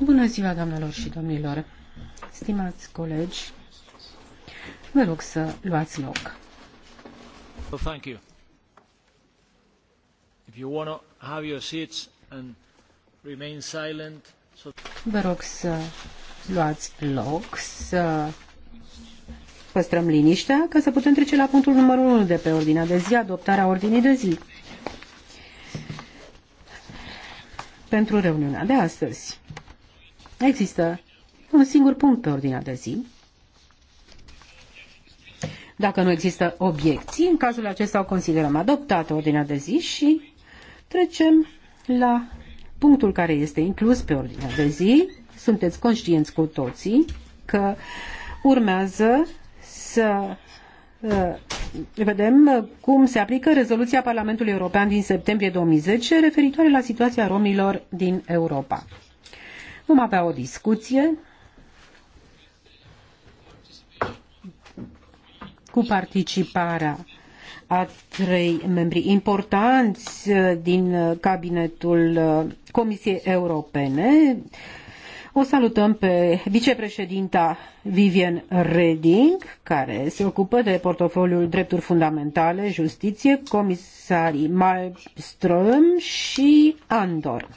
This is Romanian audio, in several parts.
Bună ziua, doamnelor și domnilor. Stimați colegi, vă rog să luați loc. Well, thank you. If you want to have your seats and remain silent, so... Vă rog să luați loc, să păstrăm liniștea, ca să putem trece la punctul numărul 1 de pe ordinea de zi, adoptarea ordinii de zi. pentru reuniunea de astăzi. Există un singur punct pe ordinea de zi. Dacă nu există obiecții, în cazul acesta o considerăm adoptată ordinea de zi și trecem la punctul care este inclus pe ordinea de zi. Sunteți conștienți cu toții că urmează să uh, vedem cum se aplică rezoluția Parlamentului European din septembrie 2010 referitoare la situația romilor din Europa. Vom avea o discuție cu participarea a trei membri importanți din cabinetul Comisiei Europene, o salutăm pe vicepreședinta Vivian Reding, care se ocupă de portofoliul drepturi fundamentale, justiție, comisarii Malmström și Andor.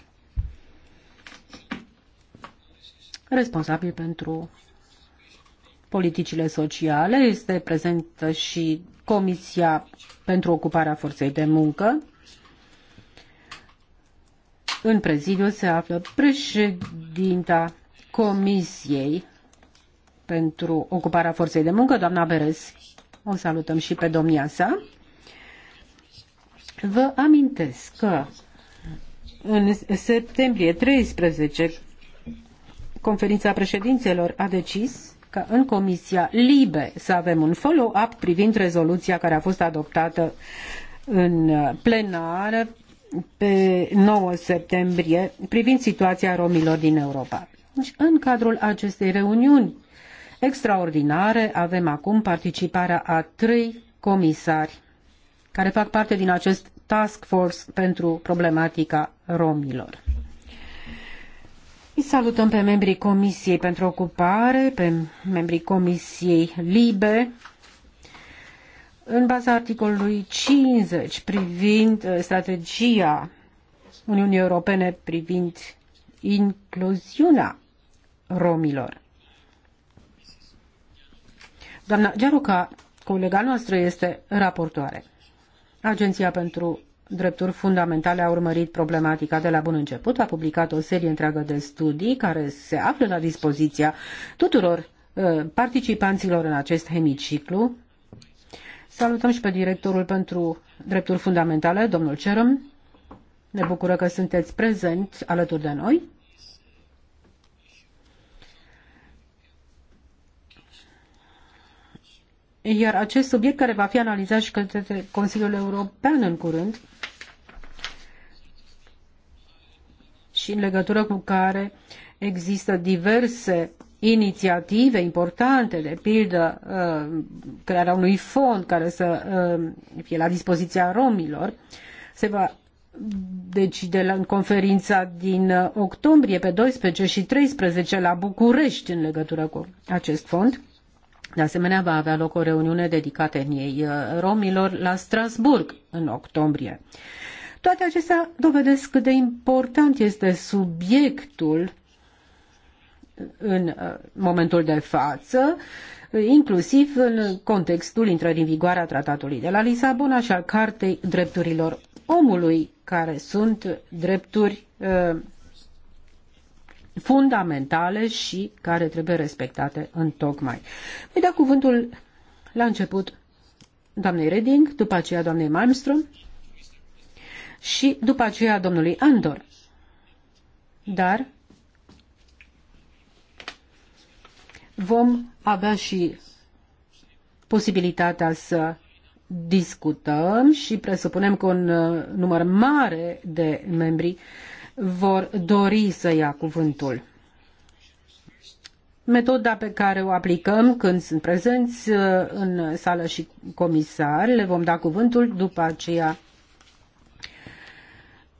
Responsabil pentru politicile sociale este prezentă și Comisia pentru ocuparea forței de muncă. În prezidiu se află președinta Comisiei pentru ocuparea forței de muncă, doamna Beres. O salutăm și pe domnia sa. Vă amintesc că în septembrie 13 conferința președințelor a decis ca în Comisia Libe să avem un follow-up privind rezoluția care a fost adoptată în plenară pe 9 septembrie privind situația romilor din Europa. Deci, în cadrul acestei reuniuni extraordinare avem acum participarea a trei comisari care fac parte din acest task force pentru problematica romilor. Îi salutăm pe membrii Comisiei pentru Ocupare, pe membrii Comisiei Libe, în baza articolului 50 privind uh, strategia Uniunii Europene privind incluziunea romilor. Doamna Gearuca, colega noastră, este raportoare. Agenția pentru Drepturi Fundamentale a urmărit problematica de la bun început, a publicat o serie întreagă de studii care se află la dispoziția tuturor uh, participanților în acest hemiciclu Salutăm și pe directorul pentru drepturi fundamentale, domnul Cerăm. Ne bucură că sunteți prezent alături de noi. Iar acest subiect care va fi analizat și către Consiliul European în curând și în legătură cu care există diverse inițiative importante, de pildă uh, crearea unui fond care să uh, fie la dispoziția romilor, se va decide la, în conferința din uh, octombrie pe 12 și 13 la București în legătură cu acest fond. De asemenea, va avea loc o reuniune dedicată în ei romilor la Strasburg în octombrie. Toate acestea dovedesc cât de important este subiectul în uh, momentul de față, inclusiv în contextul intrării în vigoare a tratatului de la Lisabona și al Cartei Drepturilor Omului, care sunt drepturi uh, fundamentale și care trebuie respectate în tocmai. Îi dau cuvântul la început doamnei Reding, după aceea doamnei Malmström și după aceea domnului Andor. Dar vom avea și posibilitatea să discutăm și presupunem că un uh, număr mare de membri vor dori să ia cuvântul. Metoda pe care o aplicăm când sunt prezenți uh, în sală și comisari, le vom da cuvântul, după aceea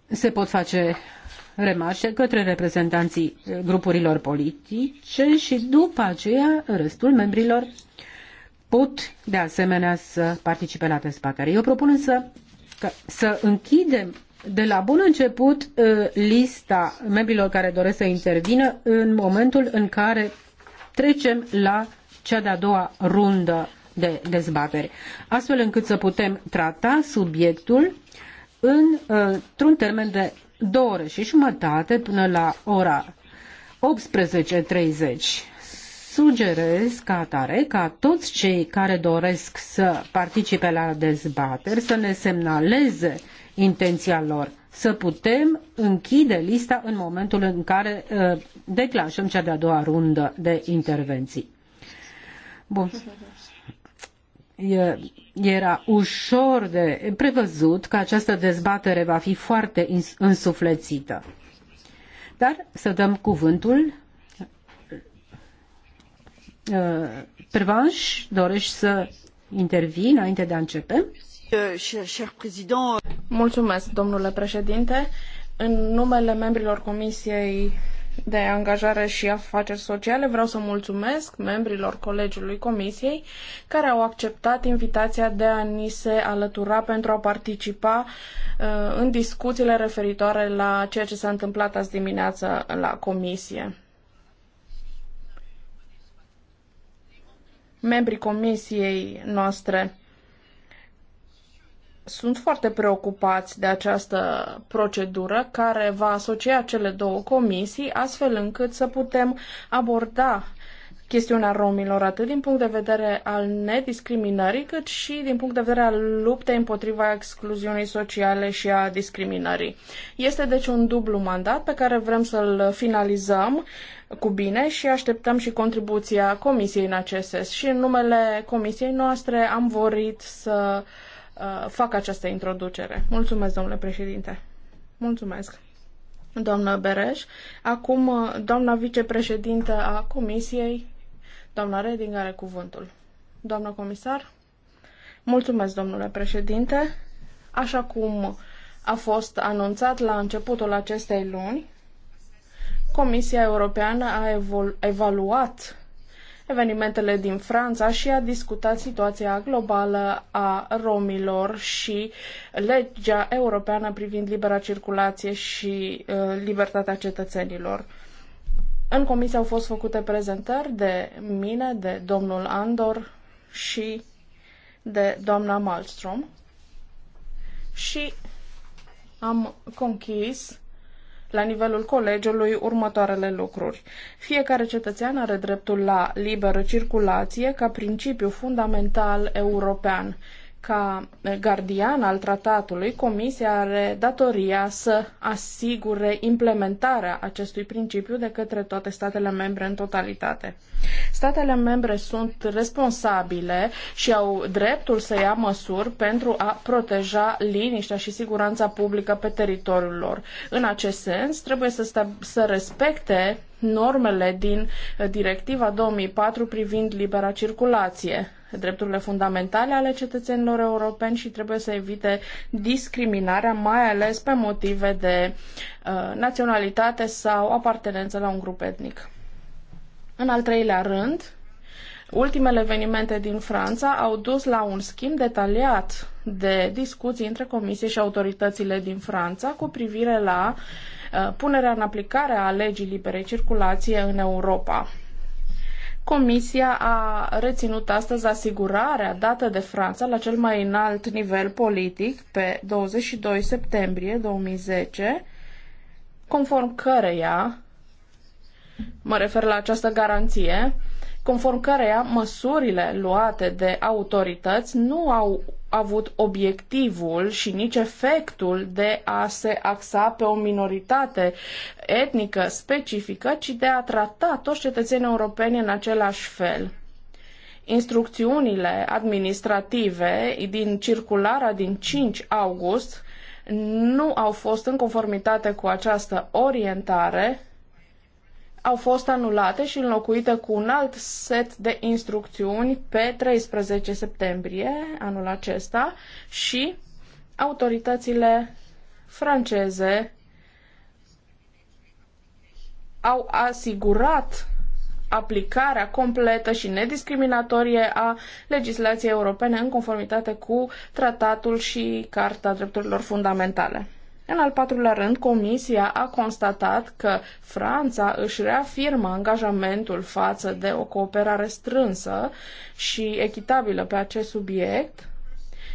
se pot face remarci către reprezentanții eh, grupurilor politice și după aceea restul membrilor pot de asemenea să participe la dezbatere. Eu propun să, să închidem de la bun început eh, lista membrilor care doresc să intervină în momentul în care trecem la cea de-a doua rundă de dezbateri, astfel încât să putem trata subiectul eh, într-un termen de două ore și jumătate până la ora 18.30. Sugerez ca atare ca toți cei care doresc să participe la dezbateri să ne semnaleze intenția lor să putem închide lista în momentul în care uh, declanșăm cea de-a doua rundă de intervenții. Bun. E, era ușor de prevăzut că această dezbatere va fi foarte însuflețită. Dar să dăm cuvântul. Uh, Pervanș, dorești să intervii înainte de a începe? Mulțumesc, domnule președinte. În numele membrilor Comisiei de Angajare și Afaceri Sociale, vreau să mulțumesc membrilor Colegiului Comisiei care au acceptat invitația de a ni se alătura pentru a participa uh, în discuțiile referitoare la ceea ce s-a întâmplat azi dimineață la Comisie. Membrii Comisiei noastre sunt foarte preocupați de această procedură care va asocia cele două comisii, astfel încât să putem aborda chestiunea romilor atât din punct de vedere al nediscriminării, cât și din punct de vedere al luptei împotriva excluziunii sociale și a discriminării. Este deci un dublu mandat pe care vrem să-l finalizăm cu bine și așteptăm și contribuția Comisiei în acest sens. Și în numele Comisiei noastre am vorit să uh, Uh, fac această introducere. Mulțumesc, domnule președinte. Mulțumesc. Doamnă Bereș, acum uh, doamna vicepreședintă a Comisiei, doamna Reding are cuvântul. Doamnă comisar, mulțumesc, domnule președinte. Așa cum a fost anunțat la începutul acestei luni, Comisia Europeană a evaluat evenimentele din Franța și a discutat situația globală a romilor și legea europeană privind libera circulație și uh, libertatea cetățenilor. În comisie au fost făcute prezentări de mine, de domnul Andor și de doamna Malmström și am conchis la nivelul colegiului următoarele lucruri. Fiecare cetățean are dreptul la liberă circulație ca principiu fundamental european ca gardian al tratatului, Comisia are datoria să asigure implementarea acestui principiu de către toate statele membre în totalitate. Statele membre sunt responsabile și au dreptul să ia măsuri pentru a proteja liniștea și siguranța publică pe teritoriul lor. În acest sens, trebuie să, să respecte normele din Directiva 2004 privind libera circulație drepturile fundamentale ale cetățenilor europeni și trebuie să evite discriminarea, mai ales pe motive de uh, naționalitate sau apartenență la un grup etnic. În al treilea rând, Ultimele evenimente din Franța au dus la un schimb detaliat de discuții între comisie și autoritățile din Franța cu privire la uh, punerea în aplicare a legii liberei circulație în Europa. Comisia a reținut astăzi asigurarea dată de Franța la cel mai înalt nivel politic pe 22 septembrie 2010, conform căreia, mă refer la această garanție, conform căreia măsurile luate de autorități nu au avut obiectivul și nici efectul de a se axa pe o minoritate etnică specifică, ci de a trata toți cetățenii europeni în același fel instrucțiunile administrative din circulara din 5 august nu au fost în conformitate cu această orientare au fost anulate și înlocuite cu un alt set de instrucțiuni pe 13 septembrie anul acesta și autoritățile franceze au asigurat aplicarea completă și nediscriminatorie a legislației europene în conformitate cu tratatul și Carta Drepturilor Fundamentale. În al patrulea rând, Comisia a constatat că Franța își reafirmă angajamentul față de o cooperare strânsă și echitabilă pe acest subiect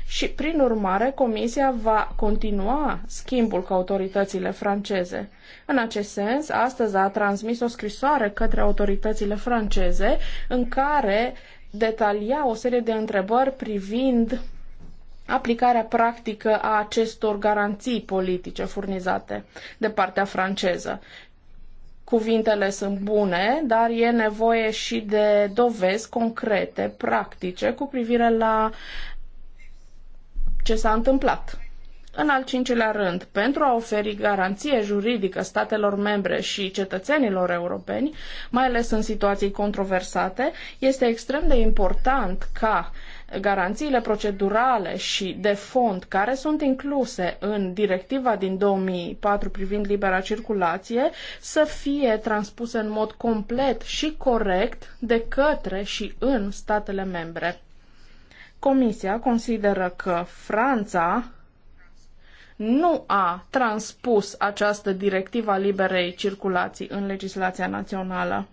și, prin urmare, Comisia va continua schimbul cu autoritățile franceze. În acest sens, astăzi a transmis o scrisoare către autoritățile franceze în care detalia o serie de întrebări privind aplicarea practică a acestor garanții politice furnizate de partea franceză. Cuvintele sunt bune, dar e nevoie și de dovezi concrete, practice, cu privire la ce s-a întâmplat. În al cincilea rând, pentru a oferi garanție juridică statelor membre și cetățenilor europeni, mai ales în situații controversate, este extrem de important ca uh, garanțiile procedurale și de fond care sunt incluse în directiva din 2004 privind libera circulație să fie transpuse în mod complet și corect de către și în statele membre. Comisia consideră că Franța nu a transpus această directivă a liberei circulații în legislația națională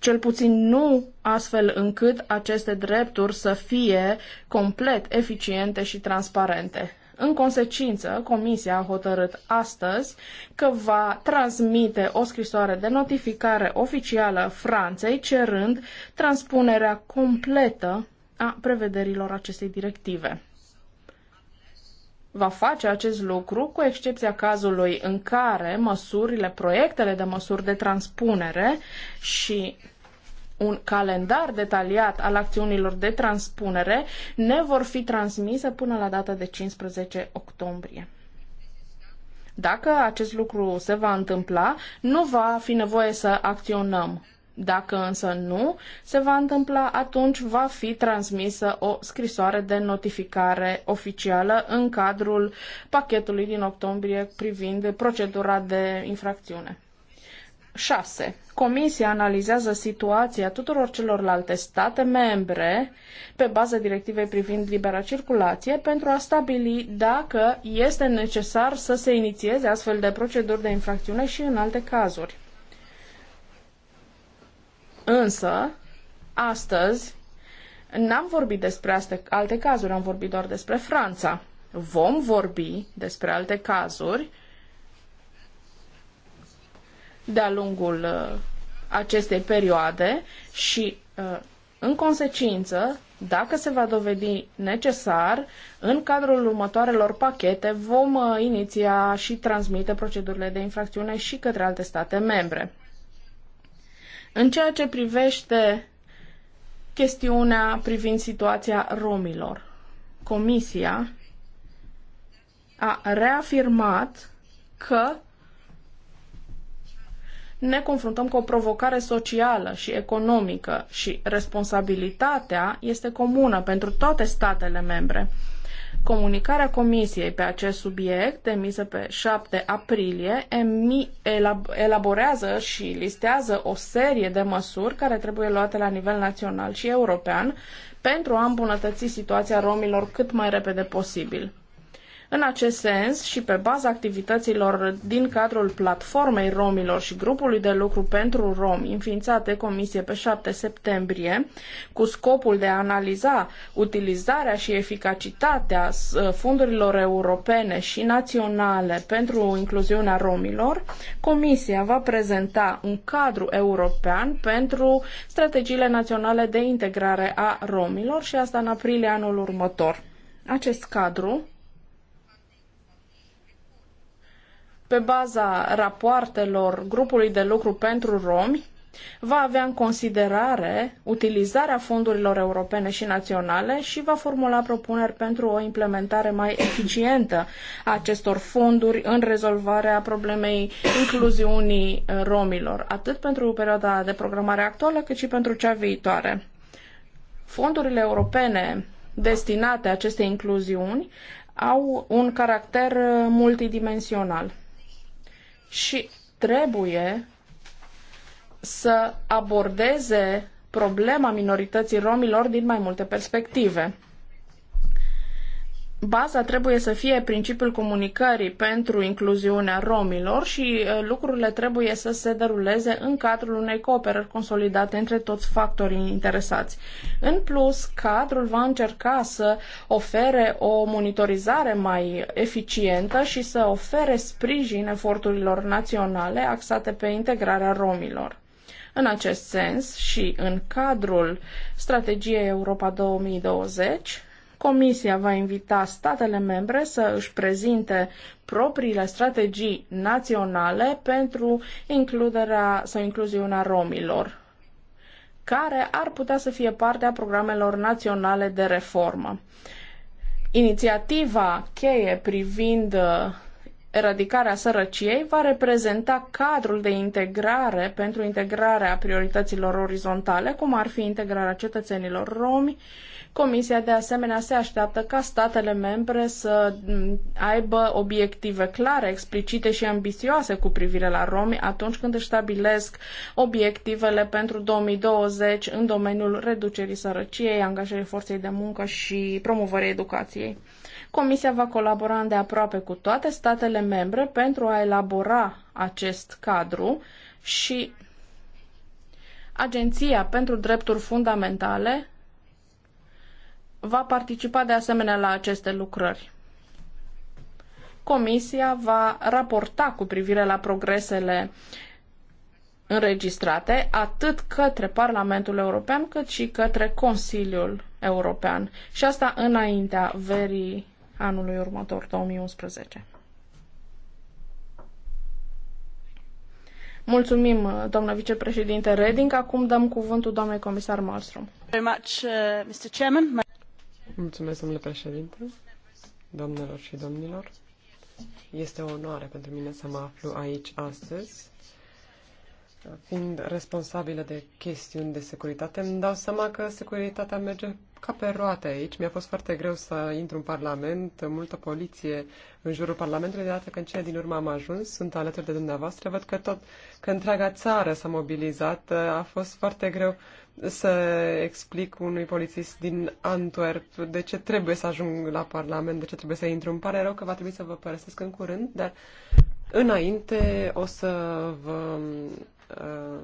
cel puțin nu astfel încât aceste drepturi să fie complet eficiente și transparente. În consecință, Comisia a hotărât astăzi că va transmite o scrisoare de notificare oficială Franței cerând transpunerea completă a prevederilor acestei directive va face acest lucru, cu excepția cazului în care măsurile, proiectele de măsuri de transpunere și un calendar detaliat al acțiunilor de transpunere ne vor fi transmise până la data de 15 octombrie. Dacă acest lucru se va întâmpla, nu va fi nevoie să acționăm dacă însă nu se va întâmpla, atunci va fi transmisă o scrisoare de notificare oficială în cadrul pachetului din octombrie privind procedura de infracțiune. 6. Comisia analizează situația tuturor celorlalte state membre pe baza directivei privind libera circulație pentru a stabili dacă este necesar să se inițieze astfel de proceduri de infracțiune și în alte cazuri. Însă, astăzi, n-am vorbit despre alte cazuri, am vorbit doar despre Franța. Vom vorbi despre alte cazuri de-a lungul uh, acestei perioade și, uh, în consecință, dacă se va dovedi necesar, în cadrul următoarelor pachete vom uh, iniția și transmite procedurile de infracțiune și către alte state membre. În ceea ce privește chestiunea privind situația romilor, Comisia a reafirmat că ne confruntăm cu o provocare socială și economică și responsabilitatea este comună pentru toate statele membre. Comunicarea Comisiei pe acest subiect, emisă pe 7 aprilie, elaborează și listează o serie de măsuri care trebuie luate la nivel național și european pentru a îmbunătăți situația romilor cât mai repede posibil. În acest sens și pe baza activităților din cadrul platformei romilor și grupului de lucru pentru romi înființate de comisie pe 7 septembrie, cu scopul de a analiza utilizarea și eficacitatea fondurilor europene și naționale pentru incluziunea romilor, comisia va prezenta un cadru european pentru strategiile naționale de integrare a romilor și asta în aprilie anul următor. Acest cadru pe baza rapoartelor grupului de lucru pentru romi, va avea în considerare utilizarea fondurilor europene și naționale și va formula propuneri pentru o implementare mai eficientă a acestor fonduri în rezolvarea problemei incluziunii eh, romilor, atât pentru perioada de programare actuală, cât și pentru cea viitoare. Fondurile europene destinate acestei incluziuni au un caracter eh, multidimensional și trebuie să abordeze problema minorității romilor din mai multe perspective baza trebuie să fie principiul comunicării pentru incluziunea romilor și uh, lucrurile trebuie să se deruleze în cadrul unei cooperări consolidate între toți factorii interesați. În plus, cadrul va încerca să ofere o monitorizare mai eficientă și să ofere sprijin eforturilor naționale axate pe integrarea romilor. În acest sens și în cadrul strategiei Europa 2020, Comisia va invita statele membre să își prezinte propriile strategii naționale pentru includerea sau incluziunea romilor, care ar putea să fie parte a programelor naționale de reformă. Inițiativa cheie privind uh, eradicarea sărăciei va reprezenta cadrul de integrare pentru integrarea priorităților orizontale, cum ar fi integrarea cetățenilor romi, Comisia de asemenea se așteaptă ca statele membre să aibă obiective clare, explicite și ambițioase cu privire la romi atunci când își stabilesc obiectivele pentru 2020 în domeniul reducerii sărăciei, angajării forței de muncă și promovării educației. Comisia va colabora îndeaproape cu toate statele membre pentru a elabora acest cadru și Agenția pentru Drepturi Fundamentale va participa de asemenea la aceste lucrări. Comisia va raporta cu privire la progresele înregistrate atât către Parlamentul European cât și către Consiliul European și asta înaintea verii anului următor, 2011. Mulțumim, doamnă vicepreședinte Reding. Acum dăm cuvântul doamnei comisar Malmström. Uh, Mulțumesc, domnule președinte, doamnelor și domnilor. Este o onoare pentru mine să mă aflu aici astăzi. Fiind responsabilă de chestiuni de securitate, îmi dau seama că securitatea merge ca pe roate aici. Mi-a fost foarte greu să intru în Parlament, multă poliție în jurul Parlamentului, de dată când cele din urmă am ajuns, sunt alături de dumneavoastră, văd că tot, că întreaga țară s-a mobilizat, a fost foarte greu să explic unui polițist din Antwerp de ce trebuie să ajung la Parlament, de ce trebuie să intru. Îmi pare rău că va trebui să vă părăsesc în curând, dar înainte o să vă uh,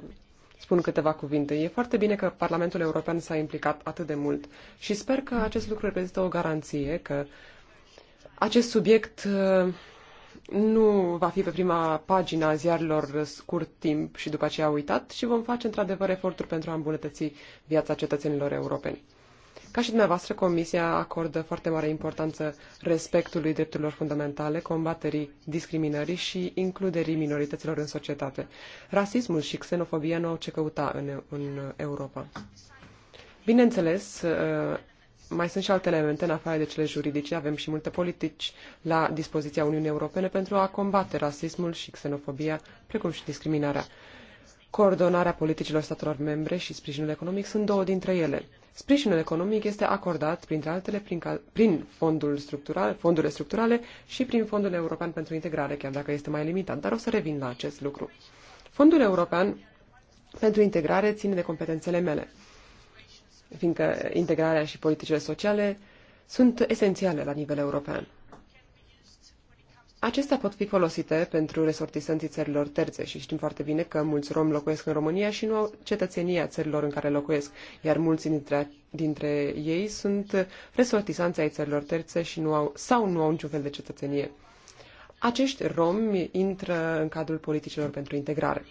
spun câteva cuvinte. E foarte bine că Parlamentul European s-a implicat atât de mult și sper că acest lucru reprezintă o garanție că acest subiect uh, nu va fi pe prima pagină a ziarilor scurt timp și după aceea uitat și vom face într-adevăr eforturi pentru a îmbunătăți viața cetățenilor europeni. Ca și dumneavoastră, Comisia acordă foarte mare importanță respectului drepturilor fundamentale, combaterii discriminării și includerii minorităților în societate. Rasismul și xenofobia nu au ce căuta în, în Europa. Bineînțeles, mai sunt și alte elemente în afară de cele juridice. Avem și multe politici la dispoziția Uniunii Europene pentru a combate rasismul și xenofobia, precum și discriminarea. Coordonarea politicilor statelor membre și sprijinul economic sunt două dintre ele. Sprijinul economic este acordat, printre altele, prin, ca, prin fondul structural, fondurile structurale și prin Fondul European pentru Integrare, chiar dacă este mai limitat, dar o să revin la acest lucru. Fondul European pentru Integrare ține de competențele mele fiindcă integrarea și politicile sociale sunt esențiale la nivel european. Acestea pot fi folosite pentru resortisanții țărilor terțe și știm foarte bine că mulți romi locuiesc în România și nu au cetățenia țărilor în care locuiesc, iar mulți dintre, dintre ei sunt resortisanții ai țărilor terțe și nu au, sau nu au niciun fel de cetățenie. Acești romi intră în cadrul politicilor pentru integrare.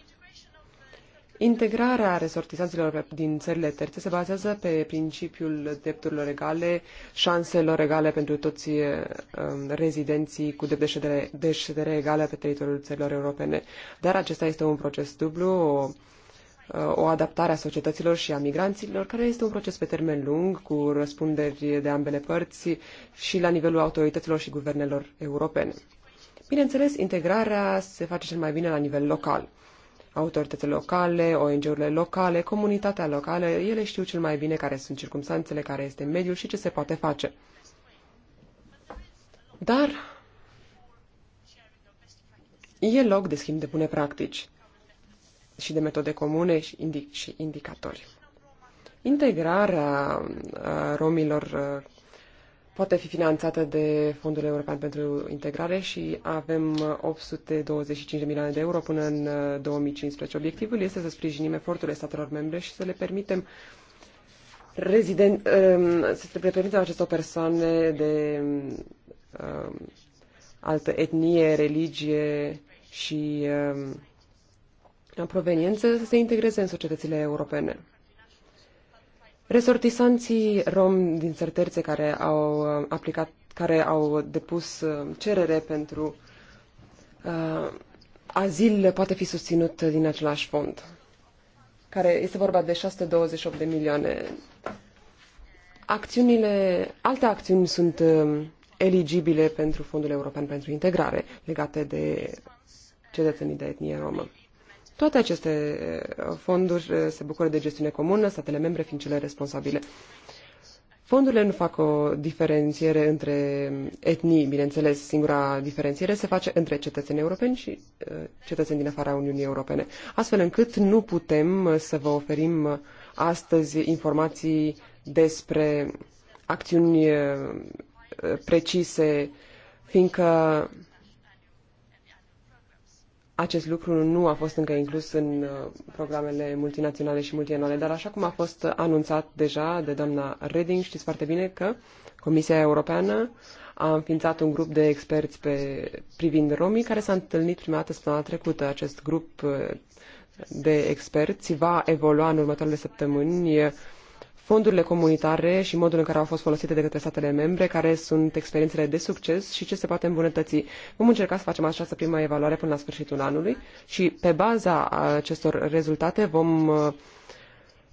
Integrarea resortizanților din țările terțe se bazează pe principiul drepturilor egale, șanselor egale pentru toți eh, um, rezidenții cu drept de ședere, de ședere egale pe teritoriul țărilor europene. Dar acesta este un proces dublu, o, o adaptare a societăților și a migranților, care este un proces pe termen lung, cu răspunderi de ambele părți și la nivelul autorităților și guvernelor europene. Bineînțeles, integrarea se face cel mai bine la nivel local autoritățile locale, ONG-urile locale, comunitatea locală, ele știu cel mai bine care sunt circumstanțele, care este mediul și ce se poate face. Dar e loc de schimb de bune practici și de metode comune și, indic- și indicatori. Integrarea uh, romilor uh, poate fi finanțată de Fondul European pentru Integrare și avem 825 de milioane de euro până în 2015. Uh, Obiectivul este să sprijinim eforturile statelor membre și să le permitem rezident, um, să le permitem acestor persoane de um, altă etnie, religie și um, proveniență să se integreze în societățile europene. Resortisanții rom din Sărterțe care au uh, aplicat, care au depus uh, cerere pentru uh, azil poate fi susținut din același fond, care este vorba de 628 de milioane. Acțiunile, alte acțiuni sunt um, eligibile pentru Fondul European pentru Integrare legate de cetățenii de etnie romă. Toate aceste uh, fonduri uh, se bucură de gestiune comună, statele membre fiind cele responsabile. Fondurile nu fac o diferențiere între etnii, bineînțeles, singura diferențiere se face între cetățeni europeni și uh, cetățeni din afara Uniunii Europene, astfel încât nu putem să vă oferim astăzi informații despre acțiuni precise, fiindcă acest lucru nu a fost încă inclus în uh, programele multinaționale și multianuale, dar așa cum a fost anunțat deja de doamna Reding, știți foarte bine că Comisia Europeană a înființat un grup de experți pe, privind romii care s-a întâlnit prima dată săptămâna trecută. Acest grup uh, de experți va evolua în următoarele săptămâni fondurile comunitare și modul în care au fost folosite de către statele membre, care sunt experiențele de succes și ce se poate îmbunătăți. Vom încerca să facem această prima evaluare până la sfârșitul anului și pe baza acestor rezultate vom uh,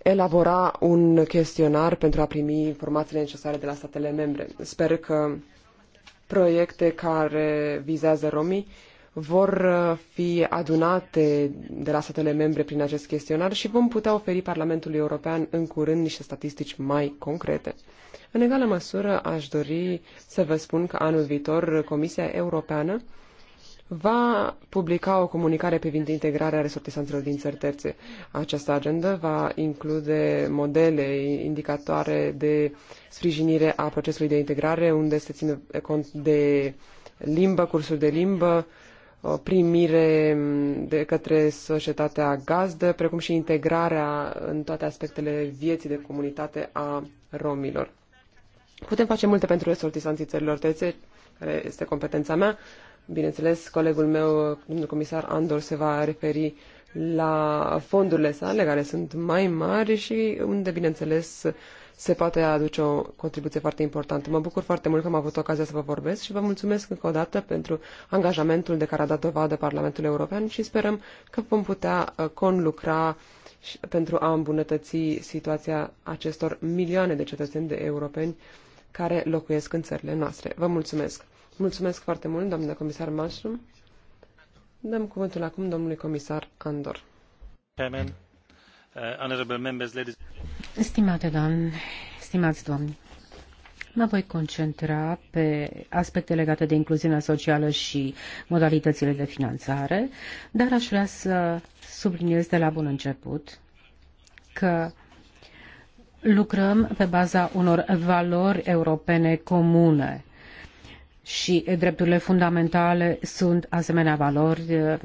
elabora un chestionar pentru a primi informațiile necesare de la statele membre. Sper că proiecte care vizează romii vor uh, fi adunate de la statele membre prin acest chestionar și vom putea oferi Parlamentului European în curând niște statistici mai concrete. În egală măsură, aș dori să vă spun că anul viitor Comisia Europeană va publica o comunicare privind integrarea resortisanților din țări terțe. Această agendă va include modele, indicatoare de sprijinire a procesului de integrare, unde se ține cont de limbă, cursuri de limbă, primire de către societatea gazdă, precum și integrarea în toate aspectele vieții de comunitate a romilor. Putem face multe pentru resortisanții țărilor terțe, care este competența mea. Bineînțeles, colegul meu, domnul comisar Andor, se va referi la fondurile sale, care sunt mai mari și unde, bineînțeles, se poate aduce o contribuție foarte importantă. Mă bucur foarte mult că am avut ocazia să vă vorbesc și vă mulțumesc încă o dată pentru angajamentul de care a dat dovadă Parlamentul European și sperăm că vom putea uh, conlucra pentru a îmbunătăți situația acestor milioane de cetățeni de europeni care locuiesc în țările noastre. Vă mulțumesc! Mulțumesc foarte mult, doamnă comisar Mastrum. Dăm cuvântul acum domnului comisar Andor. Amen. Uh, Stimate doamne, stimați domni, mă voi concentra pe aspecte legate de incluziunea socială și modalitățile de finanțare, dar aș vrea să subliniez de la bun început că lucrăm pe baza unor valori europene comune și drepturile fundamentale sunt asemenea valori.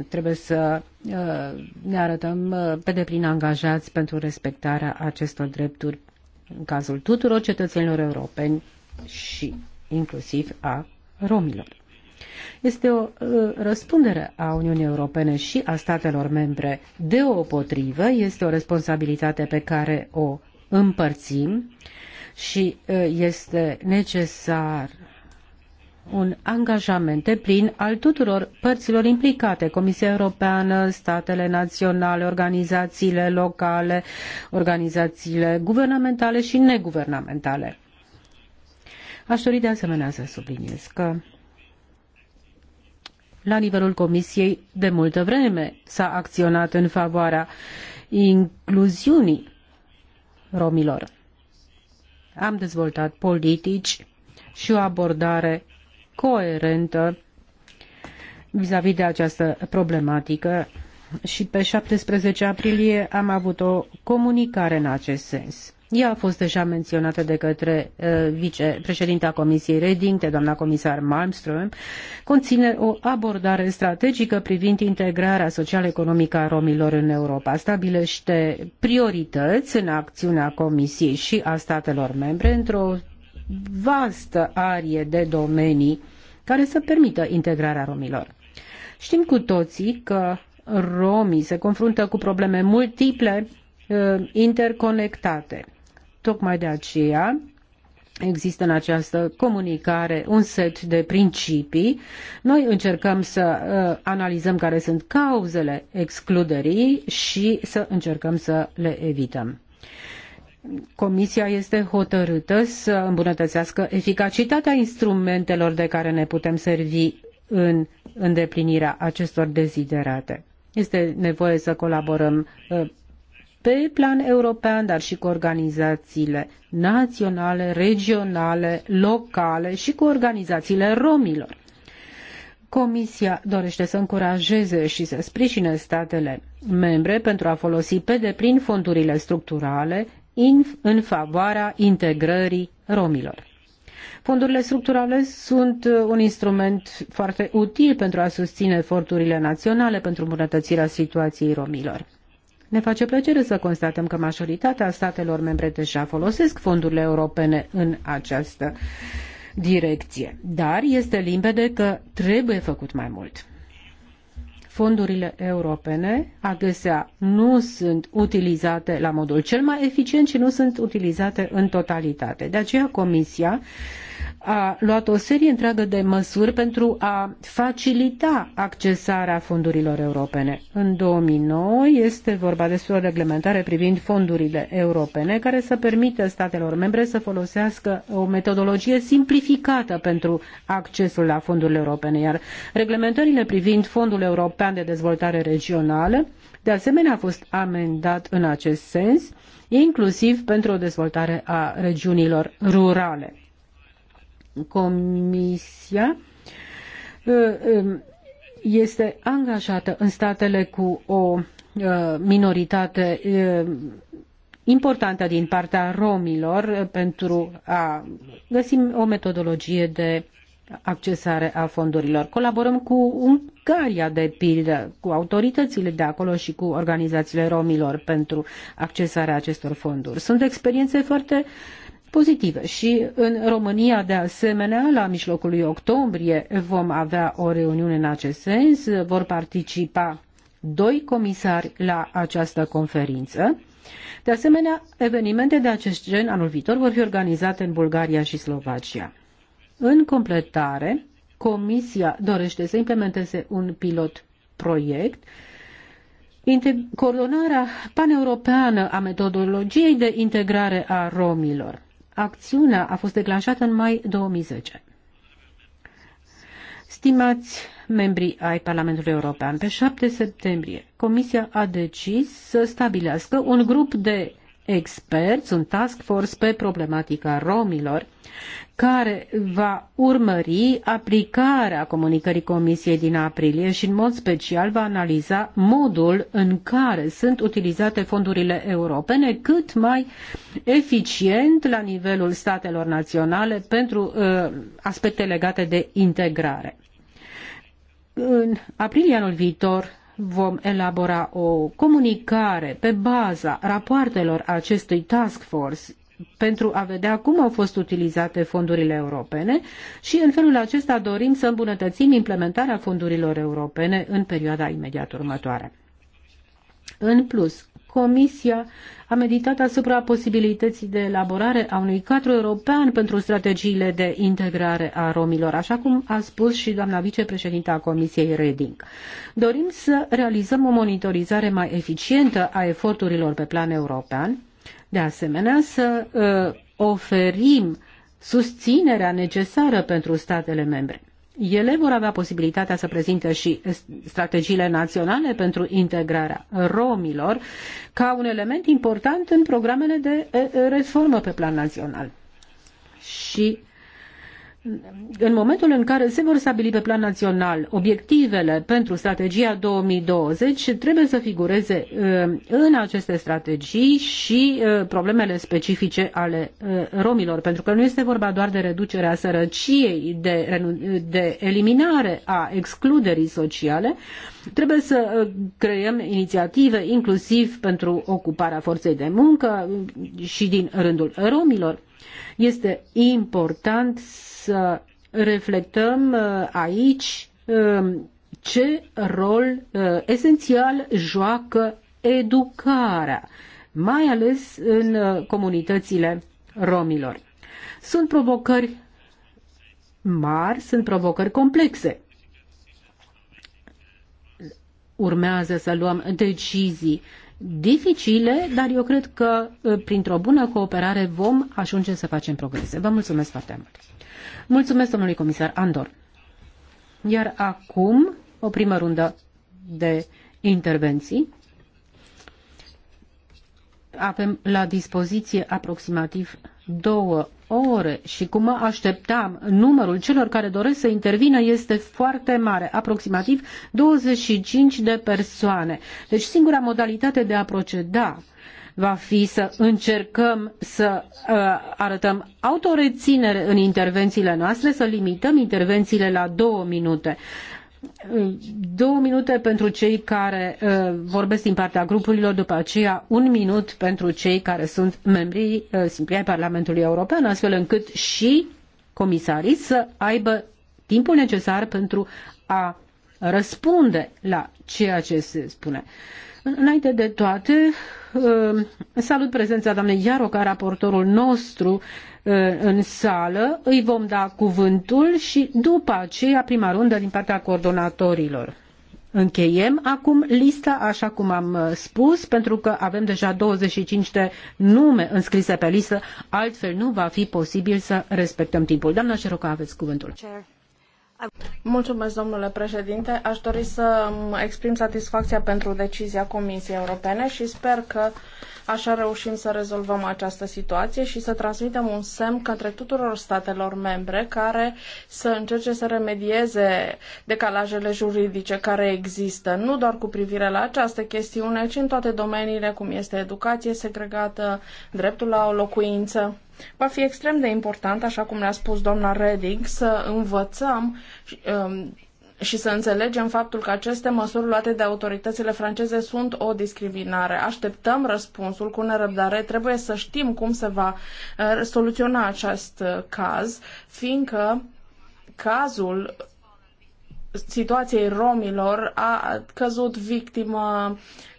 Trebuie să uh, ne arătăm uh, pe deplin angajați pentru respectarea acestor drepturi în cazul tuturor cetățenilor europeni și inclusiv a romilor. Este o uh, răspundere a Uniunii Europene și a statelor membre. Deopotrivă, este o responsabilitate pe care o împărțim și este necesar un angajament de plin al tuturor părților implicate, Comisia Europeană, statele naționale, organizațiile locale, organizațiile guvernamentale și neguvernamentale. Aș dori de asemenea să subliniez că la nivelul Comisiei de multă vreme s-a acționat în favoarea incluziunii romilor. Am dezvoltat politici și o abordare coerentă vis-a-vis -vis de această problematică și pe 17 aprilie am avut o comunicare în acest sens. Ea a fost deja menționată de către uh, vicepreședinta Comisiei Reding, de doamna comisar Malmström, conține o abordare strategică privind integrarea social-economică a romilor în Europa. Stabilește priorități în acțiunea Comisiei și a statelor membre într-o vastă arie de domenii care să permită integrarea romilor. Știm cu toții că romii se confruntă cu probleme multiple, uh, interconectate. Tocmai de aceea există în această comunicare un set de principii. Noi încercăm să uh, analizăm care sunt cauzele excluderii și să încercăm să le evităm. Comisia este hotărâtă să îmbunătățească eficacitatea instrumentelor de care ne putem servi în îndeplinirea acestor deziderate. Este nevoie să colaborăm ă, pe plan european, dar și cu organizațiile naționale, regionale, locale și cu organizațiile romilor. Comisia dorește să încurajeze și să sprijine statele membre pentru a folosi pe deplin fondurile structurale în favoarea integrării romilor. Fondurile structurale sunt uh, un instrument foarte util pentru a susține eforturile naționale pentru îmbunătățirea situației romilor. Ne face plăcere să constatăm că majoritatea statelor membre deja folosesc fondurile europene în această direcție, dar este limpede că trebuie făcut mai mult fondurile europene adesea nu sunt utilizate la modul cel mai eficient și nu sunt utilizate în totalitate. De aceea Comisia a luat o serie întreagă de măsuri pentru a facilita accesarea fondurilor europene. În 2009 este vorba despre o reglementare privind fondurile europene care să permită statelor membre să folosească o metodologie simplificată pentru accesul la fondurile europene, iar reglementările privind Fondul European de Dezvoltare Regională de asemenea a fost amendat în acest sens, inclusiv pentru o dezvoltare a regiunilor rurale. Comisia uh, um, este angajată în statele cu o uh, minoritate uh, importantă din partea romilor pentru a găsi o metodologie de accesare a fondurilor. Colaborăm cu Ungaria, de pildă, cu autoritățile de acolo și cu organizațiile romilor pentru accesarea acestor fonduri. Sunt experiențe foarte uh, pozitive. Și în România, de asemenea, la mijlocul lui octombrie vom avea o reuniune în acest sens. Vor participa doi comisari la această conferință. De asemenea, evenimente de acest gen anul viitor vor fi organizate în Bulgaria și Slovacia. În completare, Comisia dorește să implementeze un pilot proiect coordonarea paneuropeană a metodologiei de integrare a romilor acțiunea a fost declanșată în mai 2010. Stimați membrii ai Parlamentului European, pe 7 septembrie Comisia a decis să stabilească un grup de experți, un task force pe problematica romilor, care va urmări aplicarea comunicării Comisiei din aprilie și în mod special va analiza modul în care sunt utilizate fondurile europene cât mai eficient la nivelul statelor naționale pentru uh, aspecte legate de integrare. În aprilie anul viitor vom elabora o comunicare pe baza rapoartelor acestui task force pentru a vedea cum au fost utilizate fondurile europene și în felul acesta dorim să îmbunătățim implementarea fondurilor europene în perioada imediat următoare. În plus, Comisia a meditat asupra posibilității de elaborare a unui cadru european pentru strategiile de integrare a romilor, așa cum a spus și doamna vicepreședinta a Comisiei Reding. Dorim să realizăm o monitorizare mai eficientă a eforturilor pe plan european, de asemenea, să uh, oferim susținerea necesară pentru statele membre. Ele vor avea posibilitatea să prezinte și strategiile naționale pentru integrarea romilor ca un element important în programele de reformă pe plan național. Și în momentul în care se vor stabili pe plan național obiectivele pentru strategia 2020, trebuie să figureze uh, în aceste strategii și uh, problemele specifice ale uh, romilor, pentru că nu este vorba doar de reducerea sărăciei, de, de eliminare a excluderii sociale, trebuie să creăm inițiative inclusiv pentru ocuparea forței de muncă și din rândul romilor este important să reflectăm uh, aici uh, ce rol uh, esențial joacă educarea, mai ales în comunitățile romilor. Sunt provocări mari, sunt provocări complexe. Urmează să luăm decizii dificile, dar eu cred că uh, printr-o bună cooperare vom ajunge să facem progrese. Vă mulțumesc foarte mult. Mulțumesc domnului comisar Andor. Iar acum o primă rundă de intervenții. Avem la dispoziție aproximativ două ore și cum mă așteptam, numărul celor care doresc să intervină este foarte mare, aproximativ 25 de persoane. Deci singura modalitate de a proceda va fi să încercăm să uh, arătăm autoreținere în intervențiile noastre, să limităm intervențiile la două minute. Două minute pentru cei care uh, vorbesc din partea grupurilor, după aceea un minut pentru cei care sunt membrii uh, simpli ai Parlamentului European, astfel încât și comisarii să aibă timpul necesar pentru a răspunde la ceea ce se spune. Înainte de toate, uh, salut prezența doamnei Iaroca, raportorul nostru Uh, în sală, îi vom da cuvântul și după aceea prima rundă din partea coordonatorilor. Încheiem acum lista, așa cum am uh, spus, pentru că avem deja 25 de nume înscrise pe listă, altfel nu va fi posibil să respectăm timpul. Doamna Șeroca, aveți cuvântul. Mulțumesc, domnule președinte. Aș dori să exprim satisfacția pentru decizia Comisiei Europene și sper că Așa reușim să rezolvăm această situație și să transmitem un semn către tuturor statelor membre care să încerce să remedieze decalajele juridice care există, nu doar cu privire la această chestiune, ci în toate domeniile, cum este educație segregată, dreptul la o locuință. Va fi extrem de important, așa cum ne-a spus doamna Reding, să învățăm um, și să înțelegem faptul că aceste măsuri luate de autoritățile franceze sunt o discriminare. Așteptăm răspunsul cu nerăbdare, trebuie să știm cum se va uh, soluționa acest uh, caz, fiindcă cazul situației romilor a căzut victimă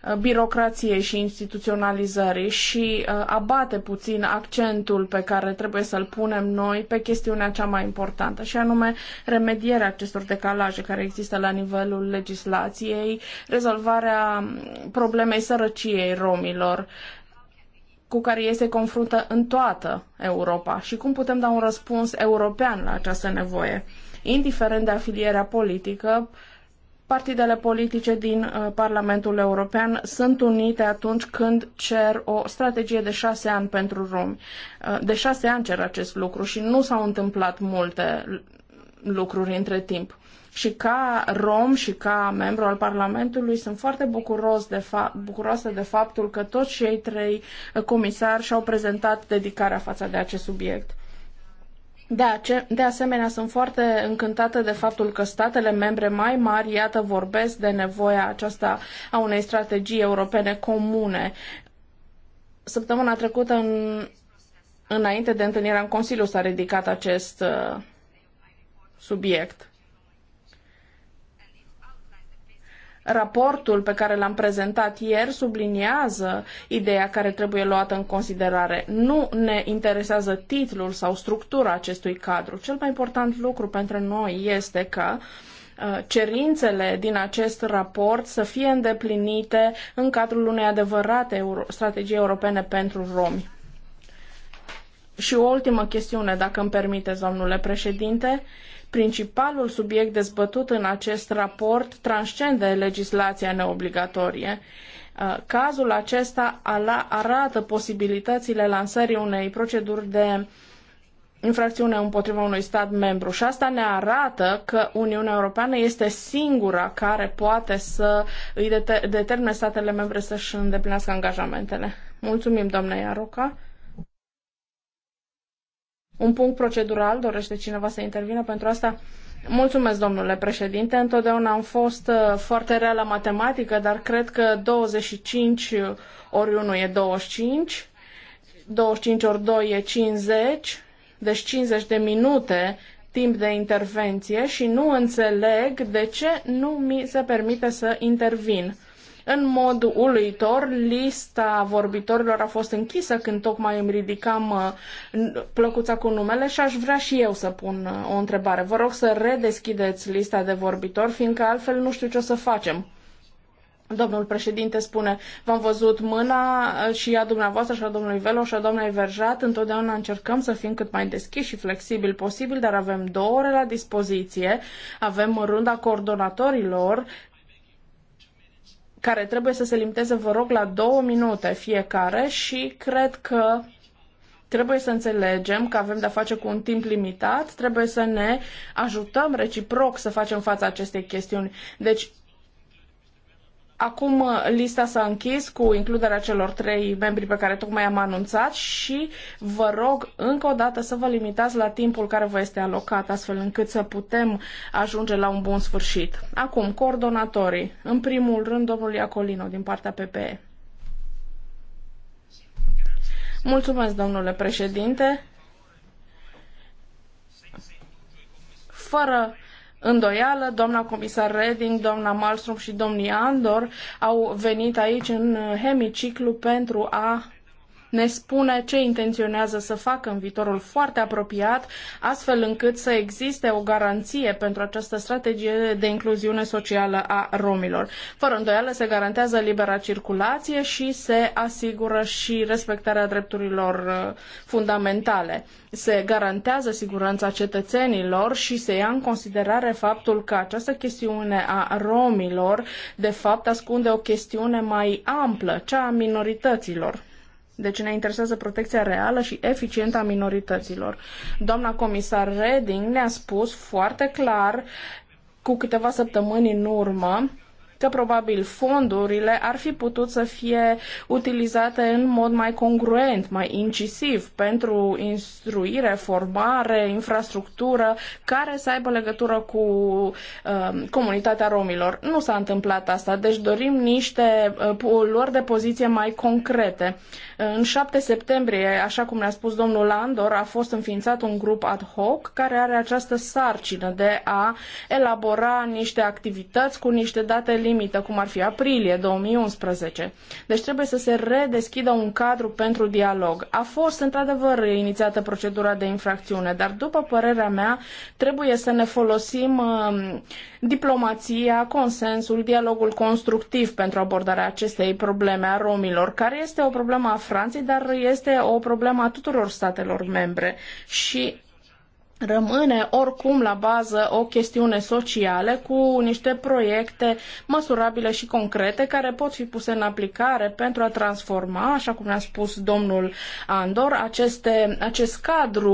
uh, birocrației și instituționalizării și uh, abate puțin accentul pe care trebuie să-l punem noi pe chestiunea cea mai importantă și anume remedierea acestor decalaje care există la nivelul legislației, rezolvarea problemei sărăciei romilor cu care ei se confruntă în toată Europa și cum putem da un răspuns european la această nevoie indiferent de afilierea politică, partidele politice din uh, Parlamentul European sunt unite atunci când cer o strategie de șase ani pentru romi. Uh, de șase ani cer acest lucru și nu s-au întâmplat multe lucruri între timp. Și ca rom și ca membru al Parlamentului sunt foarte bucuros de fa- bucuroasă de faptul că toți cei trei uh, comisari și-au prezentat dedicarea față de acest subiect. De, da, de asemenea, sunt foarte încântată de faptul că statele membre mai mari, iată, vorbesc de nevoia aceasta a unei strategii europene comune. Săptămâna trecută, în, înainte de întâlnirea în Consiliu, s-a ridicat acest uh, subiect. Raportul pe care l-am prezentat ieri subliniază ideea care trebuie luată în considerare. Nu ne interesează titlul sau structura acestui cadru. Cel mai important lucru pentru noi este că uh, cerințele din acest raport să fie îndeplinite în cadrul unei adevărate strategii europene pentru romi. Și o ultimă chestiune, dacă îmi permiteți, domnule președinte. Principalul subiect dezbătut în acest raport transcende legislația neobligatorie. Uh, cazul acesta arată posibilitățile lansării unei proceduri de infracțiune împotriva unui stat membru și asta ne arată că Uniunea Europeană este singura care poate să îi determine statele membre să-și îndeplinească angajamentele. Mulțumim, doamna Iaroca. Un punct procedural, dorește cineva să intervină pentru asta? Mulțumesc, domnule președinte. Întotdeauna am fost uh, foarte rea la matematică, dar cred că 25 ori 1 e 25, 25 ori 2 e 50, deci 50 de minute timp de intervenție și nu înțeleg de ce nu mi se permite să intervin. În mod uluitor, lista vorbitorilor a fost închisă când tocmai îmi ridicam uh, plăcuța cu numele și aș vrea și eu să pun uh, o întrebare. Vă rog să redeschideți lista de vorbitori, fiindcă altfel nu știu ce o să facem. Domnul președinte spune, v-am văzut mâna uh, și a dumneavoastră și a domnului Velo și a domnului Verjat. Întotdeauna încercăm să fim cât mai deschiși și flexibil posibil, dar avem două ore la dispoziție. Avem runda coordonatorilor care trebuie să se limiteze, vă rog, la două minute fiecare și cred că trebuie să înțelegem că avem de-a face cu un timp limitat, trebuie să ne ajutăm reciproc să facem fața acestei chestiuni. Deci, Acum uh, lista s-a închis cu includerea celor trei membri pe care tocmai am anunțat și vă rog încă o dată să vă limitați la timpul care vă este alocat, astfel încât să putem ajunge la un bun sfârșit. Acum, coordonatorii. În primul rând, domnul Iacolino din partea PPE. Mulțumesc, domnule președinte. Fără îndoială. Doamna comisar Reding, doamna Malmström și domnii Andor au venit aici în hemiciclu pentru a ne spune ce intenționează să facă în viitorul foarte apropiat, astfel încât să existe o garanție pentru această strategie de incluziune socială a romilor. Fără îndoială se garantează libera circulație și se asigură și respectarea drepturilor uh, fundamentale. Se garantează siguranța cetățenilor și se ia în considerare faptul că această chestiune a romilor de fapt ascunde o chestiune mai amplă, cea a minorităților. Deci ne interesează protecția reală și eficientă a minorităților. Doamna comisar Reding ne-a spus foarte clar cu câteva săptămâni în urmă că probabil fondurile ar fi putut să fie utilizate în mod mai congruent, mai incisiv pentru instruire, formare, infrastructură care să aibă legătură cu uh, comunitatea romilor. Nu s-a întâmplat asta, deci dorim niște uh, luări de poziție mai concrete. Uh, în 7 septembrie, așa cum ne-a spus domnul Andor, a fost înființat un grup ad hoc care are această sarcină de a elabora niște activități cu niște date limită, cum ar fi aprilie 2011. Deci trebuie să se redeschidă un cadru pentru dialog. A fost într-adevăr inițiată procedura de infracțiune, dar după părerea mea trebuie să ne folosim uh, diplomația, consensul, dialogul constructiv pentru abordarea acestei probleme a romilor, care este o problemă a Franței, dar este o problemă a tuturor statelor membre. Și rămâne oricum la bază o chestiune socială cu niște proiecte măsurabile și concrete care pot fi puse în aplicare pentru a transforma, așa cum ne-a spus domnul Andor, aceste, acest cadru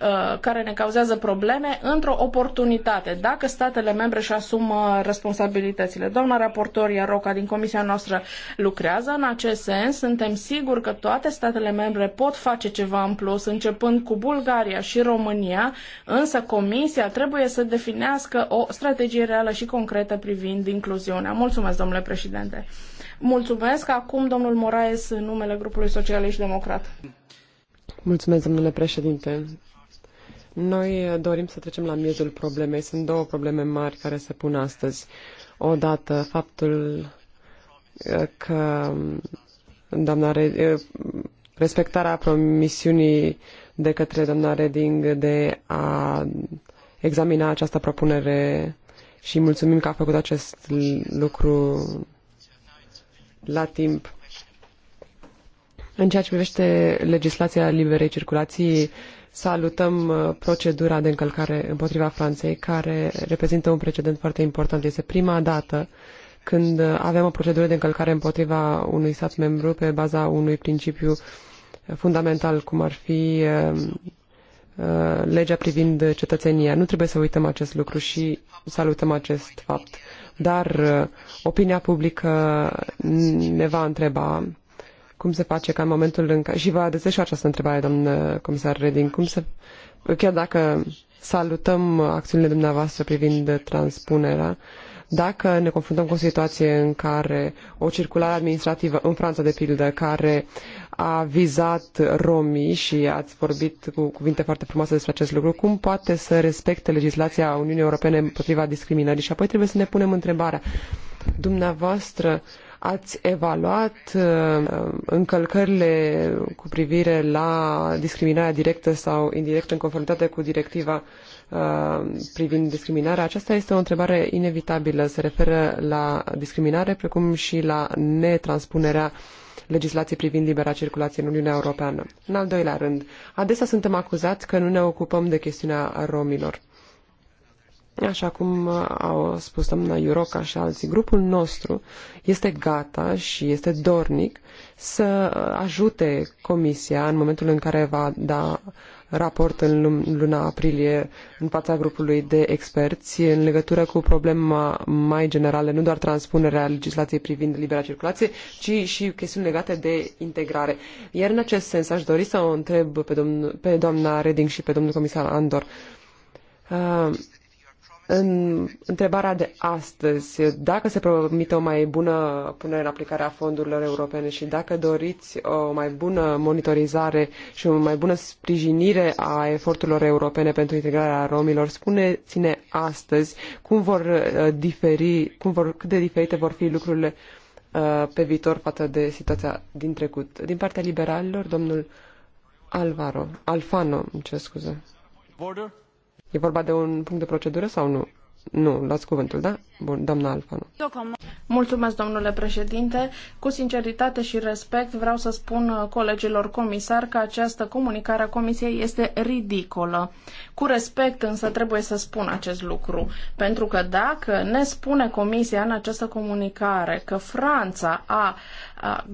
uh, care ne cauzează probleme într-o oportunitate, dacă statele membre își asumă responsabilitățile. Doamna raportor Iaroca din comisia noastră lucrează în acest sens. Suntem siguri că toate statele membre pot face ceva în plus, începând cu Bulgaria și România, Însă Comisia trebuie să definească o strategie reală și concretă privind incluziunea. Mulțumesc, domnule președinte. Mulțumesc. Acum, domnul Moraes, în numele grupului socialist democrat. Mulțumesc, domnule președinte. Noi dorim să trecem la miezul problemei. Sunt două probleme mari care se pun astăzi. Odată, faptul uh, că um, doamna uh, respectarea promisiunii de către doamna Reding de a examina această propunere și mulțumim că a făcut acest lucru la timp. În ceea ce privește legislația liberei circulații, salutăm uh, procedura de încălcare împotriva Franței, care reprezintă un precedent foarte important. Este prima dată când uh, avem o procedură de încălcare împotriva unui stat membru pe baza unui principiu uh, fundamental, cum ar fi uh, uh, legea privind cetățenia. Nu trebuie să uităm acest lucru și salutăm acest fapt. Dar uh, opinia publică ne va întreba cum se face ca în momentul în care... Și vă adesea și această întrebare, doamnă comisar Redin, Cum se... Chiar dacă salutăm acțiunile dumneavoastră privind transpunerea, uh, dacă ne confruntăm cu o situație în care o circulară administrativă în Franța, de pildă, care a vizat romii și ați vorbit cu cuvinte foarte frumoase despre acest lucru, cum poate să respecte legislația Uniunii Europene împotriva discriminării? Și apoi trebuie să ne punem întrebarea. Dumneavoastră, ați evaluat uh, încălcările cu privire la discriminarea directă sau indirectă în conformitate cu directiva uh, Uh, privind discriminarea, aceasta este o întrebare inevitabilă. Se referă la discriminare precum și la netranspunerea legislației privind libera circulație în Uniunea Europeană. În al doilea rând, adesea suntem acuzați că nu ne ocupăm de chestiunea romilor. Așa cum au spus doamna Iuroca și alții, grupul nostru este gata și este dornic să ajute Comisia în momentul în care va da raport în luna aprilie în fața grupului de experți în legătură cu problema mai generală, nu doar transpunerea legislației privind libera circulație, ci și chestiuni legate de integrare. Iar în acest sens aș dori să o întreb pe, domn, pe doamna Reding și pe domnul comisar Andor. Uh, în întrebarea de astăzi, dacă se promite o mai bună punere în aplicare a fondurilor europene și dacă doriți o mai bună monitorizare și o mai bună sprijinire a eforturilor europene pentru integrarea romilor, spuneți-ne astăzi cum vor uh, diferi, cum vor, cât de diferite vor fi lucrurile uh, pe viitor față de situația din trecut. Din partea liberalilor, domnul Alvaro, Alfano, îmi cer scuze. Border? E vorba de un punct de procedură sau nu? Nu, luați cuvântul, da? Bun, doamna Alfano. Mulțumesc, domnule președinte. Cu sinceritate și respect vreau să spun uh, colegilor comisar că această comunicare a comisiei este ridicolă. Cu respect însă trebuie să spun acest lucru, pentru că dacă ne spune comisia în această comunicare că Franța a, a,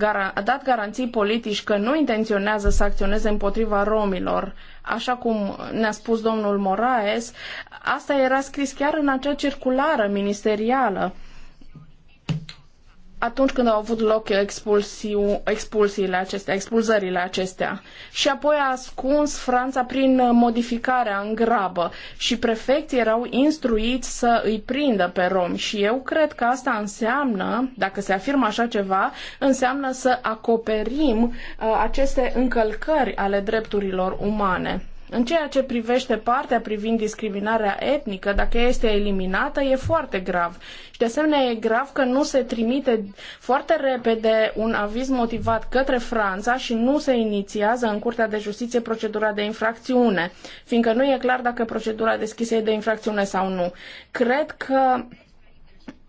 dat garanții politici că nu intenționează să acționeze împotriva romilor, așa cum ne-a spus domnul Moraes, asta era scris chiar în acea circulară ministerială teritorială atunci când au avut loc expulsiile acestea, expulzările acestea. Și apoi a ascuns Franța prin modificarea în grabă și prefecții erau instruiți să îi prindă pe romi și eu cred că asta înseamnă, dacă se afirmă așa ceva, înseamnă să acoperim uh, aceste încălcări ale drepturilor umane. În ceea ce privește partea privind discriminarea etnică, dacă ea este eliminată, e foarte grav. Și de asemenea e grav că nu se trimite foarte repede un aviz motivat către Franța și nu se inițiază în Curtea de Justiție procedura de infracțiune, fiindcă nu e clar dacă procedura deschisă e de infracțiune sau nu. Cred că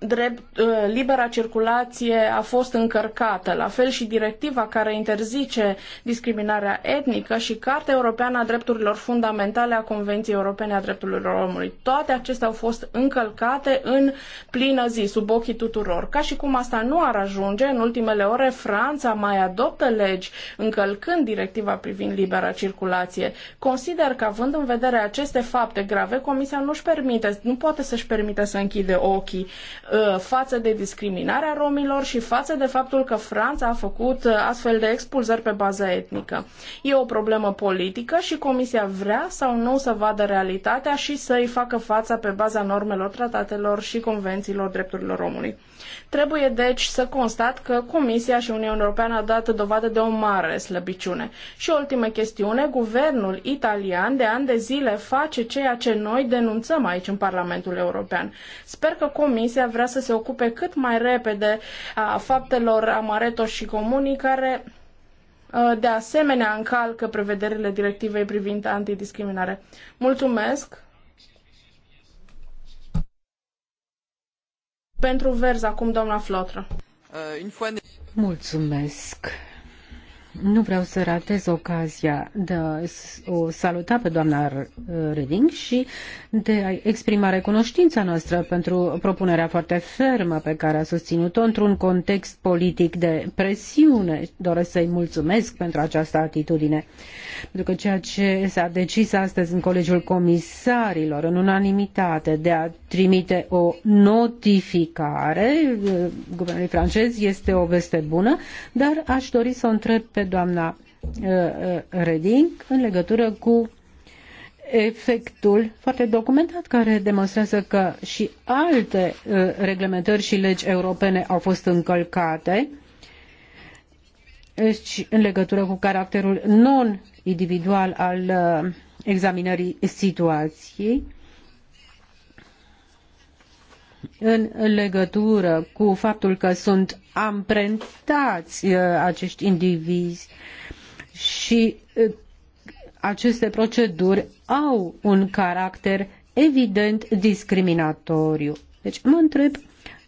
drept, uh, libera circulație a fost încărcată, la fel și directiva care interzice discriminarea etnică și Cartea Europeană a Drepturilor Fundamentale a Convenției Europene a Drepturilor Omului. Toate acestea au fost încălcate în plină zi, sub ochii tuturor. Ca și cum asta nu ar ajunge, în ultimele ore Franța mai adoptă legi încălcând directiva privind libera circulație. Consider că având în vedere aceste fapte grave, Comisia nu-și permite, nu poate să-și permite să închide ochii Uh, față de discriminarea romilor și față de faptul că Franța a făcut uh, astfel de expulzări pe bază etnică. E o problemă politică și Comisia vrea sau nu să vadă realitatea și să îi facă fața pe baza normelor, tratatelor și convențiilor drepturilor omului. Trebuie deci să constat că Comisia și Uniunea Europeană au dat dovadă de o mare slăbiciune. Și ultima chestiune, guvernul italian de ani de zile face ceea ce noi denunțăm aici în Parlamentul European. Sper că Comisia vrea vrea să se ocupe cât mai repede a faptelor Amareto și Comunii care ă, de asemenea încalcă prevederile directivei privind antidiscriminare. Mulțumesc! Pentru verzi acum doamna Flotră. Mulțumesc! Nu vreau să ratez ocazia de a o saluta pe doamna Reding și de a exprima recunoștința noastră pentru propunerea foarte fermă pe care a susținut-o într-un context politic de presiune. Doresc să-i mulțumesc pentru această atitudine. Pentru că ceea ce s-a decis astăzi în Colegiul Comisarilor, în unanimitate, de a trimite o notificare eh, guvernului francez este o veste bună, dar aș dori să o întreb pe pe doamna uh, uh, Reding în legătură cu efectul foarte documentat care demonstrează că și alte uh, reglementări și legi europene au fost încălcate și în legătură cu caracterul non-individual al examinării situației în legătură cu faptul că sunt amprentați uh, acești indivizi și uh, aceste proceduri au un caracter evident discriminatoriu. Deci mă întreb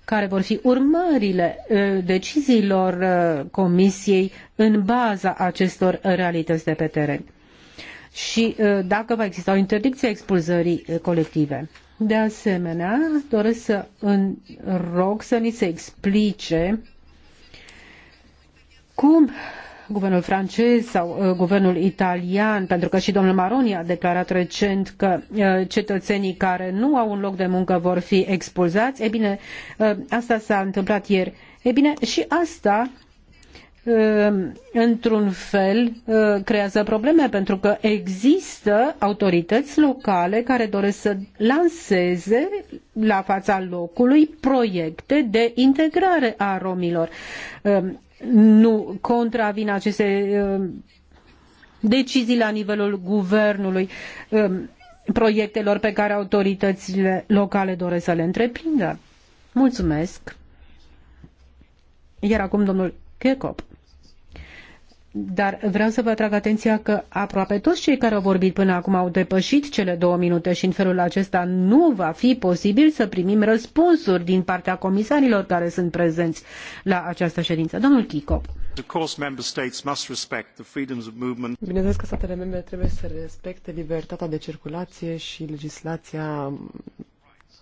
care vor fi urmările uh, deciziilor Comisiei în baza acestor realități de pe teren și dacă va exista o interdicție a expulzării colective. De asemenea, doresc să în rog să ni se explice cum guvernul francez sau uh, guvernul italian, pentru că și domnul Maroni a declarat recent că uh, cetățenii care nu au un loc de muncă vor fi expulzați. E bine, uh, asta s-a întâmplat ieri. E bine, și asta Ehm, într-un fel ehm, creează probleme pentru că există autorități locale care doresc să lanseze la fața locului proiecte de integrare a romilor. Ehm, nu contravin aceste decizii la nivelul guvernului proiectelor pe care autoritățile locale doresc să le întreprindă. Mulțumesc. Iar acum domnul Kekop. Dar vreau să vă atrag atenția că aproape toți cei care au vorbit până acum au depășit cele două minute și în felul acesta nu va fi posibil să primim răspunsuri din partea comisarilor care sunt prezenți la această ședință. Domnul Chico. Bineînțeles că statele membre trebuie să respecte libertatea de circulație și legislația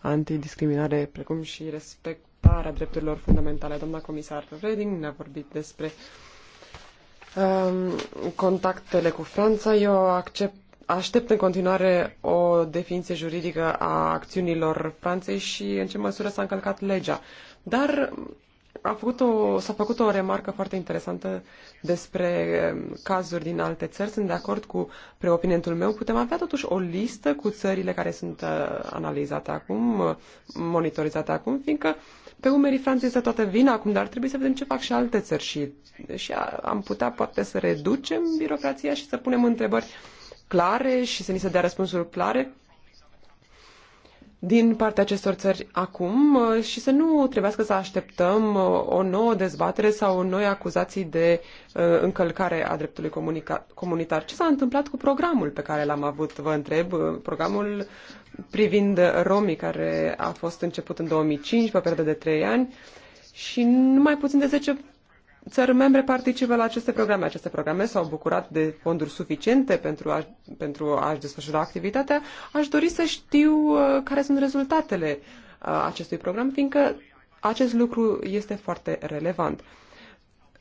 antidiscriminare, precum și respectarea drepturilor fundamentale. Doamna comisar Reding ne-a vorbit despre uh, contactele cu Franța. Eu accept, aștept în continuare o definiție juridică a acțiunilor Franței și în ce măsură s-a încălcat legea. Dar a făcut o, s-a făcut o remarcă foarte interesantă despre um, cazuri din alte țări. Sunt de acord cu preopinentul meu. Putem avea totuși o listă cu țările care sunt uh, analizate acum, uh, monitorizate acum, fiindcă uh, pe umerii Franței este toată vina acum, dar trebuie să vedem ce fac și alte țări și, și am putea poate să reducem birocrația și să punem întrebări clare și să ni se dea răspunsuri clare din partea acestor țări acum uh, și să nu trebuiască să așteptăm uh, o nouă dezbatere sau noi acuzații de uh, încălcare a dreptului comunitar. Ce s-a întâmplat cu programul pe care l-am avut, vă întreb, programul privind romii, care a fost început în 2005, pe o perioadă de 3 ani, și numai puțin de 10 țări membre participă la aceste programe. Aceste programe s-au bucurat de fonduri suficiente pentru, a, pentru a-și desfășura activitatea. Aș dori să știu uh, care sunt rezultatele uh, acestui program, fiindcă acest lucru este foarte relevant.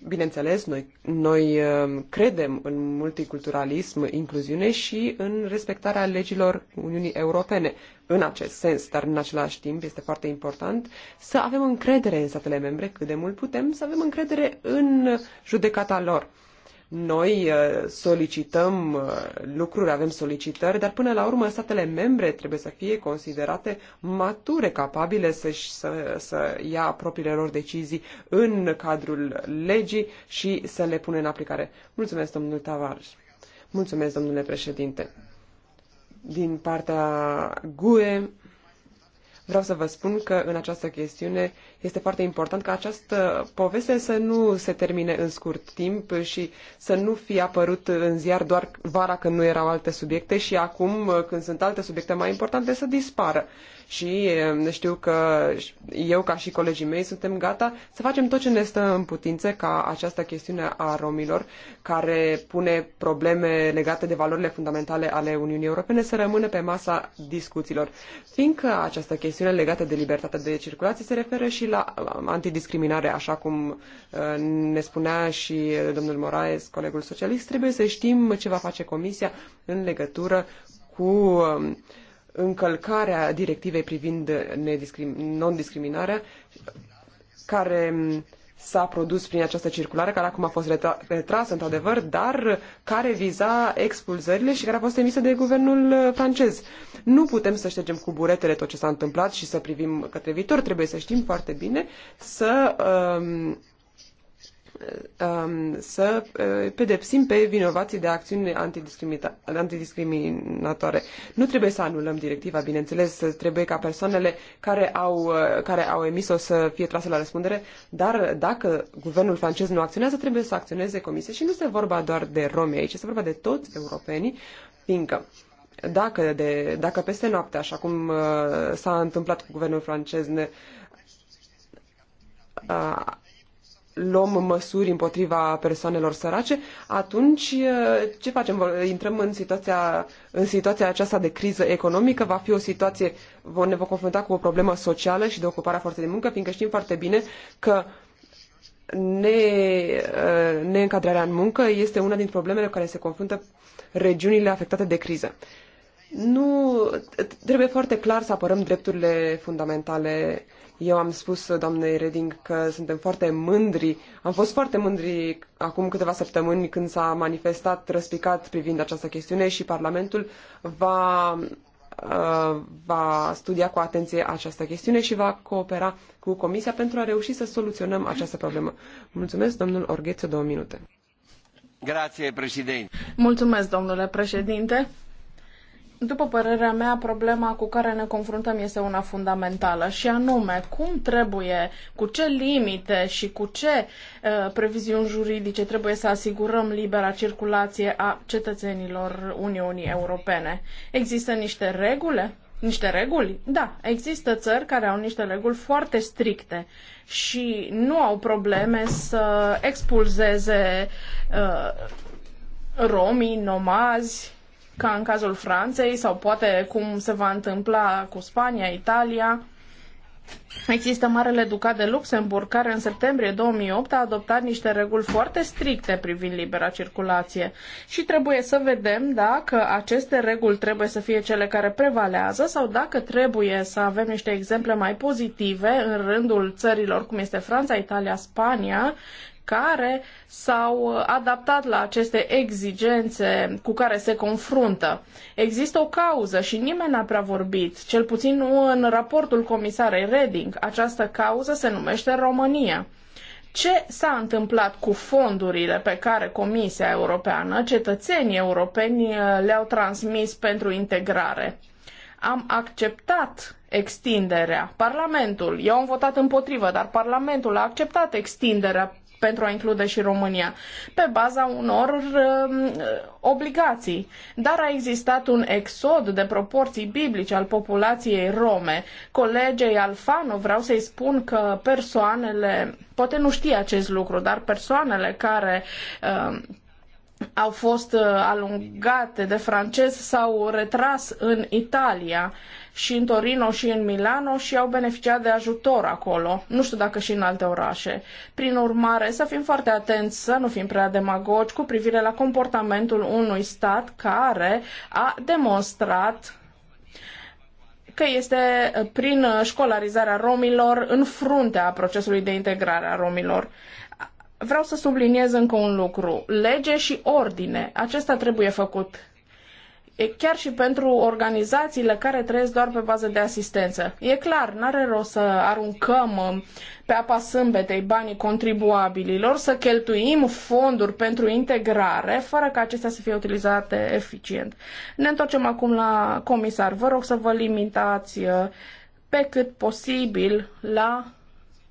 Bineînțeles, noi, noi uh, credem în multiculturalism, incluziune și în respectarea legilor Uniunii Europene în acest sens, dar în același timp este foarte important să avem încredere în statele membre cât de mult putem, să avem încredere în judecata lor. Noi uh, solicităm uh, lucruri, avem solicitări, dar până la urmă statele membre trebuie să fie considerate mature, capabile să, să, să ia propriile lor decizii în cadrul legii și să le pune în aplicare. Mulțumesc, domnul Tavares. Mulțumesc, domnule președinte. Din partea GUE, Vreau să vă spun că în această chestiune este foarte important ca această poveste să nu se termine în scurt timp și să nu fie apărut în ziar doar vara când nu erau alte subiecte și acum când sunt alte subiecte mai importante să dispară și eh, știu că eu ca și colegii mei suntem gata să facem tot ce ne stă în putință ca această chestiune a romilor care pune probleme legate de valorile fundamentale ale Uniunii Europene să rămână pe masa discuțiilor. Fiindcă această chestiune legată de libertatea de circulație se referă și la uh, antidiscriminare, așa cum uh, ne spunea și domnul Moraes, colegul socialist, trebuie să știm ce va face Comisia în legătură cu um, încălcarea directivei privind non-discriminarea care mm, s-a produs prin această circulară, care acum a fost retras, retrasă într-adevăr, dar care viza expulzările și care a fost emisă de guvernul uh, francez. Nu putem să ștergem cu buretele tot ce s-a întâmplat și să privim către viitor. Trebuie să știm foarte bine să Uh, Um, să uh, pedepsim pe vinovații de acțiuni antidiscriminatoare. Nu trebuie să anulăm directiva, bineînțeles, trebuie ca persoanele care au, uh, care au emis-o să fie trase la răspundere, dar dacă guvernul francez nu acționează, trebuie să acționeze Comisia. Și nu este vorba doar de Romi aici, este vorba de toți europenii, fiindcă dacă, de, dacă peste noapte, așa cum uh, s-a întâmplat cu guvernul francez, ne, luăm măsuri împotriva persoanelor sărace, atunci ce facem? Intrăm în situația, în situația aceasta de criză economică, va fi o situație, ne vom confrunta cu o problemă socială și de ocuparea forței de muncă, fiindcă știm foarte bine că ne, neîncadrarea în muncă este una dintre problemele cu care se confruntă regiunile afectate de criză. Nu, trebuie foarte clar să apărăm drepturile fundamentale eu am spus doamnei Reding că suntem foarte mândri, am fost foarte mândri acum câteva săptămâni când s-a manifestat răspicat privind această chestiune și Parlamentul va, uh, va studia cu atenție această chestiune și va coopera cu Comisia pentru a reuși să soluționăm această problemă. Mulțumesc, domnul Orghețu, două minute. Grație, președinte. Mulțumesc, domnule președinte. După părerea mea, problema cu care ne confruntăm este una fundamentală și anume cum trebuie, cu ce limite și cu ce uh, previziuni juridice trebuie să asigurăm libera circulație a cetățenilor Uniunii Europene. Există niște regule? Niște reguli? Da, există țări care au niște reguli foarte stricte și nu au probleme să expulzeze uh, romii, nomazi, ca în cazul Franței sau poate cum se va întâmpla cu Spania, Italia. Există Marele Ducat de Luxemburg, care în septembrie 2008 a adoptat niște reguli foarte stricte privind libera circulație și trebuie să vedem dacă aceste reguli trebuie să fie cele care prevalează sau dacă trebuie să avem niște exemple mai pozitive în rândul țărilor cum este Franța, Italia, Spania, care s-au uh, adaptat la aceste exigențe cu care se confruntă. Există o cauză și nimeni n-a prea vorbit, cel puțin nu în raportul comisarei Reding. Această cauză se numește România ce s-a întâmplat cu fondurile pe care Comisia Europeană, cetățenii europeni uh, le-au transmis pentru integrare. Am acceptat extinderea. Parlamentul, eu am votat împotrivă, dar Parlamentul a acceptat extinderea pentru a include și România, pe baza unor uh, obligații. Dar a existat un exod de proporții biblice al populației rome. Colegei Alfano vreau să-i spun că persoanele, poate nu știe acest lucru, dar persoanele care uh, au fost uh, alungate de francez sau retras în Italia. Uh, și în Torino și în Milano și au beneficiat de ajutor acolo. Nu știu dacă și în alte orașe. Prin urmare, să fim foarte atenți, să nu fim prea demagogi cu privire la comportamentul unui stat care a demonstrat că este prin școlarizarea romilor în fruntea procesului de integrare a romilor vreau să subliniez încă un lucru. Lege și ordine. Acesta trebuie făcut e chiar și pentru organizațiile care trăiesc doar pe bază de asistență. E clar, n-are rost să aruncăm um, pe apa sâmbetei banii contribuabililor, să cheltuim fonduri pentru integrare, fără ca acestea să fie utilizate eficient. Ne întoarcem acum la comisar. Vă rog să vă limitați uh, pe cât posibil la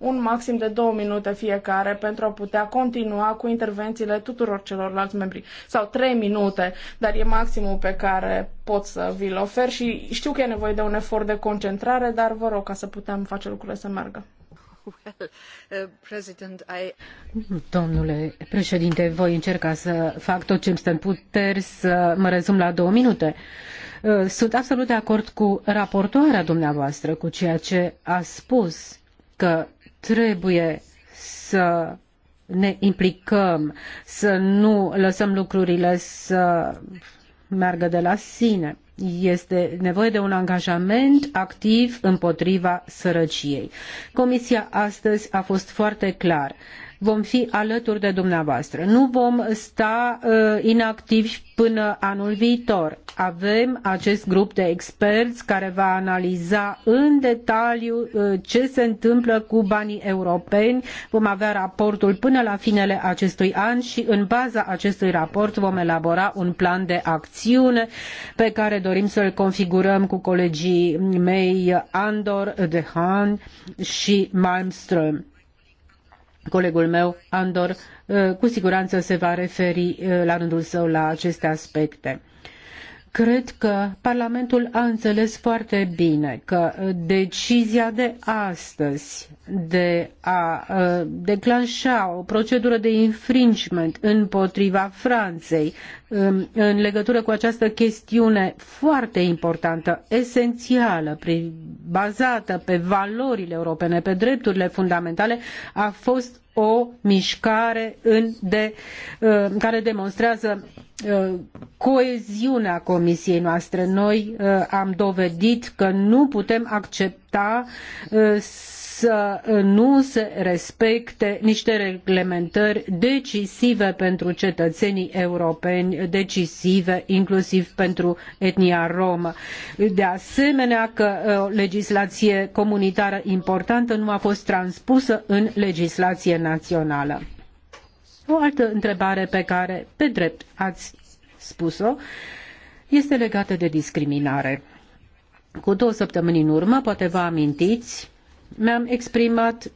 un maxim de două minute fiecare pentru a putea continua cu intervențiile tuturor celorlalți membri. Sau trei minute, dar e maximul pe care pot să vi-l ofer și știu că e nevoie de un efort de concentrare, dar vă rog ca să putem face lucrurile să meargă. Uh, Domnule președinte, voi încerca să fac tot ce mi stă în puteri să mă rezum la două minute. Uh, sunt absolut de acord cu raportoarea dumneavoastră, cu ceea ce a spus că Trebuie să ne implicăm, să nu lăsăm lucrurile să meargă de la sine. Este nevoie de un angajament activ împotriva sărăciei. Comisia astăzi a fost foarte clar vom fi alături de dumneavoastră. Nu vom sta uh, inactivi până anul viitor. Avem acest grup de experți care va analiza în detaliu uh, ce se întâmplă cu banii europeni. Vom avea raportul până la finele acestui an și în baza acestui raport vom elabora un plan de acțiune pe care dorim să-l configurăm cu colegii mei Andor, Dehan și Malmström Colegul meu, Andor, uh, cu siguranță se va referi uh, la rândul său la aceste aspecte. Cred că Parlamentul a înțeles foarte bine că uh, decizia de astăzi de a uh, declanșa o procedură de infringement împotriva Franței um, în legătură cu această chestiune foarte importantă, esențială, bazată pe valorile europene, pe drepturile fundamentale, a fost o mișcare în de, uh, care demonstrează uh, coeziunea comisiei noastre. Noi uh, am dovedit că nu putem accepta să să uh, nu se respecte niște reglementări decisive pentru cetățenii europeni, decisive inclusiv pentru etnia romă. De asemenea că uh, o legislație comunitară importantă nu a fost transpusă în legislație națională. O altă întrebare pe care, pe drept, ați spus-o, este legată de discriminare. Cu două săptămâni în urmă, poate vă amintiți, mi-am exprimat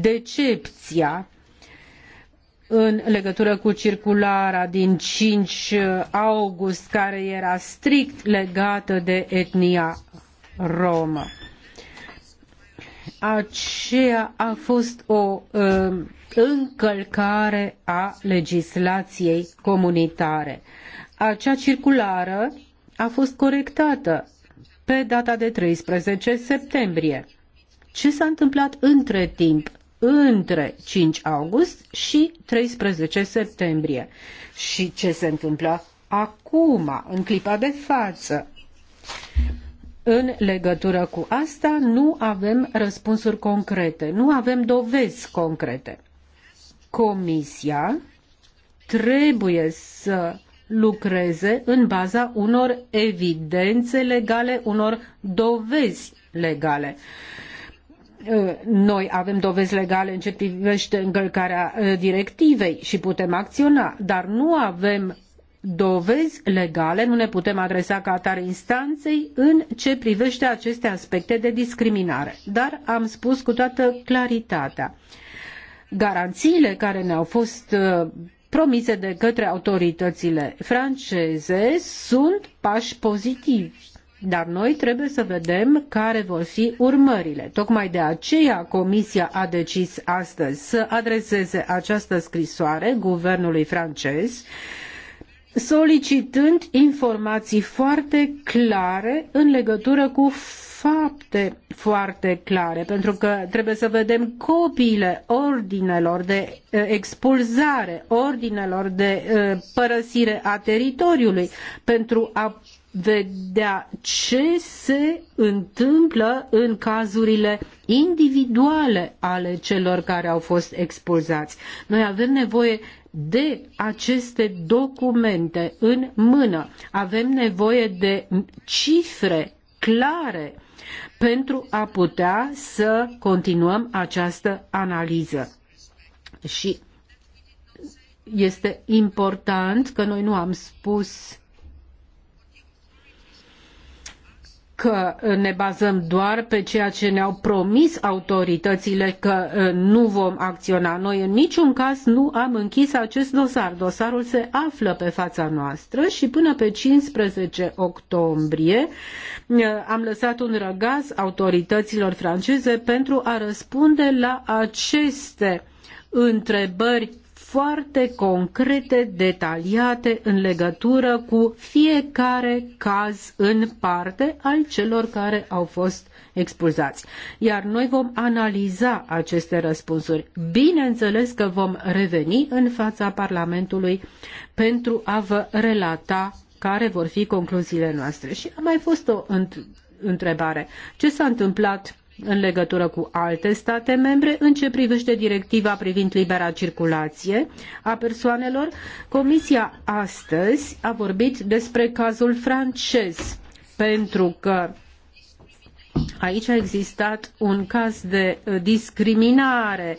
decepția în legătură cu circulara din 5 august, care era strict legată de etnia romă. Aceea a fost o uh, încălcare a legislației comunitare. Acea circulară a fost corectată pe data de 13 septembrie ce s-a întâmplat între timp între 5 august și 13 septembrie și ce se întâmplă acum, în clipa de față. În legătură cu asta nu avem răspunsuri concrete, nu avem dovezi concrete. Comisia trebuie să lucreze în baza unor evidențe legale, unor dovezi legale. Uh, Ă, noi avem dovezi legale în ce privește încălcarea ă, directivei și putem acționa, dar nu avem dovezi legale, nu ne putem adresa ca atare instanței în ce privește aceste aspecte de discriminare. Dar am spus cu toată claritatea. Garanțiile care ne-au fost ă, promise de către autoritățile franceze sunt pași pozitivi dar noi trebuie să vedem care vor fi urmările. Tocmai de aceea Comisia a decis astăzi să adreseze această scrisoare guvernului francez solicitând informații foarte clare în legătură cu fapte foarte clare, pentru că trebuie să vedem copiile ordinelor de eh, expulzare, ordinelor de eh, părăsire a teritoriului, pentru a vedea ce se întâmplă în cazurile individuale ale celor care au fost expulzați. Noi avem nevoie de aceste documente în mână. Avem nevoie de cifre clare pentru a putea să continuăm această analiză. Și este important că noi nu am spus că ne bazăm doar pe ceea ce ne-au promis autoritățile că nu vom acționa. Noi în niciun caz nu am închis acest dosar. Dosarul se află pe fața noastră și până pe 15 octombrie am lăsat un răgaz autorităților franceze pentru a răspunde la aceste întrebări foarte concrete, detaliate în legătură cu fiecare caz în parte al celor care au fost expulzați. Iar noi vom analiza aceste răspunsuri. Bineînțeles că vom reveni în fața Parlamentului pentru a vă relata care vor fi concluziile noastre. Și a mai fost o întrebare. Ce s-a întâmplat în legătură cu alte state membre în ce privește directiva privind libera circulație a persoanelor, Comisia astăzi a vorbit despre cazul francez, pentru că Aici a existat un caz de uh, discriminare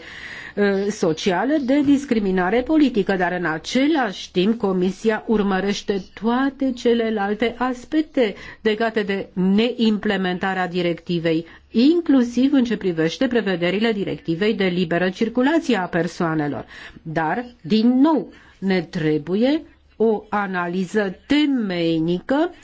uh, socială, de discriminare politică, dar în același timp Comisia urmărește toate celelalte aspecte legate de neimplementarea directivei, inclusiv în ce privește prevederile directivei de liberă circulație a persoanelor. Dar, din nou, ne trebuie o analiză temeinică uh,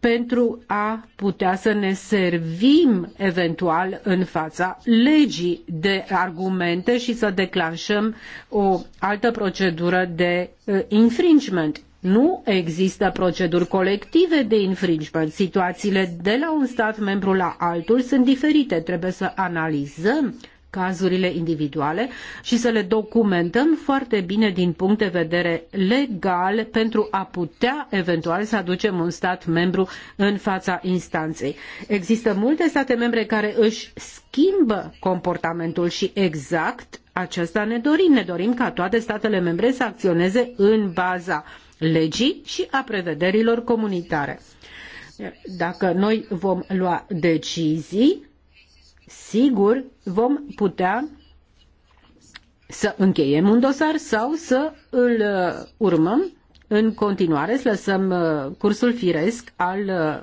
pentru a putea să ne servim eventual în fața legii de argumente și să declanșăm o altă procedură de uh, infringement. Nu există proceduri colective de infringement. Situațiile de la un stat membru la altul sunt diferite. Trebuie să analizăm cazurile individuale și să le documentăm foarte bine din punct de vedere legal pentru a putea eventual să aducem un stat membru în fața instanței. Există multe state membre care își schimbă comportamentul și exact aceasta ne dorim. Ne dorim ca toate statele membre să acționeze în baza legii și a prevederilor comunitare. Dacă noi vom lua decizii, sigur vom putea să încheiem un dosar sau să îl uh, urmăm în continuare, să lăsăm uh, cursul firesc al uh,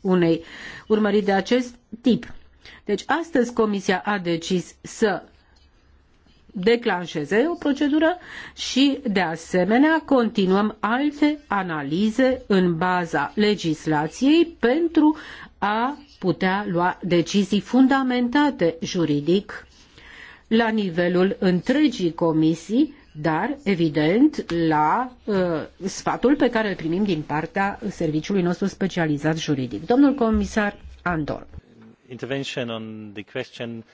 unei urmăriri de acest tip. Deci astăzi Comisia a decis să declanșeze o procedură și, de asemenea, continuăm alte analize în baza legislației pentru a putea lua decizii fundamentate juridic la nivelul întregii comisii, dar, evident, la uh, sfatul pe care îl primim din partea serviciului nostru specializat juridic. Domnul comisar Andor. Intervention on the question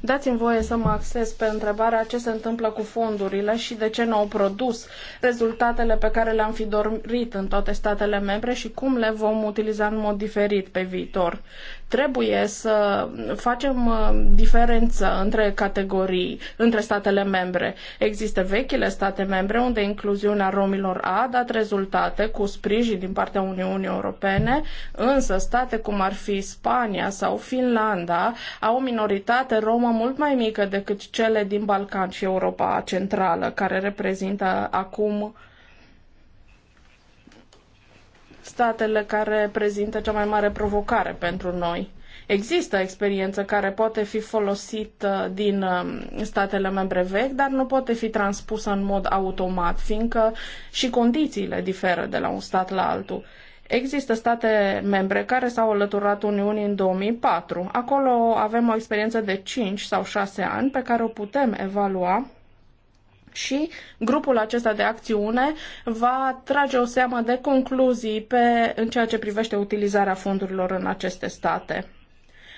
Dați-mi voie să mă acces pe întrebarea ce se întâmplă cu fondurile și de ce nu au produs rezultatele pe care le-am fi dorit în toate statele membre și cum le vom utiliza în mod diferit pe viitor. Trebuie să facem uh, diferență între categorii, între statele membre. Există vechile state membre unde incluziunea romilor a dat rezultate cu sprijin din partea Uniunii Europene, însă state cum ar fi Spania sau Finlanda, au o minoritate romă mult mai mică decât cele din Balcan și Europa Centrală, care reprezintă acum statele care prezintă cea mai mare provocare pentru noi. Există experiență care poate fi folosită din um, statele membre vechi, dar nu poate fi transpusă în mod automat, fiindcă și condițiile diferă de la un stat la altul. Există state membre care s-au alăturat Uniunii în 2004. Acolo avem o experiență de 5 sau 6 ani pe care o putem evalua și grupul acesta de acțiune va trage o seamă de concluzii pe, în ceea ce privește utilizarea fondurilor în aceste state.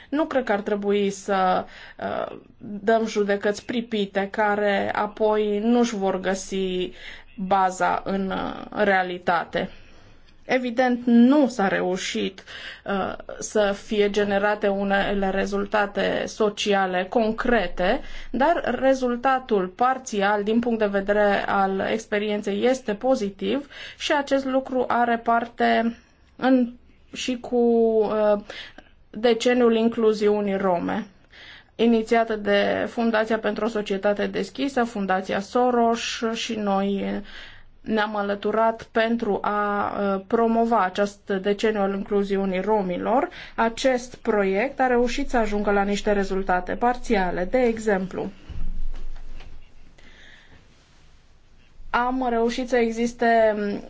Nu cred că ar trebui să uh, dăm judecăți pripite care apoi nu-și vor găsi baza în uh, realitate. Evident, nu s-a reușit uh, să fie generate unele rezultate sociale concrete, dar rezultatul parțial din punct de vedere al experienței este pozitiv și acest lucru are parte în, și cu uh, deceniul incluziunii rome inițiată de Fundația pentru o Societate Deschisă, Fundația Soros și noi ne-am alăturat pentru a uh, promova acest deceniu al incluziunii romilor, acest proiect a reușit să ajungă la niște rezultate parțiale. De exemplu, am reușit să existe um,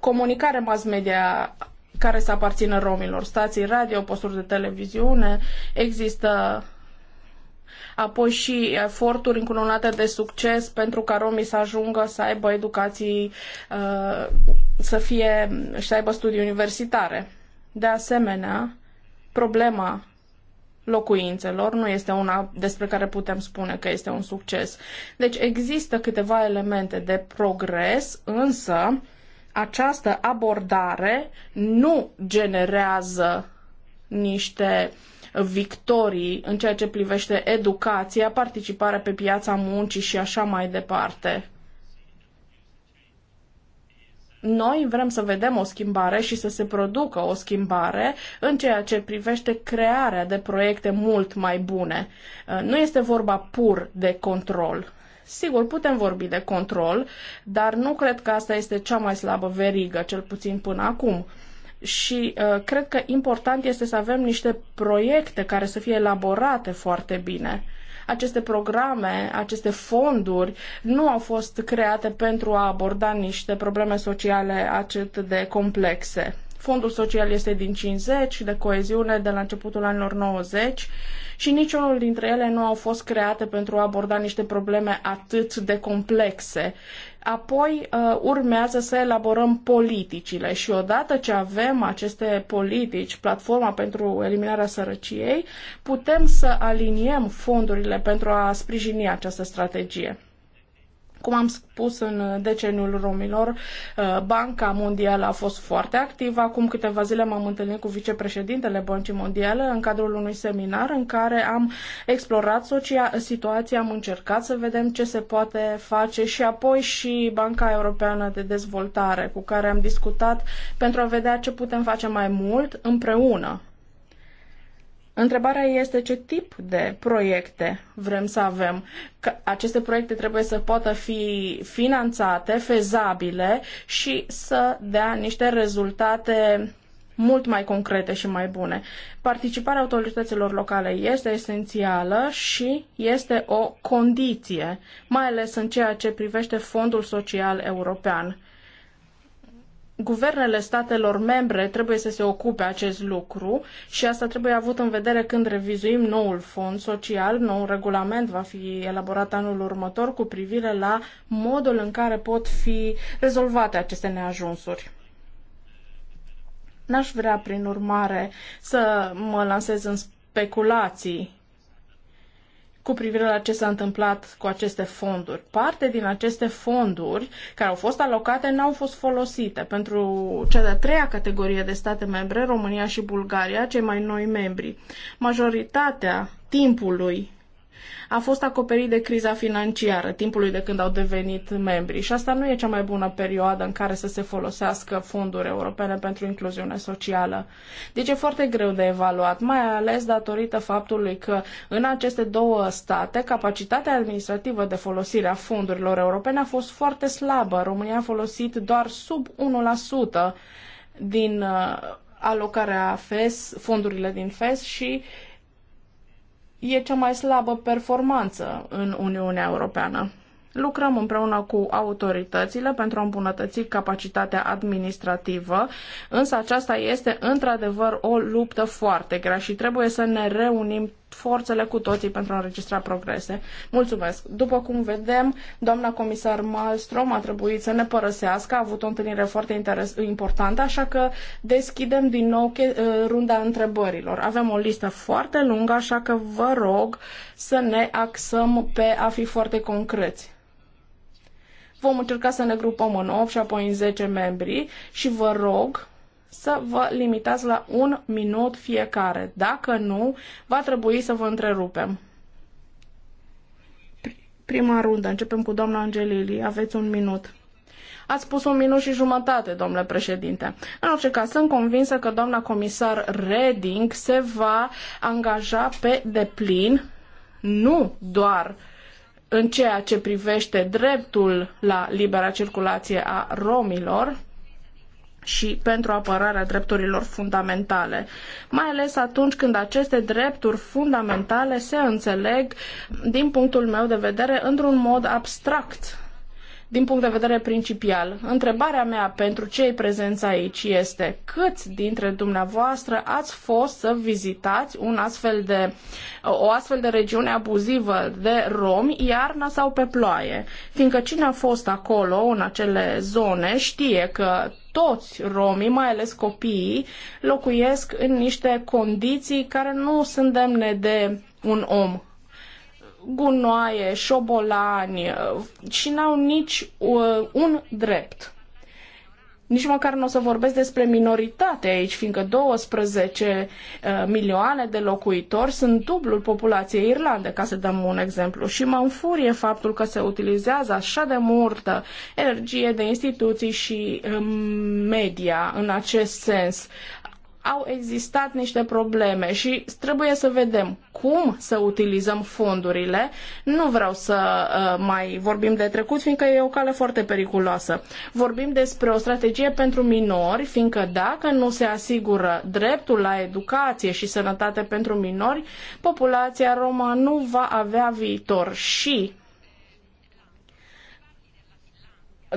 comunicare mass media care să aparțină romilor, stații radio, posturi de televiziune, există apoi și eforturi încununate de succes pentru ca romii să ajungă să aibă educații, uh, să fie, să aibă studii universitare. De asemenea, problema locuințelor, nu este una despre care putem spune că este un succes. Deci există câteva elemente de progres, însă această abordare nu generează niște uh, victorii în ceea ce privește educația, participarea pe piața muncii și așa mai departe. Noi vrem să vedem o schimbare și să se producă o schimbare în ceea ce privește crearea de proiecte mult mai bune. Uh, nu este vorba pur de control. Sigur, putem vorbi de control, dar nu cred că asta este cea mai slabă verigă, cel puțin până acum și uh, cred că important este să avem niște proiecte care să fie elaborate foarte bine. Aceste programe, aceste fonduri nu au fost create pentru a aborda niște probleme sociale atât de complexe. Fondul social este din 50, de coeziune de la începutul anilor 90 și niciunul dintre ele nu au fost create pentru a aborda niște probleme atât de complexe Apoi uh, urmează să elaborăm politicile și odată ce avem aceste politici, platforma pentru eliminarea sărăciei, putem să aliniem fondurile pentru a sprijini această strategie. Cum am spus în deceniul romilor, uh, Banca Mondială a fost foarte activă. Acum câteva zile m-am întâlnit cu vicepreședintele Băncii Mondiale în cadrul unui seminar în care am explorat situația, am încercat să vedem ce se poate face și apoi și Banca Europeană de Dezvoltare cu care am discutat pentru a vedea ce putem face mai mult împreună Întrebarea este ce tip de proiecte vrem să avem. Că aceste proiecte trebuie să poată fi finanțate, fezabile și să dea niște rezultate mult mai concrete și mai bune. Participarea autorităților locale este esențială și este o condiție, mai ales în ceea ce privește Fondul Social European Guvernele statelor membre trebuie să se ocupe acest lucru și asta trebuie avut în vedere când revizuim noul fond social, nou regulament va fi elaborat anul următor cu privire la modul în care pot fi rezolvate aceste neajunsuri. N-aș vrea, prin urmare, să mă lansez în speculații cu privire la ce s-a întâmplat cu aceste fonduri. Parte din aceste fonduri care au fost alocate n-au fost folosite. Pentru cea de-a treia categorie de state membre, România și Bulgaria, cei mai noi membri, majoritatea timpului a fost acoperit de criza financiară timpului de când au devenit membri și asta nu e cea mai bună perioadă în care să se folosească fonduri europene pentru incluziune socială. Deci e foarte greu de evaluat, mai ales datorită faptului că în aceste două state capacitatea administrativă de folosire a fondurilor europene a fost foarte slabă. România a folosit doar sub 1% din uh, alocarea FES, fondurile din FES și e cea mai slabă performanță în Uniunea Europeană. Lucrăm împreună cu autoritățile pentru a îmbunătăți capacitatea administrativă, însă aceasta este într-adevăr o luptă foarte grea și trebuie să ne reunim forțele cu toții pentru a înregistra progrese. Mulțumesc! După cum vedem, doamna comisar Malmström a trebuit să ne părăsească, a avut o întâlnire foarte interes- importantă, așa că deschidem din nou uh, runda întrebărilor. Avem o listă foarte lungă, așa că vă rog să ne axăm pe a fi foarte concreți vom încerca să ne grupăm în 8 și apoi în 10 membri și vă rog să vă limitați la un minut fiecare. Dacă nu, va trebui să vă întrerupem. Prima rundă. Începem cu doamna Angelili. Aveți un minut. Ați spus un minut și jumătate, domnule președinte. În orice caz, sunt convinsă că doamna comisar Reding se va angaja pe deplin, nu doar în ceea ce privește dreptul la libera circulație a romilor, și pentru apărarea drepturilor fundamentale, mai ales atunci când aceste drepturi fundamentale se înțeleg, din punctul meu de vedere, într-un mod abstract din punct de vedere principial. Întrebarea mea pentru cei prezenți aici este câți dintre dumneavoastră ați fost să vizitați un astfel de, o astfel de regiune abuzivă de romi iarna sau pe ploaie? Fiindcă cine a fost acolo, în acele zone, știe că toți romii, mai ales copiii, locuiesc în niște condiții care nu sunt demne de un om gunoaie, șobolani uh, și n-au nici uh, un drept. Nici măcar nu o să vorbesc despre minoritate aici, fiindcă 12 uh, milioane de locuitori sunt dublul populației Irlande, ca să dăm un exemplu. Și mă înfurie faptul că se utilizează așa de multă energie de instituții și um, media în acest sens au existat niște probleme și trebuie să vedem cum să utilizăm fondurile. Nu vreau să uh, mai vorbim de trecut, fiindcă e o cale foarte periculoasă. Vorbim despre o strategie pentru minori, fiindcă dacă nu se asigură dreptul la educație și sănătate pentru minori, populația romă nu va avea viitor și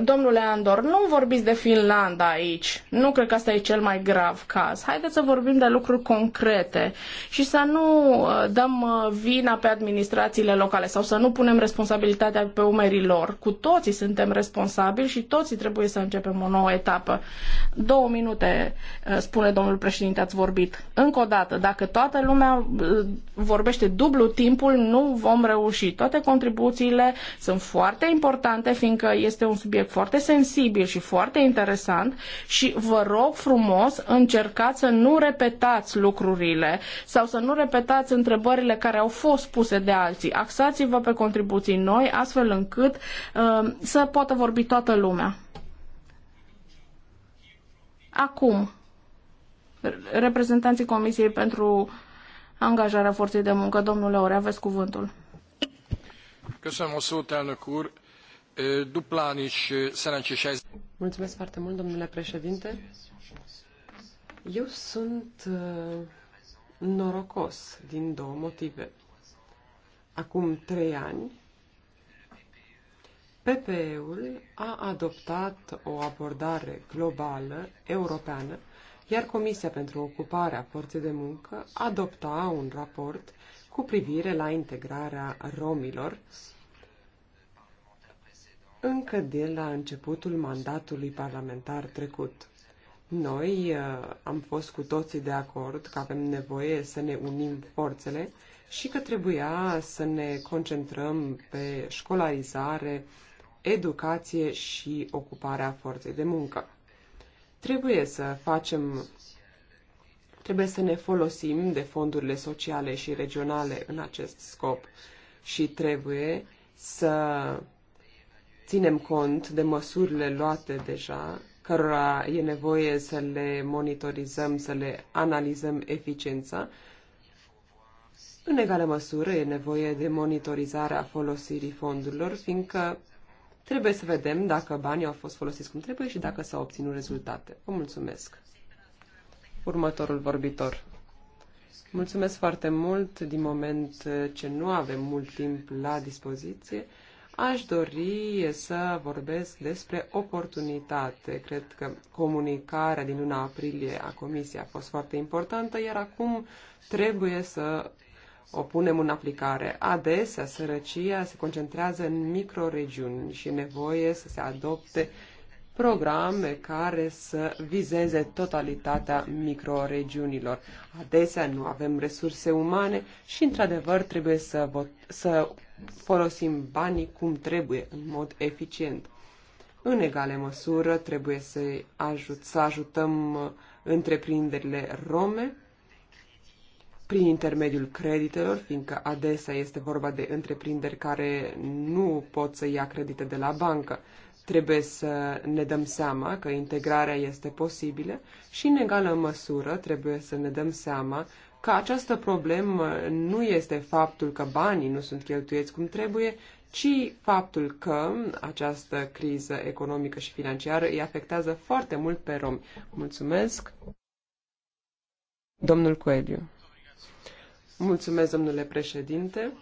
Domnule Andor, nu vorbiți de Finlanda aici. Nu cred că asta e cel mai grav caz. Haideți să vorbim de lucruri concrete și să nu uh, dăm uh, vina pe administrațiile locale sau să nu punem responsabilitatea pe umerii lor. Cu toții suntem responsabili și toții trebuie să începem o nouă etapă. Două minute, uh, spune domnul președinte, ați vorbit. Încă o dată, dacă toată lumea vorbește dublu timpul, nu vom reuși. Toate contribuțiile sunt foarte importante, fiindcă este un subiect subiect foarte sensibil și foarte interesant și vă rog frumos încercați să nu repetați lucrurile sau să nu repetați întrebările care au fost puse de alții. Axați-vă pe contribuții noi astfel încât uh, să poată vorbi toată lumea. Acum, reprezentanții Comisiei pentru angajarea forței de muncă. Domnule Ore, aveți cuvântul. Köszönöm a szót, elnök úr duplán is Mulțumesc foarte mult, domnule președinte. Eu sunt uh, norocos din două motive. Acum trei ani, PPE-ul a adoptat o abordare globală europeană, iar Comisia pentru Ocuparea Forței de Muncă adopta un raport cu privire la integrarea romilor, încă de la începutul mandatului parlamentar trecut. Noi uh, am fost cu toții de acord că avem nevoie să ne unim forțele și că trebuia să ne concentrăm pe școlarizare, educație și ocuparea forței de muncă. Trebuie să facem trebuie să ne folosim de fondurile sociale și regionale în acest scop și trebuie să ținem cont de măsurile luate deja, cărora e nevoie să le monitorizăm, să le analizăm eficiența. În egală măsură e nevoie de monitorizarea folosirii fondurilor, fiindcă trebuie să vedem dacă banii au fost folosiți cum trebuie și dacă s-au obținut rezultate. Vă mulțumesc. Următorul vorbitor. Mulțumesc foarte mult din moment ce nu avem mult timp la dispoziție. Aș dori să vorbesc despre oportunitate. Cred că comunicarea din luna aprilie a Comisiei a fost foarte importantă, iar acum trebuie să o punem în aplicare. Adesea, sărăcia se concentrează în microregiuni și e nevoie să se adopte programe care să vizeze totalitatea microregiunilor. Adesea nu avem resurse umane și, într-adevăr, trebuie să, vot, să folosim banii cum trebuie, în mod eficient. În egală măsură, trebuie să, ajut, să ajutăm uh, întreprinderile rome prin intermediul creditelor, fiindcă adesea este vorba de întreprinderi care nu pot să ia credite de la bancă. Trebuie să ne dăm seama că integrarea este posibilă și, în egală măsură, trebuie să ne dăm seama că această problemă nu este faptul că banii nu sunt cheltuieți cum trebuie, ci faptul că această criză economică și financiară îi afectează foarte mult pe romi. Mulțumesc! Domnul Coeliu. Mulțumesc, domnule președinte.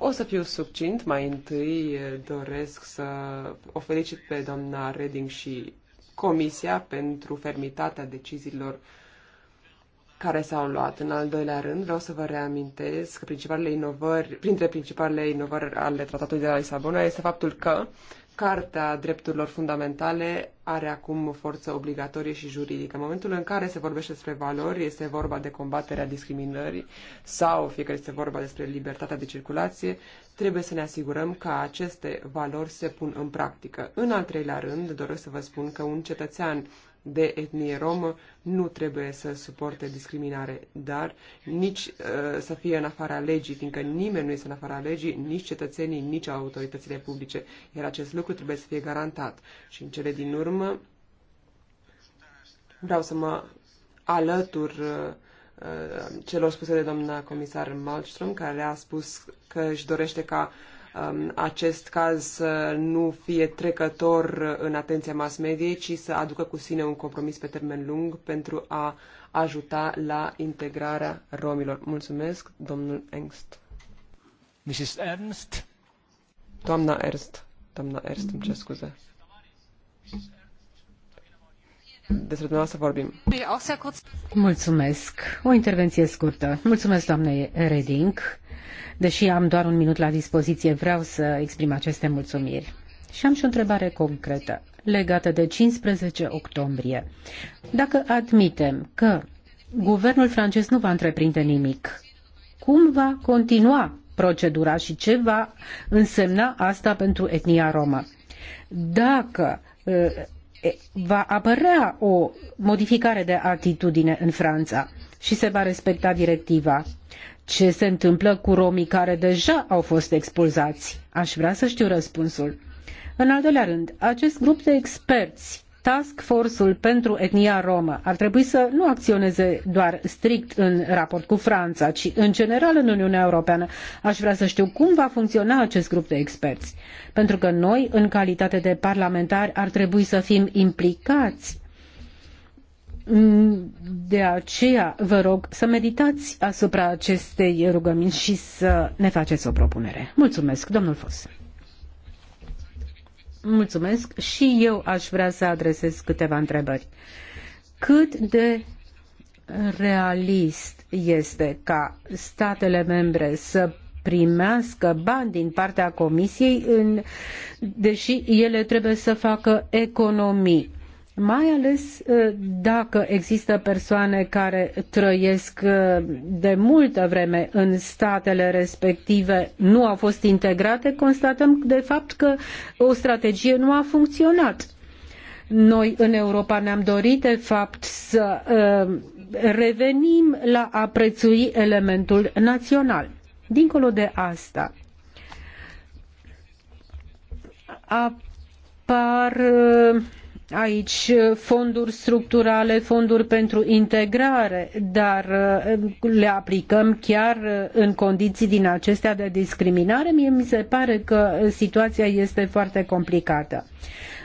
O să fiu succint. Mai întâi eh, doresc să o felicit pe doamna Reding și Comisia pentru fermitatea deciziilor care s-au luat. În al doilea rând, vreau să vă reamintesc că principalele inovări, printre principalele inovări ale Tratatului de la Lisabona este faptul că Carta Drepturilor Fundamentale are acum forță obligatorie și juridică. În momentul în care se vorbește despre valori, este vorba de combaterea discriminării sau fie că este vorba despre libertatea de circulație, trebuie să ne asigurăm că aceste valori se pun în practică. În al treilea rând, doresc să vă spun că un cetățean de etnie romă nu trebuie să suporte discriminare, dar nici uh, să fie în afara legii, fiindcă nimeni nu este în afara legii, nici cetățenii, nici autoritățile publice, iar acest lucru trebuie să fie garantat. Și în cele din urmă vreau să mă alătur uh, uh celor spuse de doamna comisar Malmström, care a spus că își dorește ca uh, Um, acest caz să nu fie trecător în atenția mass mediei, ci să aducă cu sine un compromis pe termen lung pentru a ajuta la integrarea romilor. Mulțumesc, domnul Engst. Mrs. Ernst? Doamna Ernst. Doamna Ernst, îmi cer scuze. Despre dumneavoastră vorbim. Mulțumesc. O intervenție scurtă. Mulțumesc, doamnei Reding Deși am doar un minut la dispoziție, vreau să exprim aceste mulțumiri. Și am și o întrebare concretă legată de 15 octombrie. Dacă admitem că guvernul francez nu va întreprinde nimic, cum va continua procedura și ce va însemna asta pentru etnia romă? Dacă va apărea o modificare de atitudine în Franța și se va respecta directiva ce se întâmplă cu romii care deja au fost expulzați? Aș vrea să știu răspunsul. În al doilea rând, acest grup de experți, Task Force-ul pentru etnia romă, ar trebui să nu acționeze doar strict în raport cu Franța, ci în general în Uniunea Europeană. Aș vrea să știu cum va funcționa acest grup de experți. Pentru că noi, în calitate de parlamentari, ar trebui să fim implicați Mm, de aceea vă rog să meditați asupra acestei rugăminți și să ne faceți o propunere. Mulțumesc, domnul Fos. Mulțumesc și eu aș vrea să adresez câteva întrebări. Cât de realist este ca statele membre să primească bani din partea Comisiei, în, deși ele trebuie să facă economii mai ales ă, dacă există persoane care trăiesc ă, de multă vreme în statele respective, nu au fost integrate, constatăm de fapt că o strategie nu a funcționat. Noi în Europa ne-am dorit de fapt să ă, revenim la a prețui elementul național. Dincolo de asta, apar aici uh, fonduri structurale, fonduri pentru integrare, dar uh, le aplicăm chiar uh, în condiții din acestea de discriminare. Mie mi se pare că situația este foarte complicată.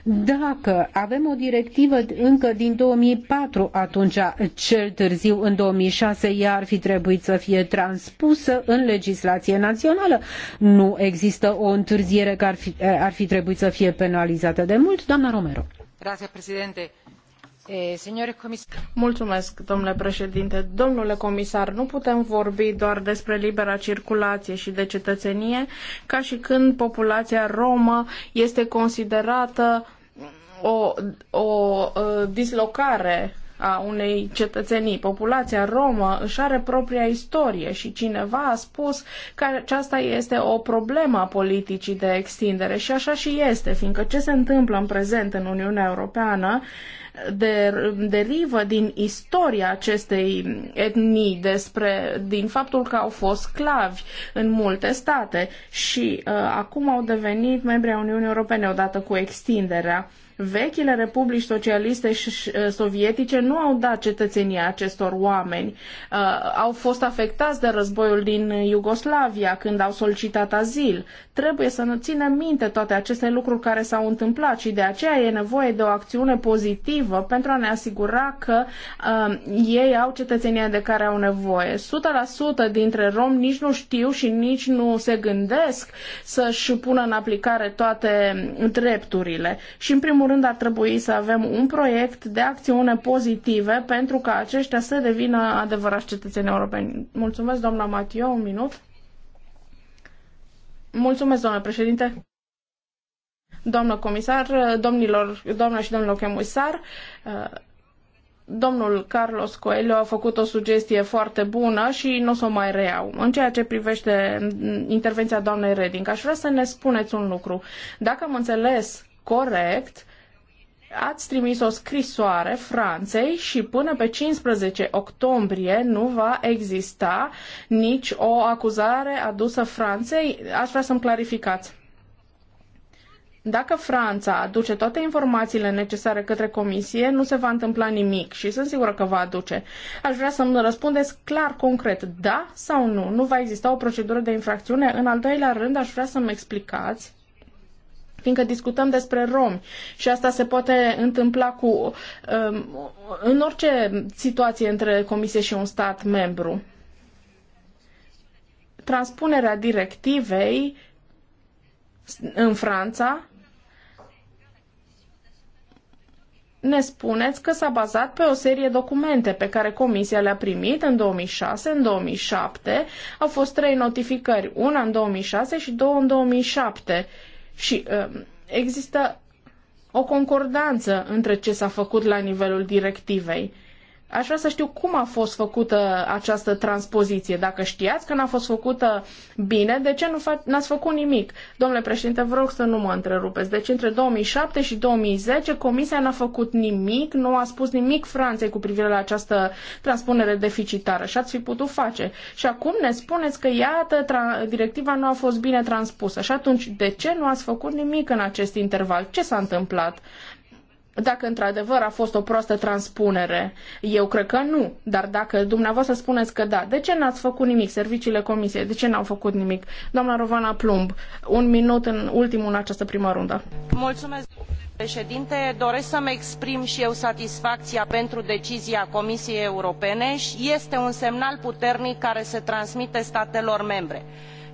Dacă avem o directivă încă din 2004, atunci cel târziu în 2006 ea ar fi trebuit să fie transpusă în legislație națională. Nu există o întârziere care ar fi, ar fi trebuit să fie penalizată de mult, doamna Romero. Eh, Mulțumesc, domnule președinte. Domnule comisar, nu putem vorbi doar despre libera circulație și de cetățenie ca și când populația romă este considerată o, o uh, dislocare a unei cetățenii. Populația romă își are propria istorie și cineva a spus că aceasta este o problemă a politicii de extindere și așa și este, fiindcă ce se întâmplă în prezent în Uniunea Europeană de, derivă din istoria acestei etnii, despre, din faptul că au fost sclavi în multe state și uh, acum au devenit membri ai Uniunii Europene odată cu extinderea. Uh, Vechile republici socialiste și uh, sovietice nu au dat cetățenia acestor oameni. Uh, au fost afectați de războiul din Iugoslavia când au solicitat azil. Trebuie să ne ținem minte toate aceste lucruri care s-au întâmplat și de aceea e nevoie de o acțiune pozitivă pentru a ne asigura că uh, ei au cetățenia de care au nevoie. 100% dintre romi nici nu știu și nici nu se gândesc să-și pună în aplicare toate drepturile. Și în primul primul rând ar trebui să avem un proiect de acțiune pozitive pentru ca aceștia să devină adevărați cetățeni europeni. Mulțumesc, doamna Matiu, un minut. Mulțumesc, doamnă președinte. Doamnă comisar, domnilor, doamna și domnilor comisar, domnul Carlos Coelho a făcut o sugestie foarte bună și nu o să o mai reiau. În ceea ce privește intervenția doamnei Reding, aș vrea să ne spuneți un lucru. Dacă am înțeles corect, ați trimis o scrisoare Franței și până pe 15 octombrie nu va exista nici o acuzare adusă Franței? Aș vrea să-mi clarificați. Dacă Franța aduce toate informațiile necesare către comisie, nu se va întâmpla nimic și sunt sigură că va aduce. Aș vrea să-mi răspundeți clar, concret, da sau nu. Nu va exista o procedură de infracțiune. În al doilea rând, aș vrea să-mi explicați fiindcă discutăm despre romi și asta se poate întâmpla cu um, în orice situație între comisie și un stat membru. Transpunerea directivei în Franța ne spuneți că s-a bazat pe o serie de documente pe care Comisia le-a primit în 2006, în 2007. Au fost trei notificări, una în 2006 și două în 2007. Și um, există o concordanță între ce s-a făcut la nivelul directivei Aș vrea să știu cum a fost făcută această transpoziție. Dacă știați că n-a fost făcută bine, de ce nu n-ați făcut nimic? Domnule președinte, vă rog să nu mă întrerupeți. Deci între 2007 și 2010 Comisia n-a făcut nimic, nu a spus nimic Franței cu privire la această transpunere deficitară și ați fi putut face. Și acum ne spuneți că, iată, directiva nu a fost bine transpusă. Și atunci, de ce nu ați făcut nimic în acest interval? Ce s-a întâmplat? dacă într-adevăr a fost o proastă transpunere. Eu cred că nu, dar dacă dumneavoastră spuneți că da, de ce n-ați făcut nimic, serviciile comisiei, de ce n-au făcut nimic? Doamna Rovana Plumb, un minut în ultimul în această primă rundă. Mulțumesc, președinte. Doresc să-mi exprim și eu satisfacția pentru decizia Comisiei Europene și este un semnal puternic care se transmite statelor membre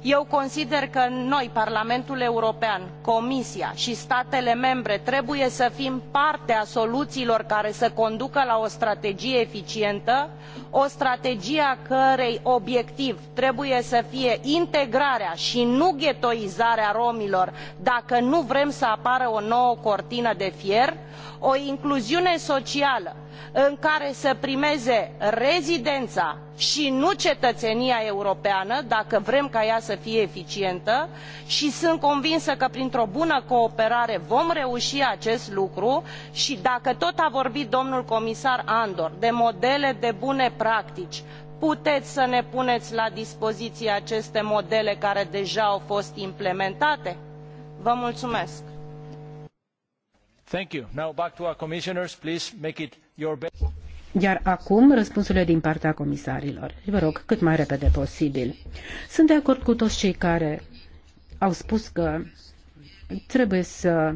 eu consider că noi parlamentul european comisia i statele membre trebuie să fim parte a soluiilor care să conducă la o strategie eficientă o strategie a cărei obiectiv trebuie să fie integrarea i nu ghettoizarea romilor dacă nu vrem să apară o nouă cortină de fier o incluziune socială în care să primeze rezidena i nu cetăenia europeană dacă vrem ca ea să fie eficientă i sunt convinsă că printr o bună cooperare vom reui acest lucru i dacă tot a vorbit domnul comisar andor de modele de bune practici putei să ne punei la dispoziie aceste modele care deja au fost implementate? vă mulumesc. Iar acum răspunsurile din partea comisarilor. Vă rog, cât mai repede posibil. Sunt de acord cu toți cei care au spus că trebuie să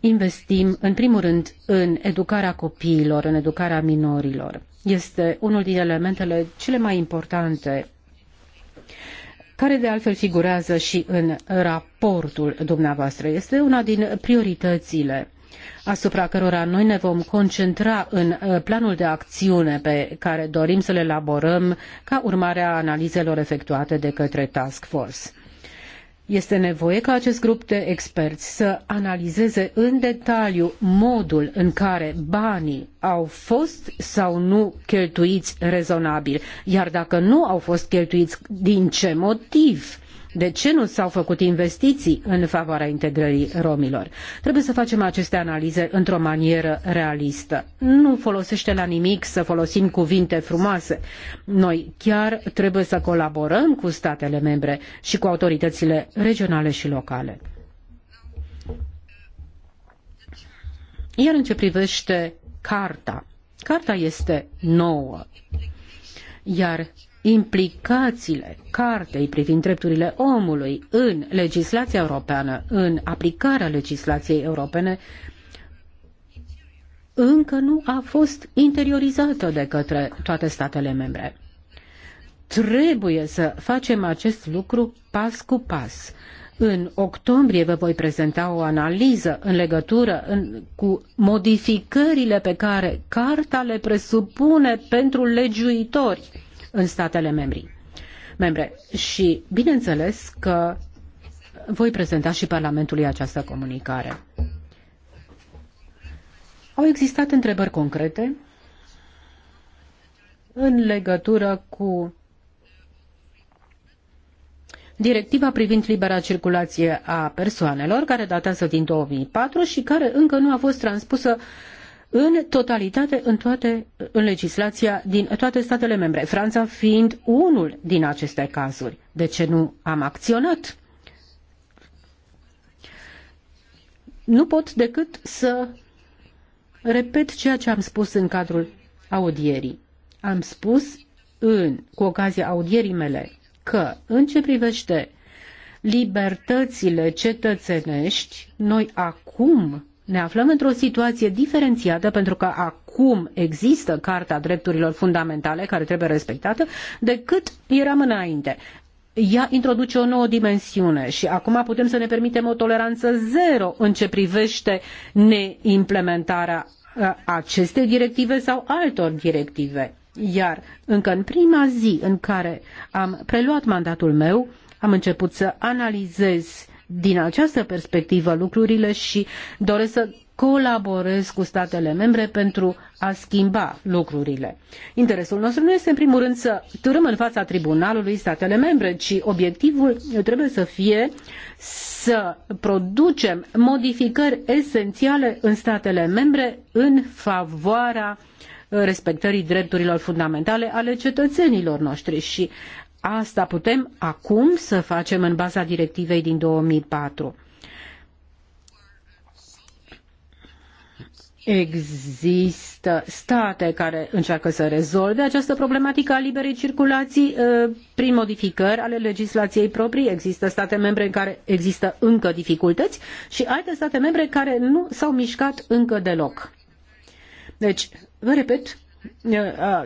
investim, în primul rând, în educarea copiilor, în educarea minorilor. Este unul din elementele cele mai importante care de altfel figurează și în raportul dumneavoastră. Este una din prioritățile asupra cărora noi ne vom concentra în uh, planul de acțiune pe care dorim să le elaborăm ca urmare a analizelor efectuate de către Task Force. Este nevoie ca acest grup de experți să analizeze în detaliu modul în care banii au fost sau nu cheltuiți rezonabil, iar dacă nu au fost cheltuiți, din ce motiv de ce nu s-au făcut investiții în favoarea integrării romilor. Trebuie să facem aceste analize într-o manieră realistă. Nu folosește la nimic să folosim cuvinte frumoase. Noi chiar trebuie să colaborăm cu statele membre și cu autoritățile regionale și locale. Iar în ce privește carta, carta este nouă, iar implicațiile cartei privind drepturile omului în legislația europeană, în aplicarea legislației europene, încă nu a fost interiorizată de către toate statele membre. Trebuie să facem acest lucru pas cu pas. În octombrie vă voi prezenta o analiză în legătură în, cu modificările pe care carta le presupune pentru legiuitori în statele membri. membre. Și bineînțeles că voi prezenta și Parlamentului această comunicare. Au existat întrebări concrete în legătură cu directiva privind libera circulație a persoanelor, care datează din 2004 și care încă nu a fost transpusă în totalitate în, toate, în legislația din toate statele membre, Franța fiind unul din aceste cazuri. De ce nu am acționat? Nu pot decât să repet ceea ce am spus în cadrul audierii. Am spus în, cu ocazia audierii mele că în ce privește libertățile cetățenești, noi acum ne aflăm într-o situație diferențiată pentru că acum există Carta Drepturilor Fundamentale care trebuie respectată decât eram înainte. Ea introduce o nouă dimensiune și acum putem să ne permitem o toleranță zero în ce privește neimplementarea acestei directive sau altor directive. Iar încă în prima zi în care am preluat mandatul meu, am început să analizez din această perspectivă lucrurile și doresc să colaborez cu statele membre pentru a schimba lucrurile. Interesul nostru nu este în primul rând să târâm în fața tribunalului statele membre, ci obiectivul trebuie să fie să producem modificări esențiale în statele membre în favoarea respectării drepturilor fundamentale ale cetățenilor noștri și Asta putem acum să facem în baza directivei din 2004. Există state care încearcă să rezolve această problematică a liberei circulații uh, prin modificări ale legislației proprii. Există state membre în care există încă dificultăți și alte state membre care nu s-au mișcat încă deloc. Deci, vă repet, uh,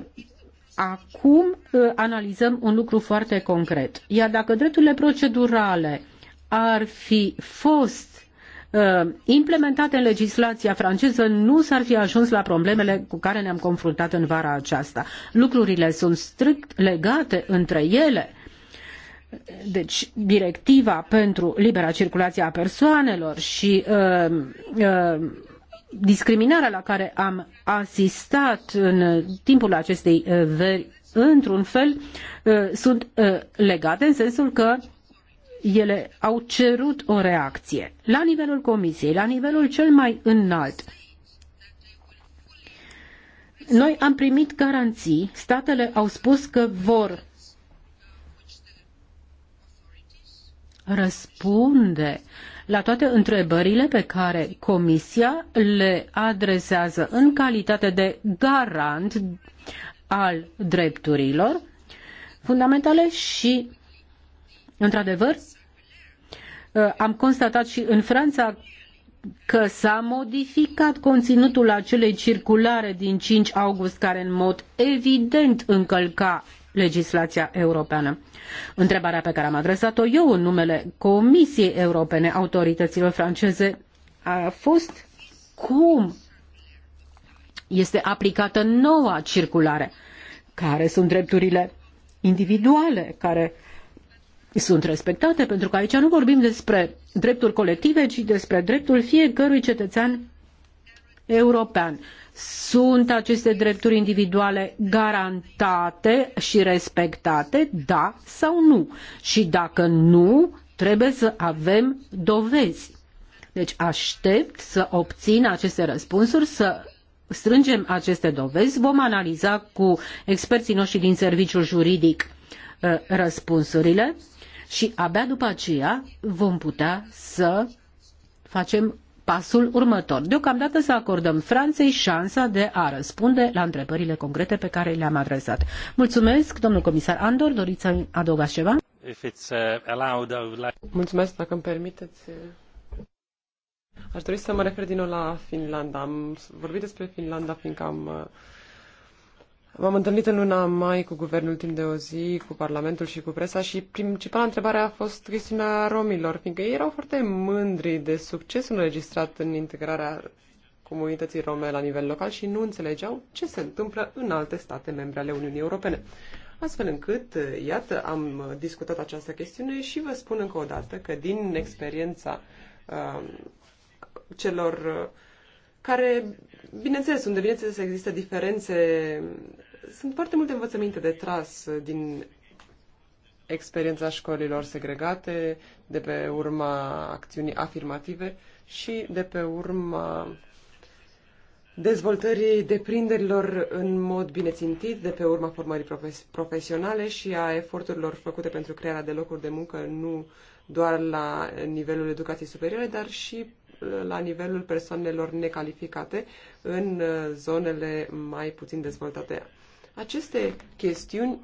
acum uh, analizăm un lucru foarte concret. Iar dacă drepturile procedurale ar fi fost uh, implementate în legislația franceză, nu s-ar fi ajuns la problemele cu care ne-am confruntat în vara aceasta. Lucrurile sunt strict legate între ele. Deci, directiva pentru libera circulație a persoanelor și uh, uh, discriminarea la care am asistat în timpul acestei uh, veri, într-un fel, uh, sunt uh, legate în sensul că ele au cerut o reacție la nivelul comisiei, la nivelul cel mai înalt. Noi am primit garanții, statele au spus că vor răspunde la toate întrebările pe care Comisia le adresează în calitate de garant al drepturilor fundamentale și, într-adevăr, uh, am constatat și în Franța că s-a modificat conținutul acelei circulare din 5 august care în mod evident încălca legislația europeană. Întrebarea pe care am adresat-o eu în numele Comisiei Europene autorităților franceze a fost cum este aplicată noua circulare, care sunt drepturile individuale, care sunt respectate, pentru că aici nu vorbim despre drepturi colective, ci despre dreptul fiecărui cetățean european. Sunt aceste drepturi individuale garantate și respectate, da sau nu? Și dacă nu, trebuie să avem dovezi. Deci aștept să obțin aceste răspunsuri, să strângem aceste dovezi, vom analiza cu experții noștri din serviciul juridic uh, răspunsurile și abia după aceea vom putea să facem pasul următor. Deocamdată să acordăm Franței șansa de a răspunde la întrebările concrete pe care le-am adresat. Mulțumesc, domnul comisar Andor, doriți să adăugați ceva? Uh, Mulțumesc, dacă îmi permiteți. Uh, aș dori să mă refer din nou la Finlanda. Am vorbit despre Finlanda, fiindcă am uh, M-am întâlnit în luna mai cu guvernul timp de o zi, cu Parlamentul și cu presa și principala întrebare a fost chestiunea romilor, fiindcă ei erau foarte mândri de succesul înregistrat în integrarea comunității rome la nivel local și nu înțelegeau ce se întâmplă în alte state membre ale Uniunii Europene. Astfel încât, iată, am discutat această chestiune și vă spun încă o dată că din experiența uh, celor uh, care, bineînțeles, unde bineînțeles există diferențe, sunt foarte multe învățăminte de tras din experiența școlilor segregate, de pe urma acțiunii afirmative și de pe urma dezvoltării deprinderilor în mod bine țintit, de pe urma formării profes- profesionale și a eforturilor făcute pentru crearea de locuri de muncă, nu doar la nivelul educației superioare, dar și la nivelul persoanelor necalificate în uh, zonele mai puțin dezvoltate. Aceste chestiuni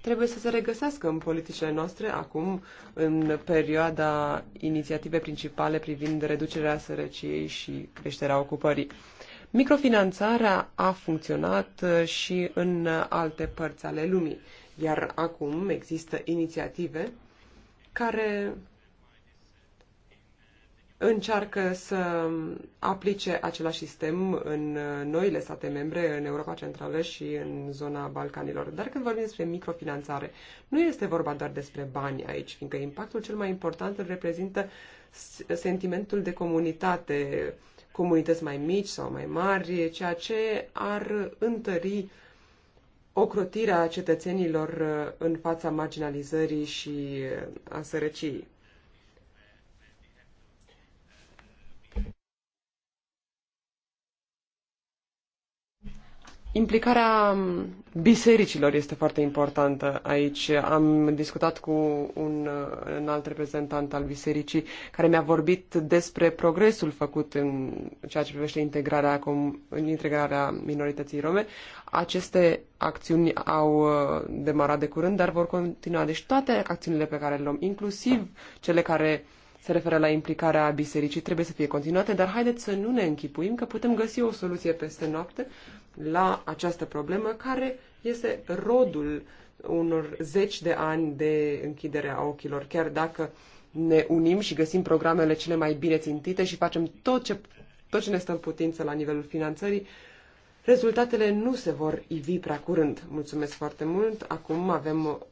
trebuie să se regăsească în politicile noastre acum, în perioada inițiative principale privind reducerea sărăciei și creșterea ocupării. Microfinanțarea a funcționat uh, și în alte părți ale lumii, iar acum există inițiative care încearcă să aplice același sistem în uh, noile state membre, în Europa Centrală și în zona Balcanilor. Dar când vorbim despre microfinanțare, nu este vorba doar despre bani aici, fiindcă impactul cel mai important îl reprezintă sentimentul de comunitate, comunități mai mici sau mai mari, ceea ce ar întări ocrotirea cetățenilor uh, în fața marginalizării și uh, a sărăciei. Implicarea bisericilor este foarte importantă aici. Am discutat cu un, uh, un alt reprezentant al bisericii care mi-a vorbit despre progresul făcut în ceea ce privește integrarea, în integrarea minorității rome. Aceste acțiuni au uh, demarat de curând, dar vor continua. Deci toate acțiunile pe care le luăm, inclusiv cele care uh, se referă la implicarea bisericii, trebuie să fie continuate, dar haideți să nu ne închipuim că putem găsi o soluție peste noapte la această problemă care este rodul unor zeci de ani de închidere a ochilor, chiar dacă ne unim și găsim programele cele mai bine țintite și facem tot ce, tot ce ne stă în putință la nivelul finanțării, rezultatele nu se vor ivi prea curând. Mulțumesc foarte mult. Acum avem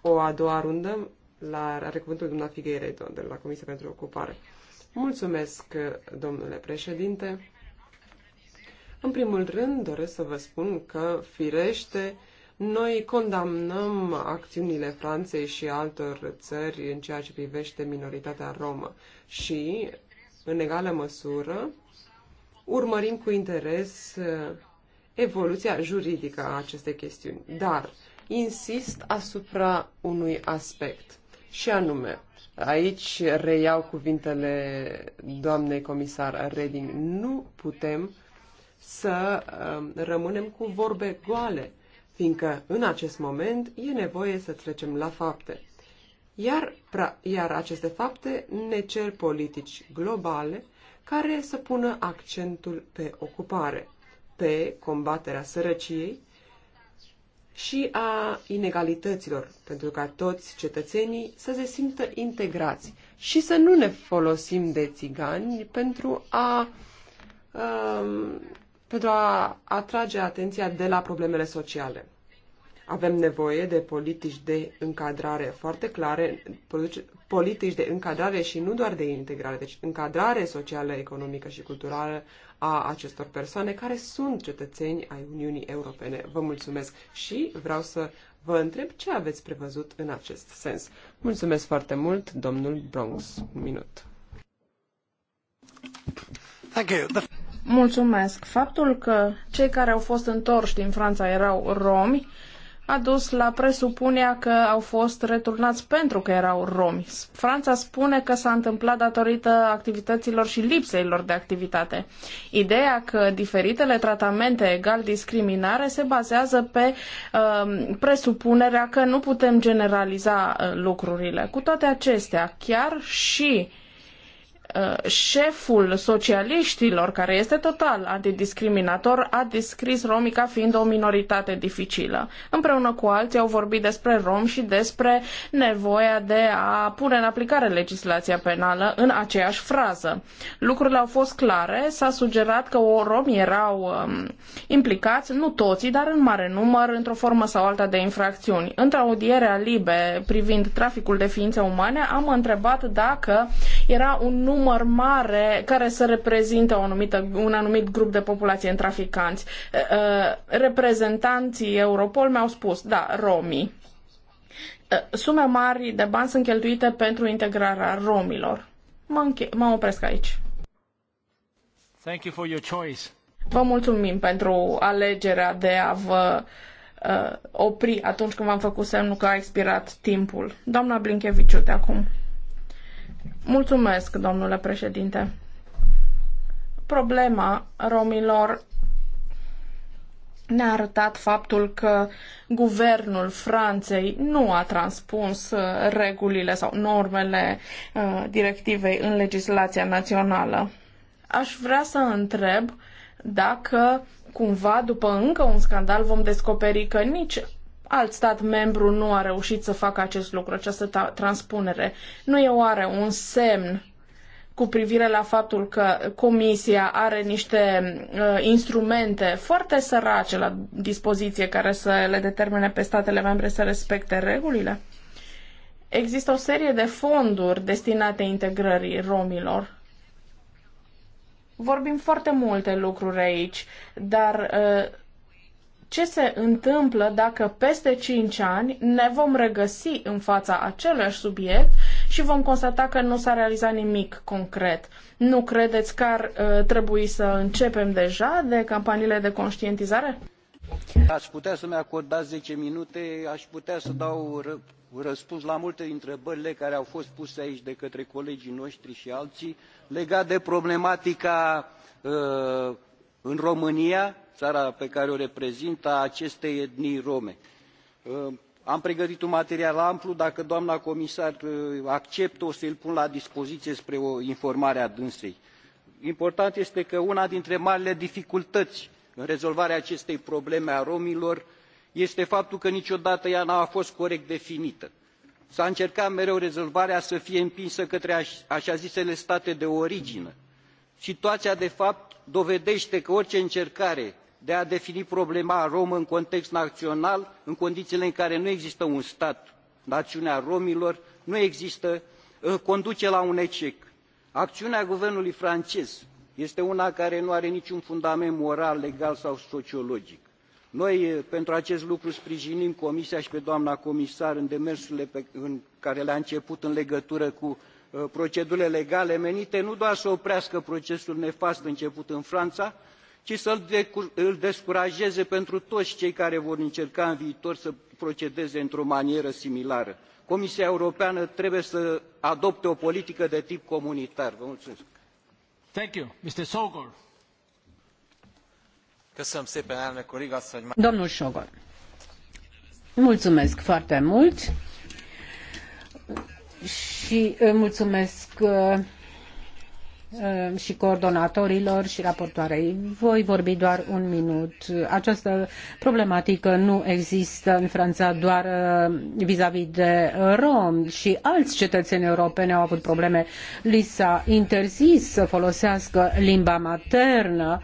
o a doua rundă la, are cuvântul doamna Figueiredo de la Comisia pentru Ocupare. Mulțumesc, domnule președinte. În primul rând, doresc să vă spun că, firește, noi condamnăm acțiunile Franței și altor țări în ceea ce privește minoritatea romă și, în egală măsură, urmărim cu interes uh, evoluția juridică a acestei chestiuni. Dar insist asupra unui aspect și anume, aici reiau cuvintele doamnei comisar Reding, nu putem să um, rămânem cu vorbe goale, fiindcă în acest moment e nevoie să trecem la fapte. Iar, pra, iar aceste fapte ne cer politici globale care să pună accentul pe ocupare, pe combaterea sărăciei și a inegalităților, pentru ca toți cetățenii să se simtă integrați și să nu ne folosim de țigani pentru a, um, pentru a atrage atenția de la problemele sociale. Avem nevoie de politici de încadrare foarte clare, politici de încadrare și nu doar de integrare, deci încadrare socială, economică și culturală a acestor persoane care sunt cetățeni ai Uniunii Europene. Vă mulțumesc și vreau să vă întreb ce aveți prevăzut în acest sens. Mulțumesc foarte mult, domnul Bronx. Un minut. Thank you. Mulțumesc. Faptul că cei care au fost întorși din Franța erau romi a dus la presupunea că au fost returnați pentru că erau romi. Franța spune că s-a întâmplat datorită activităților și lipsei lor de activitate. Ideea că diferitele tratamente egal discriminare se bazează pe uh, presupunerea că nu putem generaliza uh, lucrurile. Cu toate acestea, chiar și Uh, șeful socialiștilor, care este total antidiscriminator, a descris romii ca fiind o minoritate dificilă. Împreună cu alții au vorbit despre rom și despre nevoia de a pune în aplicare legislația penală în aceeași frază. Lucrurile au fost clare, s-a sugerat că o romii erau um, implicați, nu toții, dar în mare număr, într-o formă sau alta de infracțiuni. Într-o audiere libe privind traficul de ființe umane, am întrebat dacă era un număr număr mare care să reprezinte o anumită, un anumit grup de populație în traficanți. Reprezentanții Europol mi-au spus, da, romii. Sume mari de bani sunt cheltuite pentru integrarea romilor. Mă, înche- mă opresc aici. Thank you for your choice. Vă mulțumim pentru alegerea de a vă uh, opri atunci când v-am făcut semnul că a expirat timpul. Doamna Blinkeviciu, de acum. Mulțumesc, domnule președinte. Problema romilor ne-a arătat faptul că guvernul Franței nu a transpus uh, regulile sau normele uh, directivei în legislația națională. Aș vrea să întreb dacă cumva după încă un scandal vom descoperi că nici alt stat membru nu a reușit să facă acest lucru, această transpunere. Nu e oare un semn cu privire la faptul că Comisia are niște uh, instrumente foarte sărace la dispoziție care să le determine pe statele membre să respecte regulile? Există o serie de fonduri destinate integrării romilor. Vorbim foarte multe lucruri aici, dar uh, ce se întâmplă dacă peste 5 ani ne vom regăsi în fața același subiect și vom constata că nu s-a realizat nimic concret. Nu credeți că ar uh, trebui să începem deja de campaniile de conștientizare? Aș putea să-mi acordați 10 minute, aș putea să dau ră răspuns la multe întrebările care au fost puse aici de către colegii noștri și alții legat de problematica uh, în România, țara pe care o reprezint, a acestei etnii rome. Uh, am pregătit un material amplu, dacă doamna comisar uh, acceptă, o să îl pun la dispoziție spre o informare a dânsei. Important este că una dintre marile dificultăți în rezolvarea acestei probleme a romilor este faptul că niciodată ea nu a fost corect definită. S a încercat mereu rezolvarea să fie împinsă către așa zisele state de origine. Situația de fapt dovedește că orice încercare de a defini problema romă în context național în condițiile în care nu există un stat naiunea romilor nu există ă, conduce la un eșec. acțiunea guvernului francez este una care nu are niciun fundament moral legal sau sociologic. noi ă, pentru acest lucru sprijinim comisia și pe doamna comisar în demersurile pe care le a început în legătură cu ă, procedurile legale menite nu doar să oprească procesul nefast început în franța ci să îl descurajeze pentru toi cei care vor încerca în viitor să procedeze într o manieră similară. comisia europeană trebuie să adopte o politică de tip comunitar. mulțumesc foarte mult și mulțumesc Ehm, și coordonatorilor și raportoarei. Voi vorbi doar un minut. Această problematică nu există în Franța doar ehm, vis-a-vis -vis de romi și alți cetățeni europeni au avut probleme. Li s-a interzis să folosească limba maternă,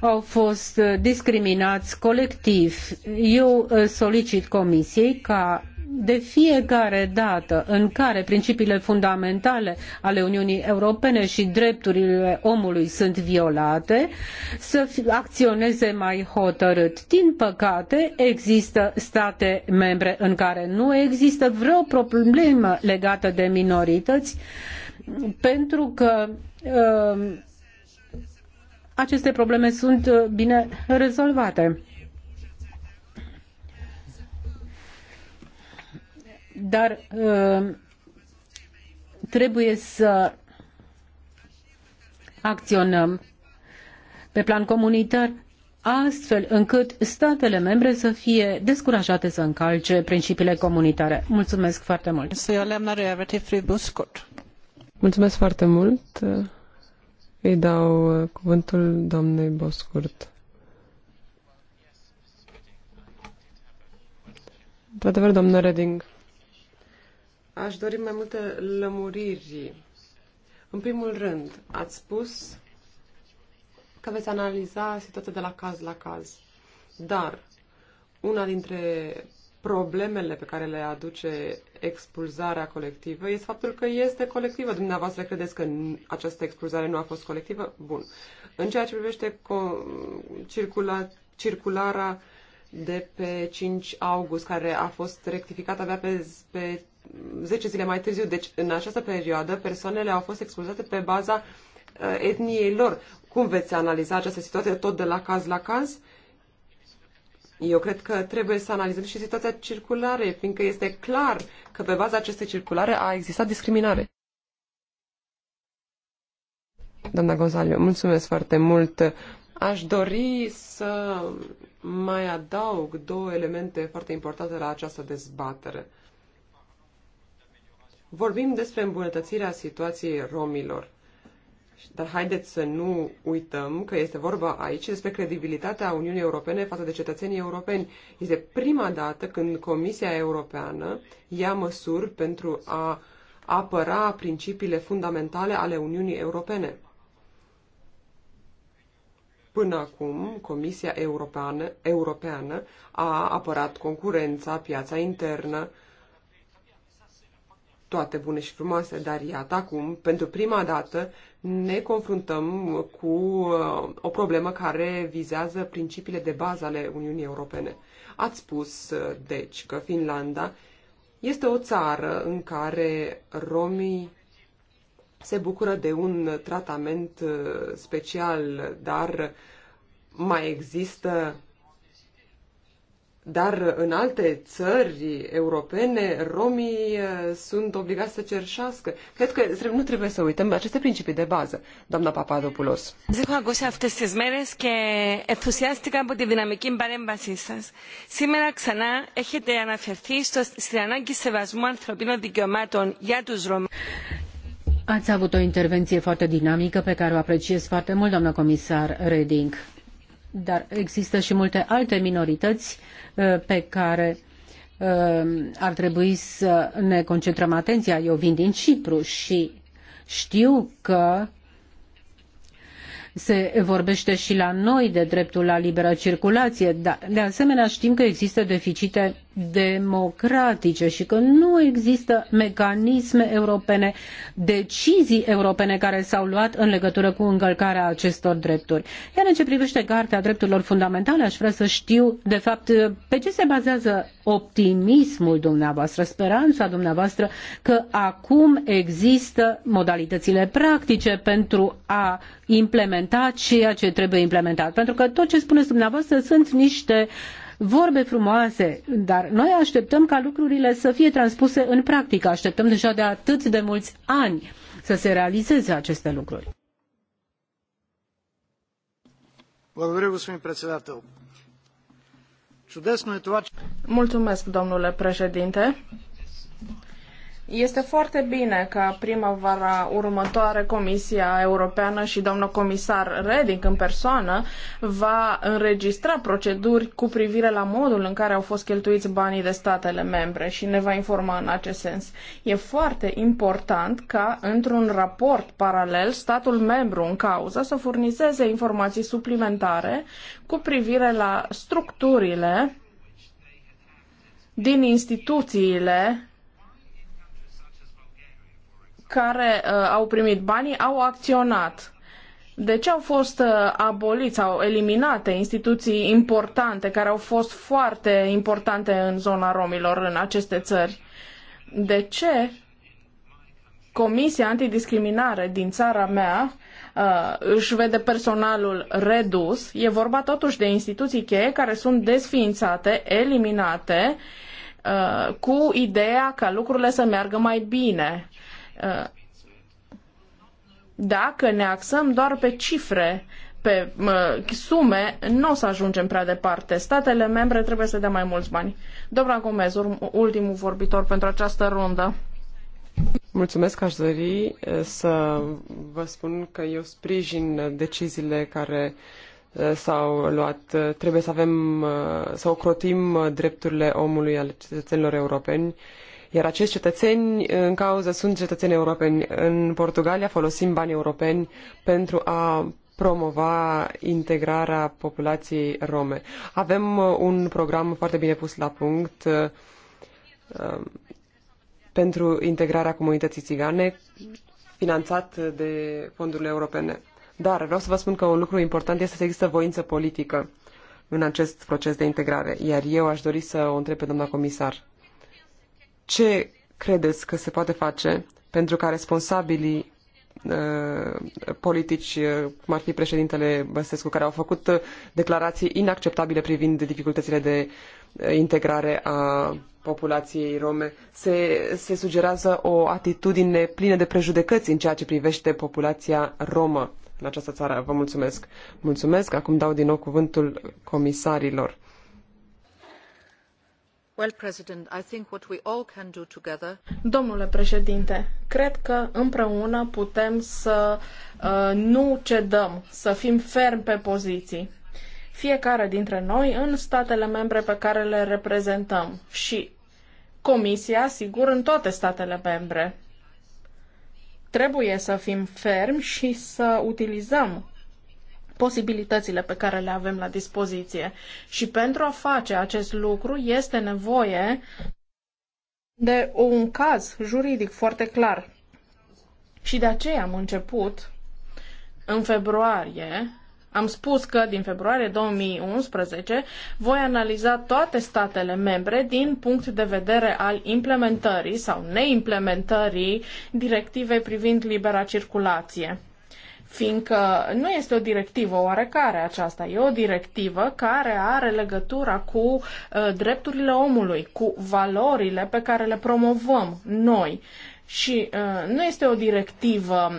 au fost discriminați colectiv. Eu ehm, solicit comisiei ca de fiecare dată în care principiile fundamentale ale Uniunii Europene și drepturile omului sunt violate, să acționeze mai hotărât. Din păcate, există state membre în care nu există vreo problemă legată de minorități, pentru că uh, aceste probleme sunt ă, bine rezolvate. dar uh, trebuie să acționăm pe plan comunitar astfel încât statele membre să fie descurajate să încalce principiile comunitare. Mulțumesc foarte mult. Mulțumesc foarte mult. Îi dau uh, cuvântul doamnei Boscurt. Într-adevăr, doamnă Reding, Aș dori mai multe lămuriri. În primul rând, ați spus că veți analiza situația de la caz la caz. Dar una dintre problemele pe care le aduce expulzarea colectivă este faptul că este colectivă. Dumneavoastră credeți că această expulzare nu a fost colectivă? Bun. În ceea ce privește circula, circulara de pe 5 august, care a fost rectificată abia pe, pe 10 zile mai târziu. Deci, în această perioadă, persoanele au fost expulzate pe baza uh, etniei lor. Cum veți analiza această situație tot de la caz la caz? Eu cred că trebuie să analizăm și situația circulare, fiindcă este clar că pe baza acestei circulare a existat discriminare. Doamna Gonzalo, mulțumesc foarte mult. Aș dori să mai adaug două elemente foarte importante la această dezbatere. Vorbim despre îmbunătățirea situației romilor. Dar haideți să nu uităm că este vorba aici despre credibilitatea Uniunii Europene față de cetățenii europeni. Este prima dată când Comisia Europeană ia măsuri pentru a apăra principiile fundamentale ale Uniunii Europene. Până acum, Comisia Europeană, Europeană a apărat concurența, piața internă, toate bune și frumoase, dar iată acum, pentru prima dată, ne confruntăm cu uh, o problemă care vizează principiile de bază ale Uniunii Europene. Ați spus, uh, deci, că Finlanda este o țară în care romii se bucură de un tratament uh, special, dar mai există dar în alte țări europene, romii eh, sunt obligați să cerșească. Cred că nu trebuie să uităm aceste principii de bază, doamna Papadopoulos. Έχω ακούσει αυτές τις μέρες και ενθουσιάστηκα από τη δυναμική παρέμβασή σας. Σήμερα ξανά έχετε αναφερθεί στο, στην ανάγκη σεβασμού ανθρωπίνων δικαιωμάτων για τους Ρωμαίου. Ați avut o intervenție foarte dinamică pe care o apreciez foarte mult, doamna comisar Reding dar există și multe alte minorități uh, pe care uh, ar trebui să ne concentrăm atenția. Eu vin din Cipru și știu că se vorbește și la noi de dreptul la liberă circulație, dar de asemenea știm că există deficite democratice și că nu există mecanisme europene, decizii europene care s-au luat în legătură cu încălcarea acestor drepturi. Iar în ce privește Cartea Drepturilor Fundamentale, aș vrea să știu, de fapt, pe ce se bazează optimismul dumneavoastră, speranța dumneavoastră că acum există modalitățile practice pentru a implementa ceea ce trebuie implementat. Pentru că tot ce spuneți dumneavoastră sunt niște uh, vorbe frumoase, dar noi așteptăm ca lucrurile să fie transpuse în practică. Așteptăm deja de atât de mulți ani să se realizeze aceste lucruri. Mulțumesc, domnule președinte. Este foarte bine că primăvara următoare Comisia Europeană și domnul comisar Reding în persoană va înregistra proceduri cu privire la modul în care au fost cheltuiți banii de statele membre și ne va informa în acest sens. E foarte important ca într-un raport paralel statul membru în cauză să furnizeze informații suplimentare cu privire la structurile din instituțiile care uh, au primit banii au acționat. De ce au fost uh, aboliți sau eliminate instituții importante care au fost foarte importante în zona romilor în aceste țări? De ce Comisia Antidiscriminare din țara mea uh, își vede personalul redus? E vorba totuși de instituții cheie care sunt desființate, eliminate, uh, cu ideea ca lucrurile să meargă mai bine Uh, dacă ne axăm doar pe cifre, pe uh, sume, nu o să ajungem prea departe. Statele membre trebuie să dea mai mulți bani. Dobra Gomez, ultimul vorbitor pentru această rundă. Mulțumesc, aș dori uh, să vă spun că eu sprijin deciziile care s-au luat. Trebuie să avem, să ocrotim drepturile omului ale cetățenilor europeni iar acești cetățeni în cauză sunt cetățeni europeni. În Portugalia folosim bani europeni pentru a promova integrarea populației rome. Avem uh, un program foarte bine pus la punct uh, um, pentru integrarea comunității țigane, finanțat de fondurile europene. Dar vreau să vă spun că un lucru important este să există voință politică în acest proces de integrare, iar eu aș dori să o întreb pe doamna comisar. Ce credeți că se poate face pentru ca responsabilii uh, politici, uh, cum ar fi președintele Băsescu, care au făcut uh, declarații inacceptabile privind dificultățile de integrare a populației rome. Se, se sugerează o atitudine plină de prejudecăți în ceea ce privește populația romă în această țară. Vă mulțumesc. Mulțumesc. Acum dau din nou cuvântul comisarilor. Domnule președinte, cred că împreună putem să uh, nu cedăm, să fim ferm pe poziții fiecare dintre noi în statele membre pe care le reprezentăm și Comisia, sigur, în toate statele membre. Trebuie să fim fermi și să utilizăm posibilitățile pe care le avem la dispoziție. Și pentru a face acest lucru este nevoie de un caz juridic foarte clar. Și de aceea am început în februarie am spus că din februarie 2011 voi analiza toate statele membre din punct de vedere al implementării sau neimplementării directivei privind libera circulație fiindcă nu este o directivă oarecare aceasta, e o directivă care are legătura cu uh, drepturile omului, cu valorile pe care le promovăm noi. Și uh, nu este o directivă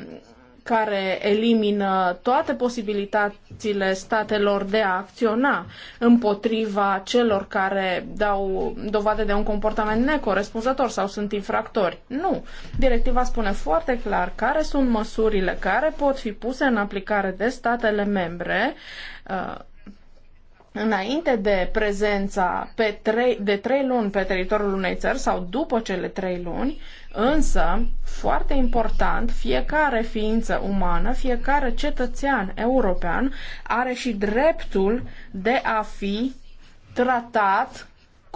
care elimină toate posibilitățile statelor de a acționa împotriva celor care dau dovadă de un comportament necorespunzător sau sunt infractori. Nu. Directiva spune foarte clar care sunt măsurile care pot fi puse în aplicare de statele membre uh, înainte de prezența pe trei, de trei luni pe teritoriul unei țări sau după cele trei luni, însă, foarte important, fiecare ființă umană, fiecare cetățean european are și dreptul de a fi tratat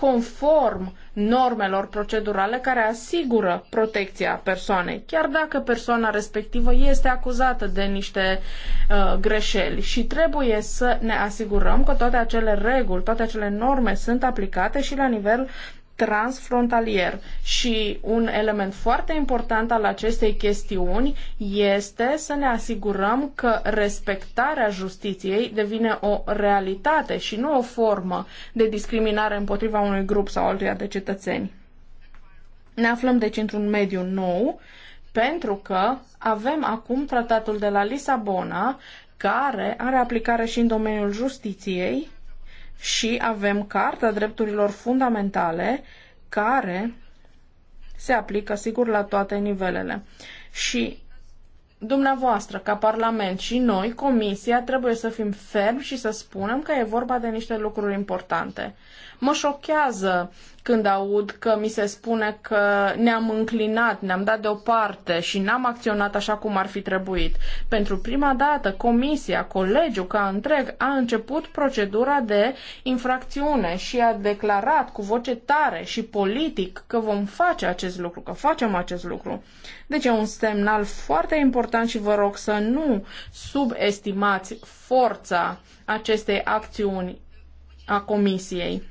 conform normelor procedurale care asigură protecția persoanei, chiar dacă persoana respectivă este acuzată de niște uh, greșeli și trebuie să ne asigurăm că toate acele reguli, toate acele norme sunt aplicate și la nivel transfrontalier și un element foarte important al acestei chestiuni este să ne asigurăm că respectarea justiției devine o realitate și nu o formă de discriminare împotriva unui grup sau altuia de cetățeni. Ne aflăm deci într-un mediu nou pentru că avem acum tratatul de la Lisabona care are aplicare și în domeniul justiției și avem Carta Drepturilor Fundamentale care se aplică, sigur, la toate nivelele. Și dumneavoastră, ca Parlament și noi, Comisia, trebuie să fim fermi și să spunem că e vorba de niște lucruri importante. Mă șochează când aud că mi se spune că ne-am înclinat, ne-am dat deoparte și n-am acționat așa cum ar fi trebuit. Pentru prima dată, comisia, colegiul ca întreg a început procedura de infracțiune și a declarat cu voce tare și politic că vom face acest lucru, că facem acest lucru. Deci e un semnal foarte important și vă rog să nu subestimați forța acestei acțiuni a comisiei.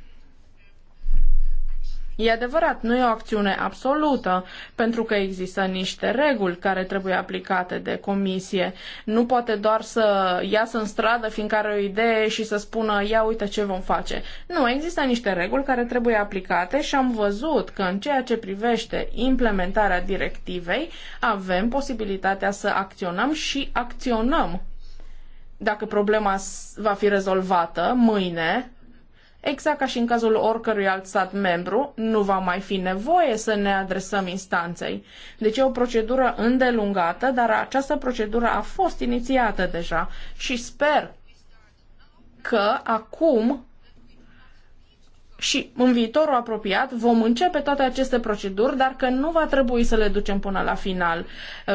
E adevărat, nu e o acțiune absolută, pentru că există niște reguli care trebuie aplicate de comisie. Nu poate doar să iasă în stradă fiindcă are o idee și să spună, ia uite ce vom face. Nu, există niște reguli care trebuie aplicate și am văzut că în ceea ce privește implementarea directivei, avem posibilitatea să acționăm și acționăm. Dacă problema va fi rezolvată mâine, Exact ca și în cazul oricărui alt stat membru, nu va mai fi nevoie să ne adresăm instanței. Deci e o procedură îndelungată, dar această procedură a fost inițiată deja și sper că acum și în viitorul apropiat vom începe toate aceste proceduri, dar că nu va trebui să le ducem până la final,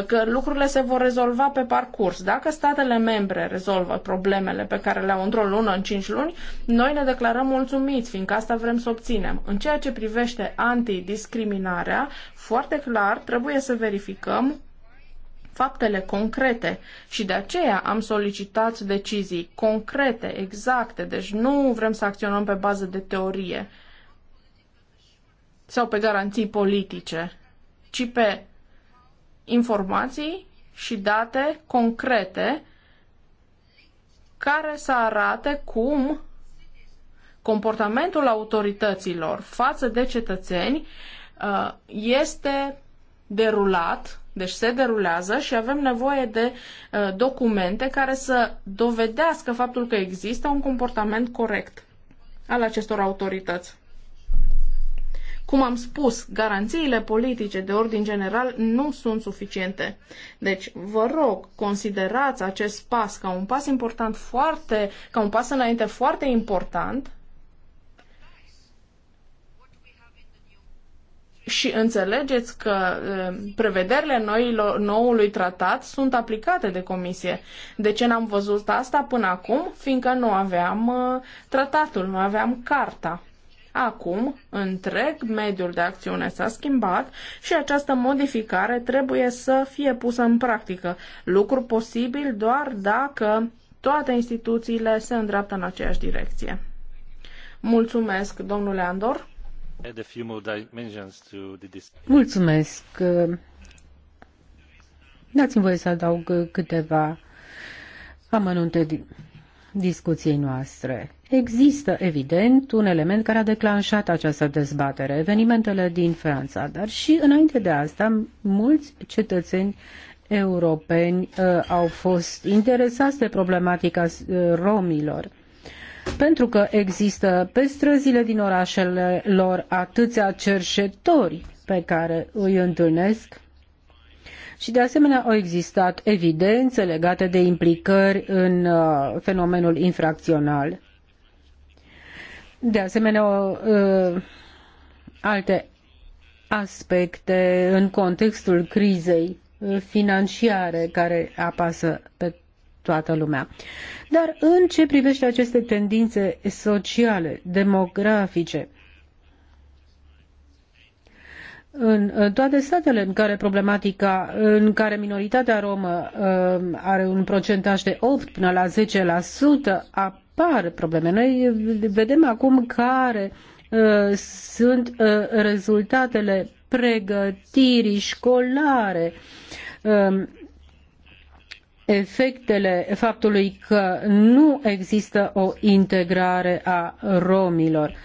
că lucrurile se vor rezolva pe parcurs. Dacă statele membre rezolvă problemele pe care le-au într-o lună, în cinci luni, noi ne declarăm mulțumiți, fiindcă asta vrem să obținem. În ceea ce privește antidiscriminarea, foarte clar trebuie să verificăm faptele concrete și de aceea am solicitat decizii concrete, exacte, deci nu vrem să acționăm pe bază de teorie sau pe garanții politice, ci pe informații și date concrete care să arate cum comportamentul autorităților față de cetățeni uh, este derulat deci se derulează și avem nevoie de uh, documente care să dovedească faptul că există un comportament corect al acestor autorități. Cum am spus, garanțiile politice de ordin general nu sunt suficiente. Deci, vă rog, considerați acest pas ca un pas important foarte, ca un pas înainte foarte important și înțelegeți că prevederile noilor, noului tratat sunt aplicate de comisie. De ce n-am văzut asta până acum? Fiindcă nu aveam tratatul, nu aveam carta. Acum, întreg mediul de acțiune s-a schimbat și această modificare trebuie să fie pusă în practică, lucru posibil doar dacă toate instituțiile se îndreaptă în aceeași direcție. Mulțumesc, domnule Andor. Mulțumesc. Dați-mi voie să adaug câteva amănunte din discuției noastre. Există, evident, un element care a declanșat această dezbatere, evenimentele din Franța, dar și înainte de asta, mulți cetățeni europeni uh, au fost interesați de problematica uh, romilor pentru că există pe străzile din orașele lor atâția cerșetori pe care îi întâlnesc și de asemenea au existat evidențe legate de implicări în uh, fenomenul infracțional. De asemenea, uh, alte aspecte în contextul crizei financiare care apasă pe toată lumea. Dar în ce privește aceste tendințe sociale, demografice, în toate statele în care problematica, în care minoritatea romă um, are un procentaj de 8 până la 10%, apar probleme. Noi vedem acum care uh, sunt uh, rezultatele pregătirii școlare um, efectele faptului că nu există o integrare a romilor.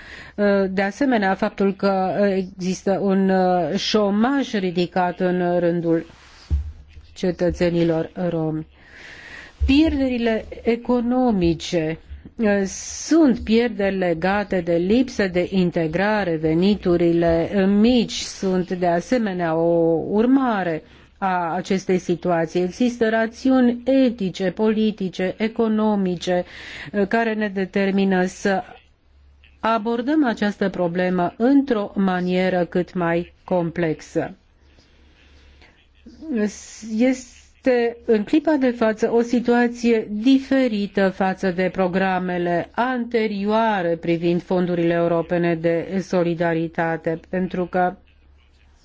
De asemenea, faptul că există un uh, șomaj ridicat în rândul cetățenilor romi. Pierderile economice uh, sunt pierderi legate de lipsă de integrare, veniturile mici sunt de asemenea o urmare a acestei situații. Există rațiuni etice, politice, economice eh, care ne determină să abordăm această problemă într-o manieră cât mai complexă. Este în clipa de față o situație diferită față de programele anterioare privind fondurile europene de solidaritate, pentru că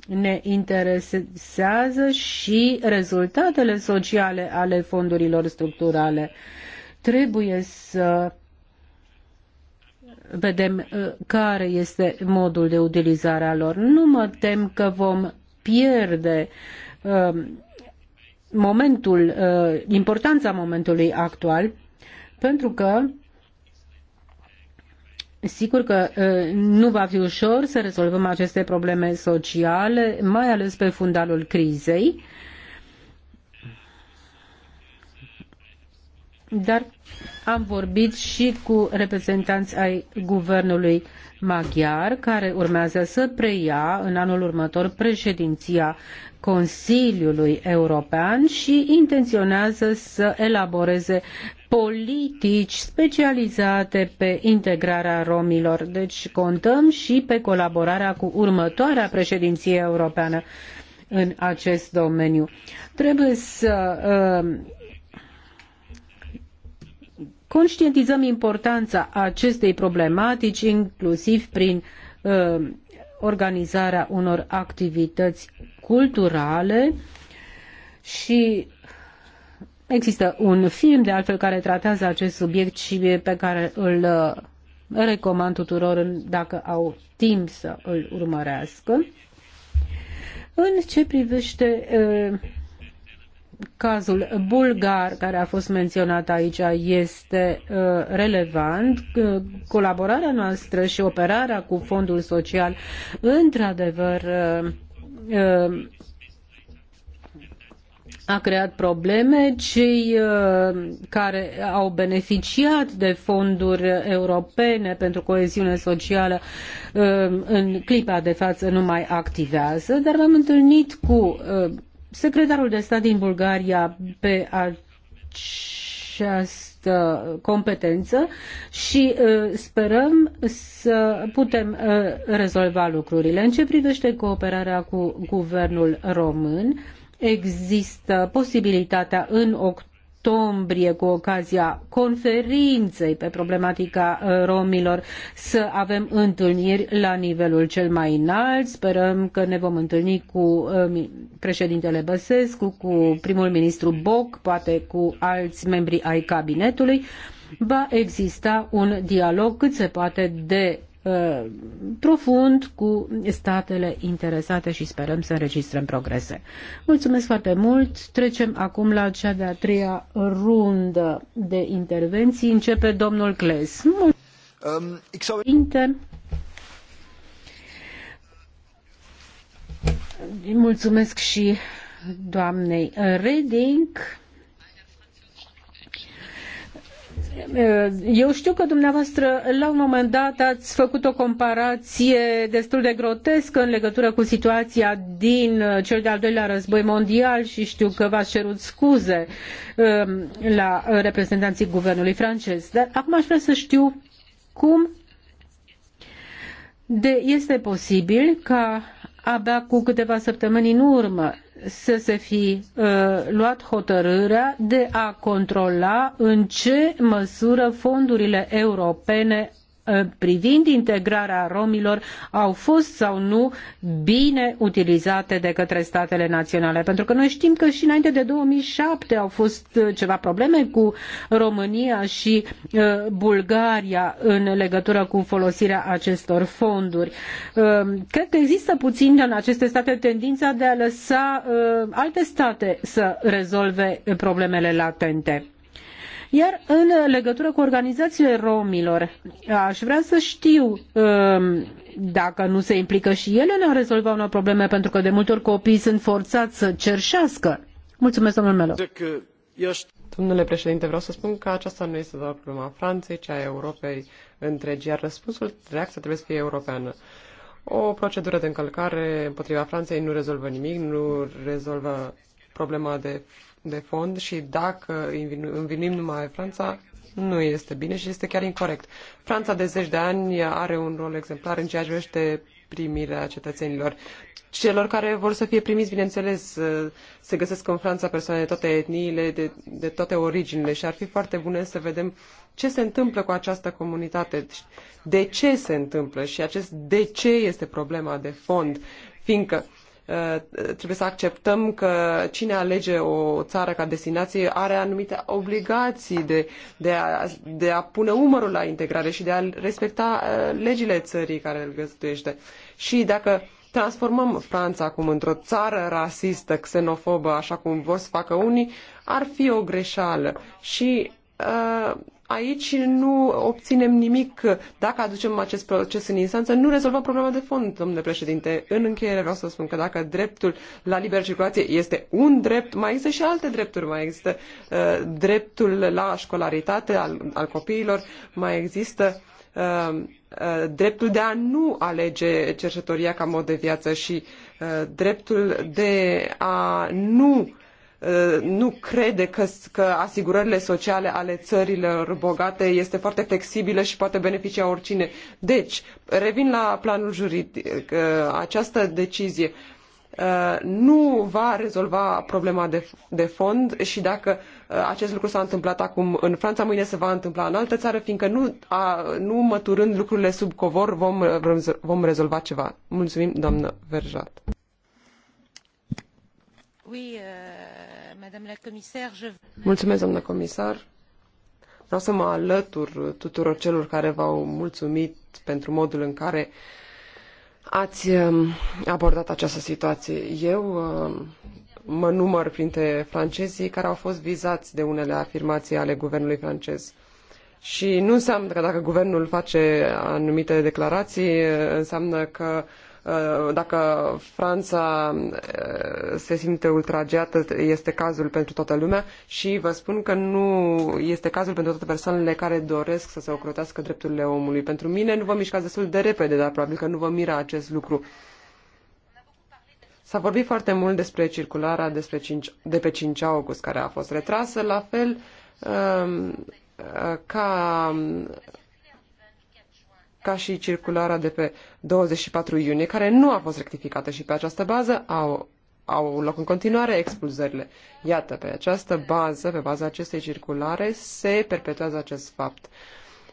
ne interesează și rezultatele sociale ale fondurilor structurale. Trebuie să vedem uh, care este modul de utilizare a lor. Nu mă tem că vom pierde uh, momentul, uh, importanța momentului actual, pentru că Sigur că ă, nu va fi ușor să rezolvăm aceste probleme sociale, mai ales pe fundalul crizei, dar am vorbit și cu reprezentanți ai guvernului maghiar, care urmează să preia în anul următor președinția Consiliului European și intenționează să elaboreze politici specializate pe integrarea romilor. Deci contăm și pe colaborarea cu următoarea președinție europeană în acest domeniu. Trebuie să uh, conștientizăm importanța acestei problematici, inclusiv prin uh, organizarea unor activități culturale și există un film de altfel care tratează acest subiect și pe care îl uh, recomand tuturor dacă au timp să îl urmărească. În ce privește uh, Cazul bulgar, care a fost menționat aici, este uh, relevant. Colaborarea noastră și operarea cu Fondul Social, într-adevăr, uh, uh, a creat probleme. Cei care au beneficiat de fonduri europene pentru coeziune socială în clipa de față nu mai activează, dar am întâlnit cu secretarul de stat din Bulgaria pe această competență și uh, sperăm să putem uh, rezolva lucrurile. În ce privește cooperarea cu guvernul român, există posibilitatea în octombrie octombrie, cu ocazia conferinței pe problematica uh, romilor, să avem întâlniri la nivelul cel mai înalt. Sperăm că ne vom întâlni cu uh, președintele Băsescu, cu primul ministru Boc, poate cu alți membri ai cabinetului va exista un dialog cât se poate de Uh, profund cu statele interesate și sperăm să înregistrăm progrese. Mulțumesc foarte mult. Trecem acum la cea de-a treia rundă de intervenții. Începe domnul Cles. Mulțumesc. Mulțumesc și doamnei Reding Eh, eu știu că dumneavoastră la un moment dat ați făcut o comparație destul de grotescă în legătură cu situația din eh, cel de-al doilea război mondial și știu că v-ați cerut scuze eh, la reprezentanții guvernului francez. Dar acum aș vrea să știu cum de este posibil ca abia cu câteva săptămâni în urmă să se fi uh, luat hotărârea de a controla în ce măsură fondurile europene Uh, privind integrarea romilor au fost sau nu bine utilizate de către statele naționale. Pentru că noi știm că și înainte de 2007 au fost uh, ceva probleme cu România și uh, Bulgaria în legătură cu folosirea acestor fonduri. Cred că există puțin în aceste state tendința de a lăsa alte state să rezolve problemele latente. Iar în legătură cu organizațiile romilor, aș vrea să știu um, dacă nu se implică și ele în a rezolva unor probleme, pentru că de multe ori copiii sunt forțați să cerșească. Mulțumesc, domnul Melo. Domnule președinte, vreau să spun că aceasta nu este doar problema Franței, ci a Europei întregi, iar răspunsul, reacția trebuie să fie europeană. O procedură de încălcare împotriva Franței nu rezolvă nimic, nu rezolvă problema de de fond și dacă învinuim numai Franța, nu este bine și este chiar incorrect. Franța de zeci de ani are un rol exemplar în ceea ce privește primirea cetățenilor. Celor care vor să fie primiți, bineînțeles, se găsesc în Franța persoane de toate etniile, de, de toate originile și ar fi foarte bune să vedem ce se întâmplă cu această comunitate, deci, de ce se întâmplă și acest de ce este problema de fond, fiindcă Uh, trebuie să acceptăm că cine alege o țară ca destinație are anumite obligații de, de, a, de a pune umărul la integrare și de a respecta uh, legile țării care îl găzduiește. Și dacă transformăm Franța acum într-o țară rasistă, xenofobă, așa cum vor să facă unii, ar fi o greșeală. Și uh, aici nu obținem nimic dacă aducem acest proces în instanță, nu rezolvăm problema de fond, domnule președinte. În încheiere vreau să spun că dacă dreptul la liberă circulație este un drept, mai există și alte drepturi, mai există uh, dreptul la școlaritate al, al copiilor, mai există uh, uh, dreptul de a nu alege cercetoria ca mod de viață și uh, dreptul de a nu Uh, nu crede că, că asigurările sociale ale țărilor bogate este foarte flexibilă și poate beneficia oricine. Deci, revin la planul juridic. Uh, această decizie uh, nu va rezolva problema de, de fond și dacă acest lucru s-a întâmplat acum în Franța, mâine se va întâmpla în altă țară, fiindcă nu, a, nu măturând lucrurile sub covor vom, vom rezolva ceva. Mulțumim, doamnă Verjat. Euh, Mulțumesc, comisar. Vreau să mă alătur tuturor celor care v-au mulțumit pentru modul în care ați um, abordat această situație. Eu um, mă număr printre francezii care au fost vizați de unele afirmații ale guvernului francez. Și nu înseamnă că dacă guvernul face anumite declarații, înseamnă că uh, Uh, dacă Franța uh, se simte ultrageată, este cazul pentru toată lumea și vă spun că nu este cazul pentru toate persoanele care doresc să se ocrotească drepturile omului. Pentru mine nu vă mișcați destul de repede, dar probabil că nu vă mira acest lucru. S-a vorbit foarte mult despre circulara despre 5, de pe 5 august care a fost retrasă, la fel um, uh, ca um, ca și circulara de pe 24 iunie, care nu a fost rectificată și pe această bază au, au loc în continuare expulzările. Iată, pe această bază, pe baza acestei circulare, se perpetuează acest fapt.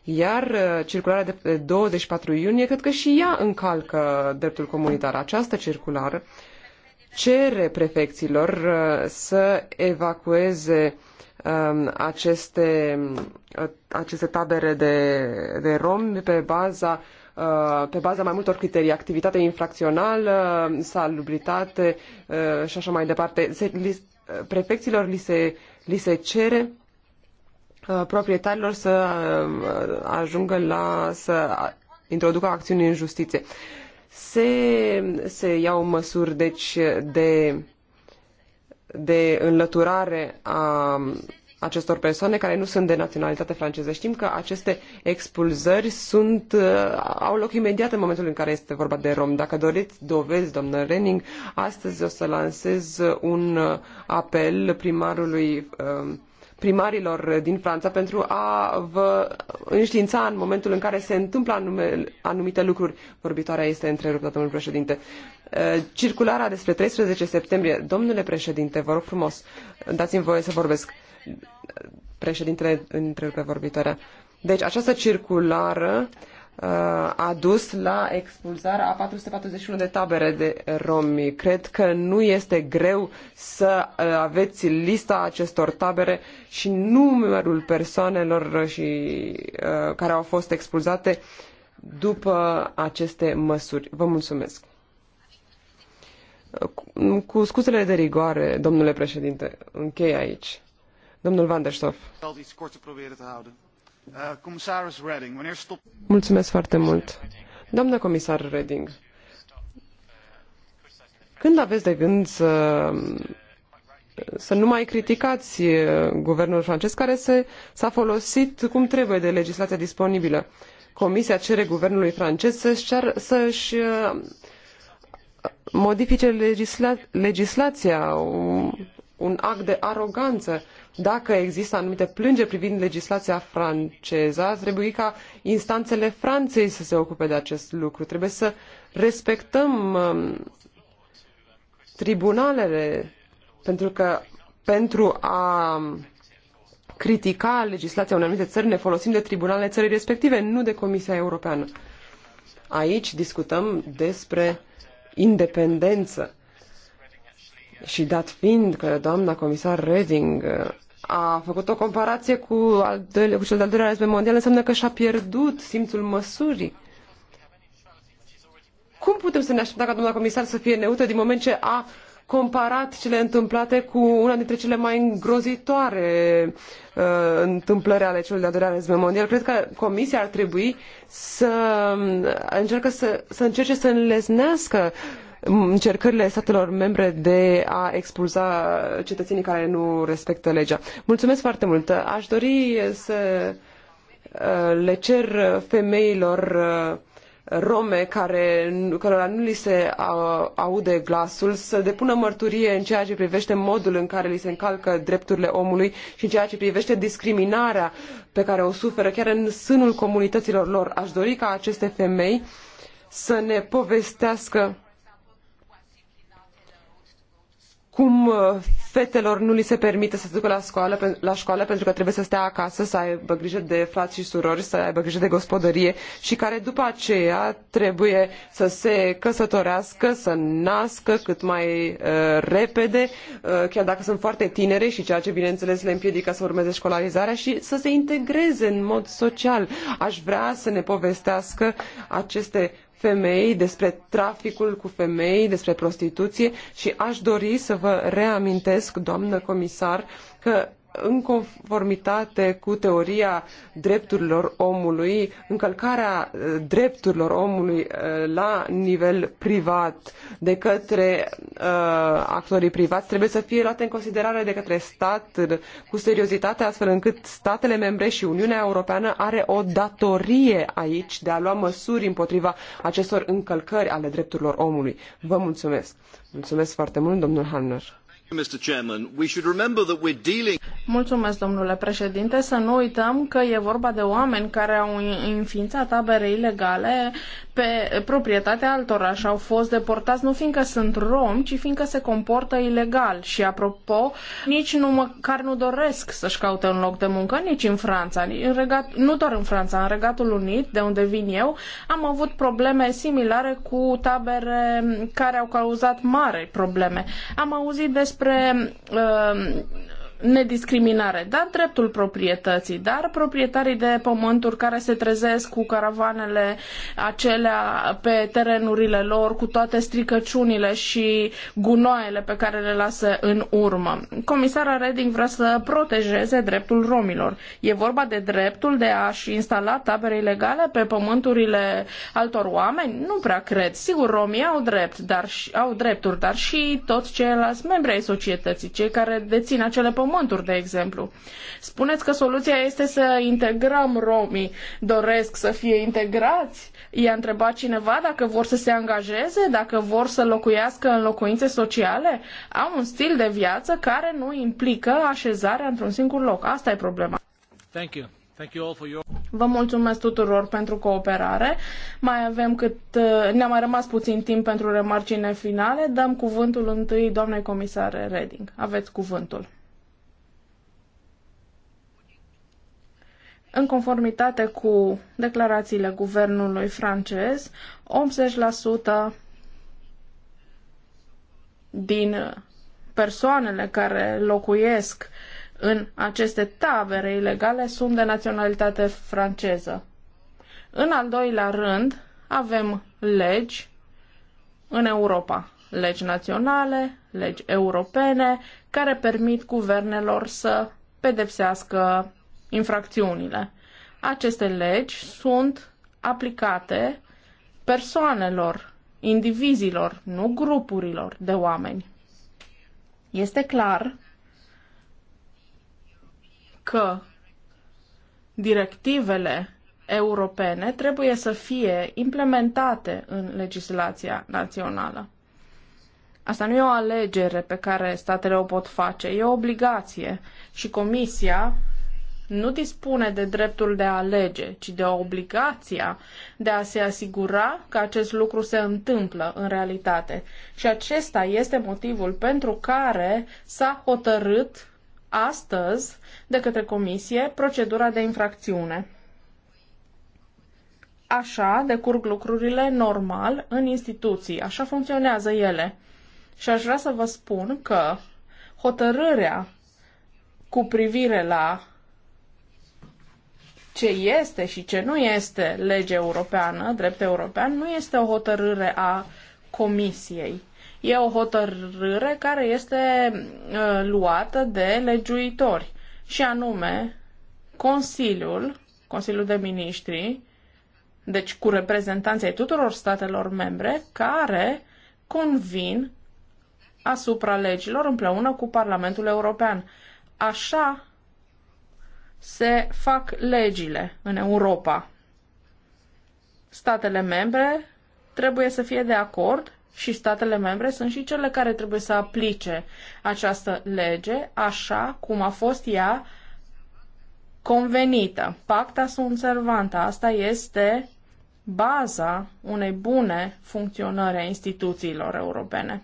Iar uh, circularea de pe 24 iunie, cred că și ea încalcă dreptul comunitar. Această circulară cere prefecților uh, să evacueze uh, Um, aceste, aceste tabere de, de romi pe baza uh, pe baza mai multor criterii, activitate infracțională, salubritate uh, și așa mai departe. Se, li, prefecților li se, li se cere uh, proprietarilor să ajungă la să introducă acțiuni în justiție. Se, se iau măsuri deci de de înlăturare a um, acestor persoane care nu sunt de naționalitate franceză. Știm că aceste expulzări sunt, uh, au loc imediat în momentul în care este vorba de rom. Dacă doriți dovezi, doamnă Renning, astăzi o să lansez un uh, apel primarului um, primarilor din Franța pentru a vă înștiința în momentul în care se întâmplă anume, anumite lucruri. Vorbitoarea este întreruptă, domnul președinte. Circulara despre 13 septembrie. Domnule președinte, vă rog frumos, dați-mi voie să vorbesc. Președintele întrerupe vorbitoarea. Deci această circulară uh, Uh, a dus la expulzarea a 441 de tabere de romi. Cred că nu este greu să uh, aveți lista acestor tabere și numărul persoanelor și, uh, care au fost expulzate după aceste măsuri. Vă mulțumesc. Cu scuzele de rigoare, domnule președinte, închei aici. Domnul Van der Stoff. Uh, Mulțumesc foarte mult. Doamna comisar Reding, când aveți de gând să, să nu mai criticați uh, guvernul francez care s-a folosit cum trebuie de legislația disponibilă? Comisia cere guvernului francez să-și, să uh, modifice legisla, legislația, un, un act de aroganță dacă există anumite plângeri privind legislația franceză, ar trebui ca instanțele Franței să se ocupe de acest lucru. Trebuie să respectăm um, tribunalele, pentru că pentru a um, critica legislația unei anumite țări ne folosim de tribunalele țării respective, nu de Comisia Europeană. Aici discutăm despre independență și dat fiind că doamna comisar Reding uh, a făcut o comparație cu, al doile, cu cel de-al doilea război mondial, înseamnă că și-a pierdut simțul măsurii. Cum putem să ne așteptăm ca doamna comisar să fie neută din moment ce a comparat cele întâmplate cu una dintre cele mai îngrozitoare uh, întâmplări ale celui de-al doilea război mondial. Cred că Comisia ar trebui să, uh, încercă să, să încerce să înleznească uh, încercările statelor membre de a expulza cetăenii care nu respectă legea. Mulțumesc foarte mult. Aș dori să uh, le cer femeilor uh, rome care, cărora nu li se uh, aude glasul să depună mărturie în ceea ce privește modul în care li se încalcă drepturile omului și în ceea ce privește discriminarea pe care o suferă chiar în sânul comunităților lor. Aș dori ca aceste femei să ne povestească cum uh, fetelor nu li se permite să se ducă la școală, la școală pentru că trebuie să stea acasă, să aibă grijă de frai și surori, să aibă grijă de gospodărie și care după aceea trebuie să se căsătorească, să nască cât mai uh, repede, uh, chiar dacă sunt foarte tinere și ceea ce bineîneles le împiedică să urmeze școlarizarea și să se integreze în mod social. Aș vrea să ne povestească aceste femei, despre traficul cu femei, despre prostituție și aș dori să vă reamintesc, doamnă comisar, că în conformitate cu teoria drepturilor omului, încălcarea eh, drepturilor omului eh, la nivel privat de către uh, actorii privați trebuie să fie luate în considerare de către stat cu seriozitate, astfel încât statele membre și Uniunea Europeană are o datorie aici de a lua măsuri împotriva acestor încălcări ale drepturilor omului. Vă mulțumesc! Mulțumesc foarte mult, domnul Hanner! Mulțumesc, domnule președinte. Să nu uităm că e vorba de oameni care au înființat tabere ilegale pe proprietatea altora și au fost deportați nu fiindcă sunt romi, ci fiindcă se comportă ilegal. Și apropo, nici nu măcar nu doresc să-și caute un loc de muncă, nici în Franța, în regat, nu doar în Franța, în Regatul Unit, de unde vin eu, am avut probleme similare cu tabere care au cauzat mari probleme. Am auzit despre uh, nediscriminare, dar dreptul proprietății, dar proprietarii de pământuri care se trezesc cu caravanele acelea pe terenurile lor, cu toate stricăciunile și gunoaiele pe care le lasă în urmă. Comisara Reding vrea să protejeze dreptul romilor. E vorba de dreptul de a-și instala tabere ilegale pe pământurile altor oameni? Nu prea cred. Sigur, romii au, drept, dar, au drepturi, dar și toți ceilalți membri ai societății, cei care dețin acele pământuri înmormânturi, de exemplu. Spuneți că soluția este să integrăm romii. Doresc să fie integrați? I-a întrebat cineva dacă vor să se angajeze, dacă vor să locuiască în locuințe sociale? Au un stil de viață care nu implică așezarea într-un singur loc. Asta e problema. Thank you. Thank you all for your... Vă mulțumesc tuturor pentru cooperare. Mai avem cât uh, ne-a mai rămas puțin timp pentru remarcine finale. Dăm cuvântul întâi doamnei comisare Reding. Aveți cuvântul. În conformitate cu declarațiile guvernului francez, 80% din persoanele care locuiesc în aceste tabere ilegale sunt de naționalitate franceză. În al doilea rând, avem legi în Europa, legi naționale, legi europene, care permit guvernelor să pedepsească infracțiunile. Aceste legi sunt aplicate persoanelor, indivizilor, nu grupurilor de oameni. Este clar că directivele europene trebuie să fie implementate în legislația națională. Asta nu e o alegere pe care statele o pot face, e o obligație și Comisia nu dispune de dreptul de a alege, ci de obligația de a se asigura că acest lucru se întâmplă în realitate. Și acesta este motivul pentru care s-a hotărât astăzi de către Comisie procedura de infracțiune. Așa decurg lucrurile normal în instituții, așa funcționează ele. Și aș vrea să vă spun că hotărârea cu privire la ce este și ce nu este lege europeană, drept european, nu este o hotărâre a Comisiei. E o hotărâre care este uh, luată de legiuitori, și anume Consiliul, Consiliul de Ministri, deci cu reprezentanții tuturor statelor membre, care convin asupra legilor împreună cu Parlamentul European. Așa se fac legile în Europa. Statele membre trebuie să fie de acord și statele membre sunt și cele care trebuie să aplice această lege așa cum a fost ea convenită. Pacta sunt servanta, asta este baza unei bune funcționări a instituțiilor europene.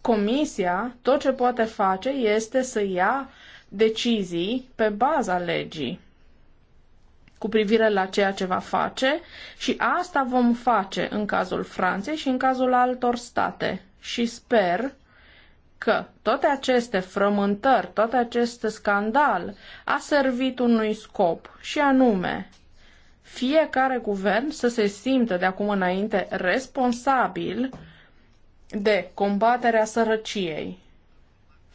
Comisia tot ce poate face este să ia decizii pe baza legii cu privire la ceea ce va face și asta vom face în cazul Franței și în cazul altor state. Și sper că toate aceste frământări, toate acest scandal a servit unui scop și anume fiecare guvern să se simtă de acum înainte responsabil de combaterea sărăciei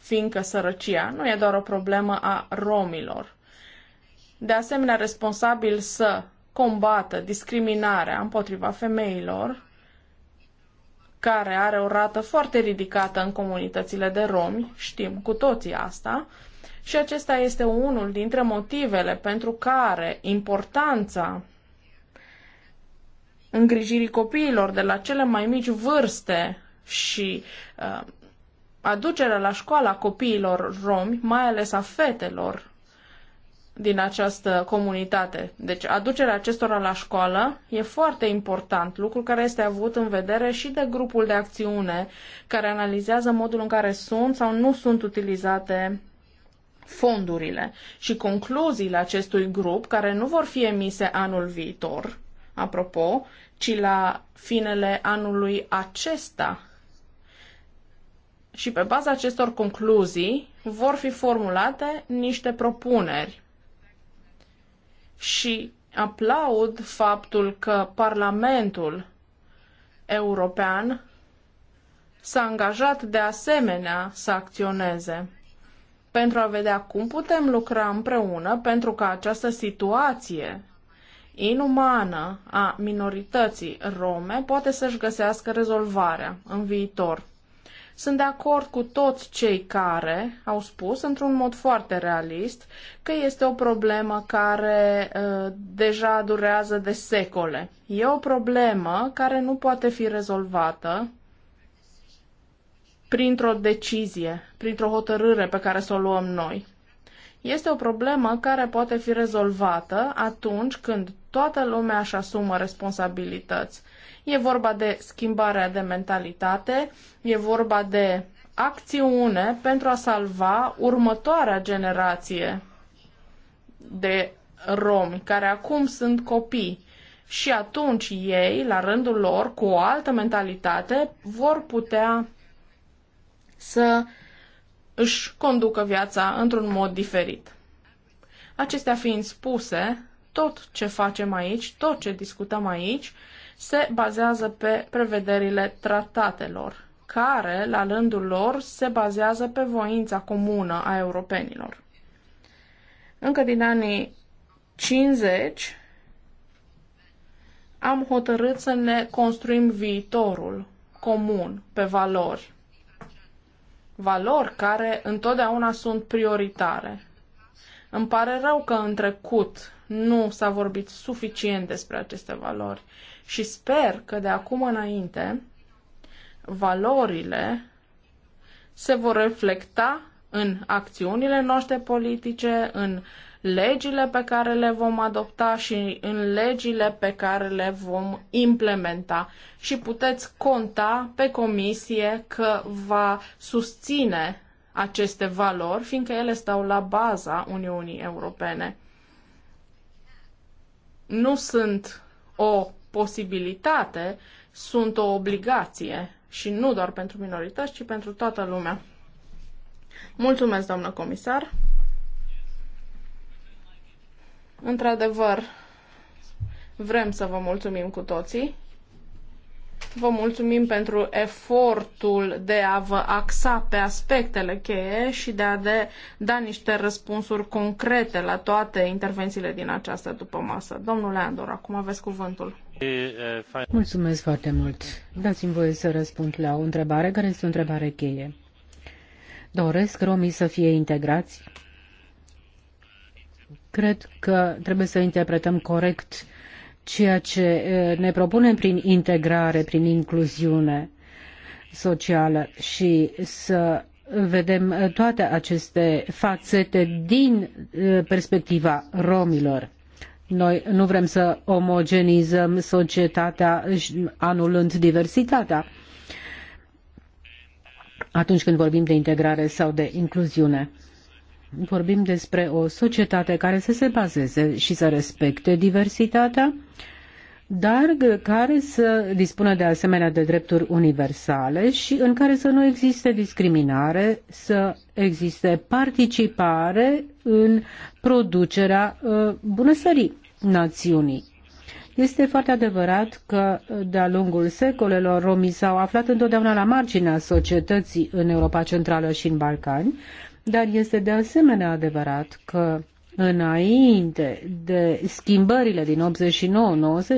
fiindcă sărăcia nu e doar o problemă a romilor. De asemenea, responsabil să combată discriminarea împotriva femeilor, care are o rată foarte ridicată în comunitățile de romi, știm cu toții asta, și acesta este unul dintre motivele pentru care importanța îngrijirii copiilor de la cele mai mici vârste și uh, aducerea la școală a copiilor romi, mai ales a fetelor din această comunitate. Deci aducerea acestora la școală e foarte important, lucru care este avut în vedere și de grupul de acțiune care analizează modul în care sunt sau nu sunt utilizate fondurile și concluziile acestui grup, care nu vor fi emise anul viitor, apropo, ci la finele anului acesta, și pe baza acestor concluzii vor fi formulate niște propuneri. Și aplaud faptul că Parlamentul European s-a angajat de asemenea să acționeze pentru a vedea cum putem lucra împreună pentru ca această situație inumană a minorității rome poate să-și găsească rezolvarea în viitor. Sunt de acord cu toți cei care au spus, într-un mod foarte realist, că este o problemă care uh, deja durează de secole. E o problemă care nu poate fi rezolvată printr-o decizie, printr-o hotărâre pe care să o luăm noi. Este o problemă care poate fi rezolvată atunci când toată lumea își asumă responsabilități E vorba de schimbarea de mentalitate, e vorba de acțiune pentru a salva următoarea generație de romi, care acum sunt copii. Și atunci ei, la rândul lor, cu o altă mentalitate, vor putea să își conducă viața într-un mod diferit. Acestea fiind spuse, tot ce facem aici, tot ce discutăm aici, se bazează pe prevederile tratatelor, care, la rândul lor, se bazează pe voința comună a europenilor. Încă din anii 50 am hotărât să ne construim viitorul comun pe valori. Valori care întotdeauna sunt prioritare. Îmi pare rău că în trecut nu s-a vorbit suficient despre aceste valori și sper că de acum înainte valorile se vor reflecta în acțiunile noastre politice, în legile pe care le vom adopta și în legile pe care le vom implementa. Și puteți conta pe comisie că va susține aceste valori, fiindcă ele stau la baza Uniunii Europene. Nu sunt o posibilitate sunt o obligație și nu doar pentru minorități, ci pentru toată lumea. Mulțumesc, doamnă comisar. Într-adevăr, vrem să vă mulțumim cu toții. Vă mulțumim pentru efortul de a vă axa pe aspectele cheie și de a de da niște răspunsuri concrete la toate intervențiile din această dupămasă. Domnule Andor, acum aveți cuvântul. Mulțumesc foarte mult. Dați-mi voie să răspund la o întrebare care este o întrebare cheie. Doresc romii să fie integrați? Cred că trebuie să interpretăm corect ceea ce ne propunem prin integrare, prin incluziune socială și să vedem toate aceste fațete din perspectiva romilor. Noi nu vrem să omogenizăm societatea anulând diversitatea atunci când vorbim de integrare sau de incluziune. Vorbim despre o societate care să se bazeze și să respecte diversitatea dar care să dispună de asemenea de drepturi universale și în care să nu existe discriminare, să existe participare în producerea uh, bunăstării națiunii. Este foarte adevărat că uh, de-a lungul secolelor romii s-au aflat întotdeauna la marginea societății în Europa Centrală și în Balcani, dar este de asemenea adevărat că înainte de schimbările din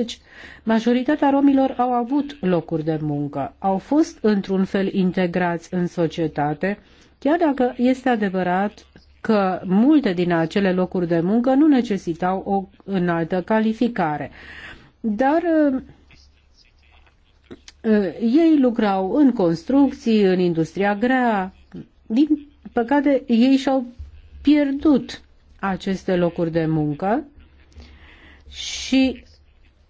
89-90, majoritatea romilor au avut locuri de muncă, au fost într-un fel integrați în societate, chiar dacă este adevărat că multe din acele locuri de muncă nu necesitau o înaltă calificare. Dar eh, ei lucrau în construcții, în industria grea. Din păcate, ei și-au pierdut aceste locuri de muncă și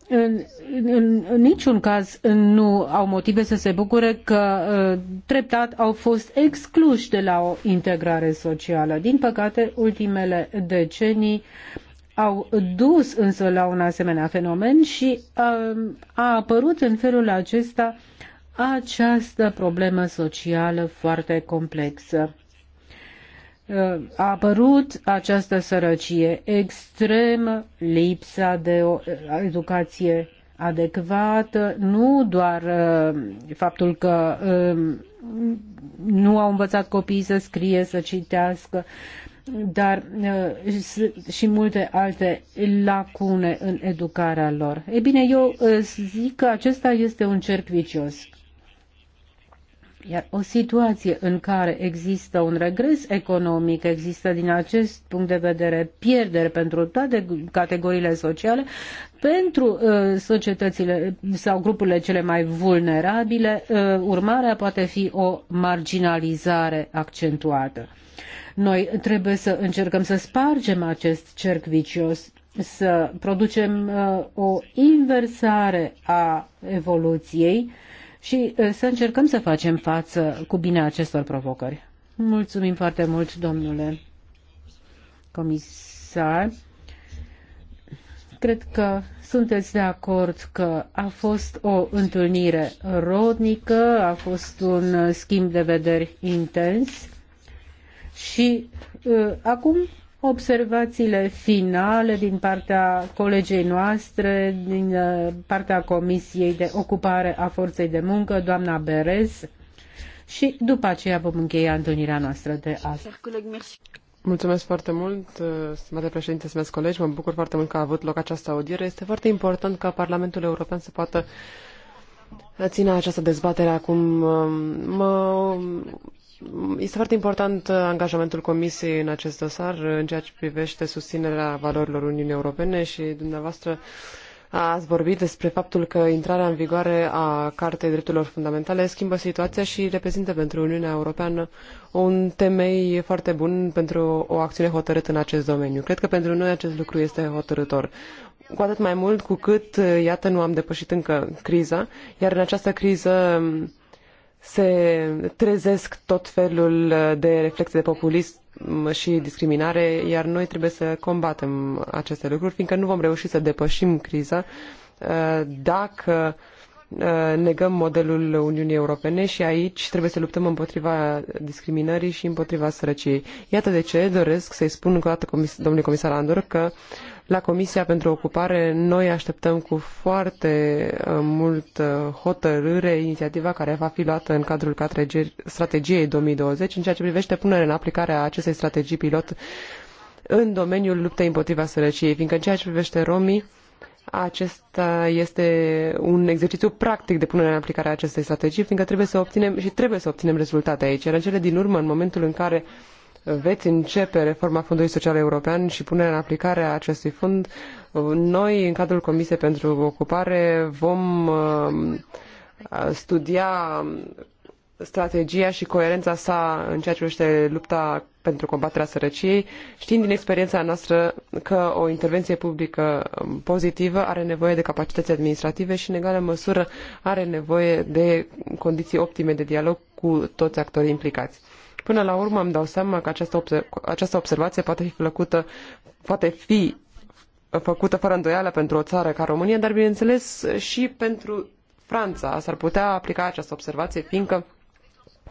în, în, în niciun caz nu au motive să se bucure că uh, treptat au fost excluși de la o integrare socială. Din păcate, ultimele decenii au dus însă la un asemenea fenomen și um, a apărut în felul acesta această problemă socială foarte complexă a apărut această sărăcie extremă, lipsa de o uh, educație adecvată, nu doar uh, faptul că um, nu au învățat copiii să scrie, să citească, dar uh, și multe alte lacune în educarea lor. Ei bine, eu zic că acesta este un cerc vicios. Iar o situație în care există un regres economic, există din acest punct de vedere pierderi pentru toate categoriile sociale, pentru uh, societățile sau grupurile cele mai vulnerabile, uh, urmarea poate fi o marginalizare accentuată. Noi trebuie să încercăm să spargem acest cerc vicios, să producem uh, o inversare a evoluției uh, și să încercăm să facem față cu bine acestor provocări. Mulțumim foarte mult, domnule comisar. Cred că sunteți de acord că a fost o întâlnire rodnică, a fost un schimb de vederi intens și uh, acum observațiile finale din partea colegei noastre, din uh, partea Comisiei de Ocupare a Forței de Muncă, doamna Berez, și după aceea vom încheia întâlnirea noastră de astăzi. Mulțumesc foarte mult, uh, stimate președinte, stimați colegi, mă bucur foarte mult că a avut loc această audiere. Este foarte important ca Parlamentul European să poată ține această dezbatere acum. Um, mă este foarte important uh, angajamentul Comisiei în acest dosar uh, în ceea ce privește susținerea valorilor Uniunii Europene și dumneavoastră ați vorbit despre faptul că intrarea în vigoare a Cartei Drepturilor Fundamentale schimbă situația și reprezintă pentru Uniunea Europeană un temei foarte bun pentru o acțiune hotărâtă în acest domeniu. Cred că pentru noi acest lucru este hotărător cu atât mai mult cu cât, uh, iată, nu am depășit încă criza, iar în această criză se trezesc tot felul de reflexe de populism și discriminare, iar noi trebuie să combatem aceste lucruri, fiindcă nu vom reuși să depășim criza uh, dacă uh, negăm modelul Uniunii Europene și aici trebuie să luptăm împotriva discriminării și împotriva sărăciei. Iată de ce doresc să-i spun încă o dată comis- domnului comisar Andor că la Comisia pentru Ocupare noi așteptăm cu foarte uh, mult uh, hotărâre inițiativa care va fi luată în cadrul strategiei 2020 în ceea ce privește punerea în aplicare a acestei strategii pilot în domeniul luptei împotriva sărăciei, fiindcă în ceea ce privește romii, acesta este un exercițiu practic de punere în aplicare a acestei strategii, fiindcă trebuie să obținem și trebuie să obținem rezultate aici. Iar în cele din urmă, în momentul în care uh, veți începe reforma Fondului Social European și punerea în aplicare a acestui fond, noi, în cadrul Comisiei pentru Ocupare, vom uh, studia strategia și coerența sa în ceea ce privește lupta pentru combaterea sărăciei, știind din experiența noastră că o intervenție publică um, pozitivă are nevoie de capacități administrative și, în egală măsură, are nevoie de condiții optime de dialog cu toți actorii implicați. Până la urmă îmi dau seama că această, obse- această observație poate fi plăcută, poate fi făcută fără îndoială pentru o țară ca România, dar bineînțeles și pentru Franța. S-ar putea aplica această observație, fiindcă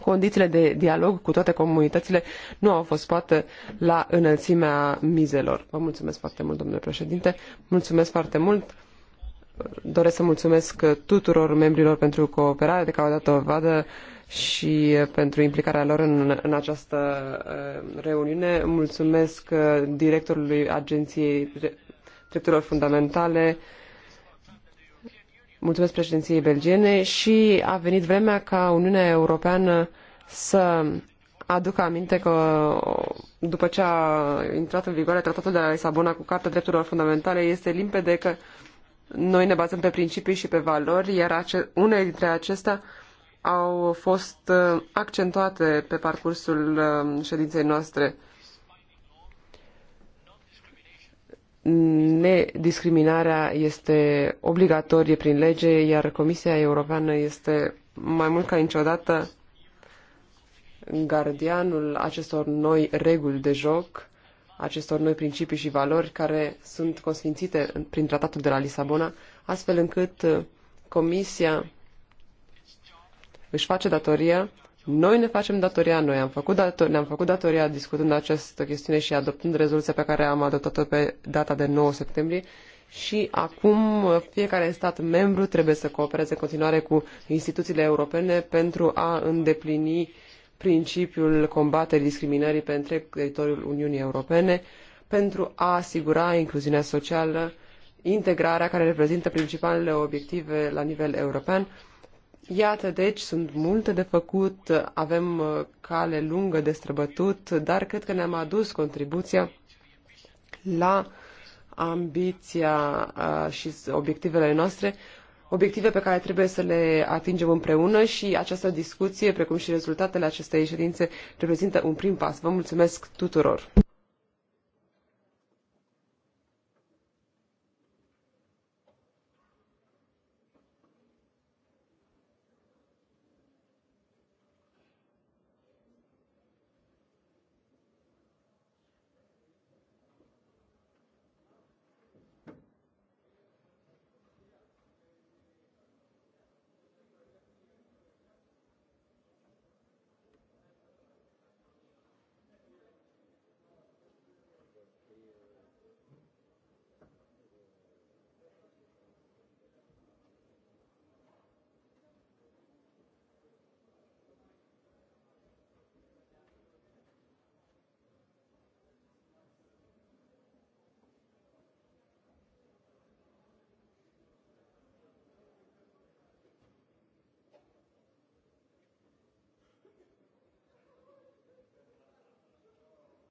condițiile de dialog cu toate comunitățile nu au fost poate la înălțimea mizelor. Vă mulțumesc foarte mult, domnule președinte. Mulțumesc foarte mult. Doresc să mulțumesc tuturor membrilor pentru cooperare de care au dat o vadă și eh, pentru implicarea lor în, în această eh, reuniune. Mulțumesc eh, directorului Agenției Drepturilor Fundamentale, mulțumesc președinției belgiene și a venit vremea ca Uniunea Europeană să aduc aminte că după ce a intrat în vigoare tratatul de la Lisabona cu Carta Drepturilor Fundamentale, este limpede că noi ne bazăm pe principii și pe valori, iar ace- unele dintre acestea au fost uh, accentuate pe parcursul um, ședinței noastre. Nediscriminarea este obligatorie prin lege, iar Comisia Europeană este mai mult ca niciodată gardianul acestor noi reguli de joc, acestor noi principii și valori care sunt consfințite prin tratatul de la Lisabona, astfel încât uh, Comisia își face datoria, noi ne facem datoria, noi am făcut dator- ne-am făcut datoria discutând această chestiune și adoptând rezoluția pe care am adoptat-o pe data de 9 septembrie și acum fiecare stat membru trebuie să coopereze în continuare cu instituțiile europene pentru a îndeplini principiul combaterii discriminării pe întreg teritoriul Uniunii Europene, pentru a asigura incluziunea socială, integrarea care reprezintă principalele obiective la nivel european Iată, deci, sunt multe de făcut, avem uh, cale lungă de străbătut, dar cred că ne-am adus contribuția la ambiția uh, și obiectivele noastre, obiective pe care trebuie să le atingem împreună și această discuție, precum și rezultatele acestei ședințe, reprezintă un prim pas. Vă mulțumesc tuturor!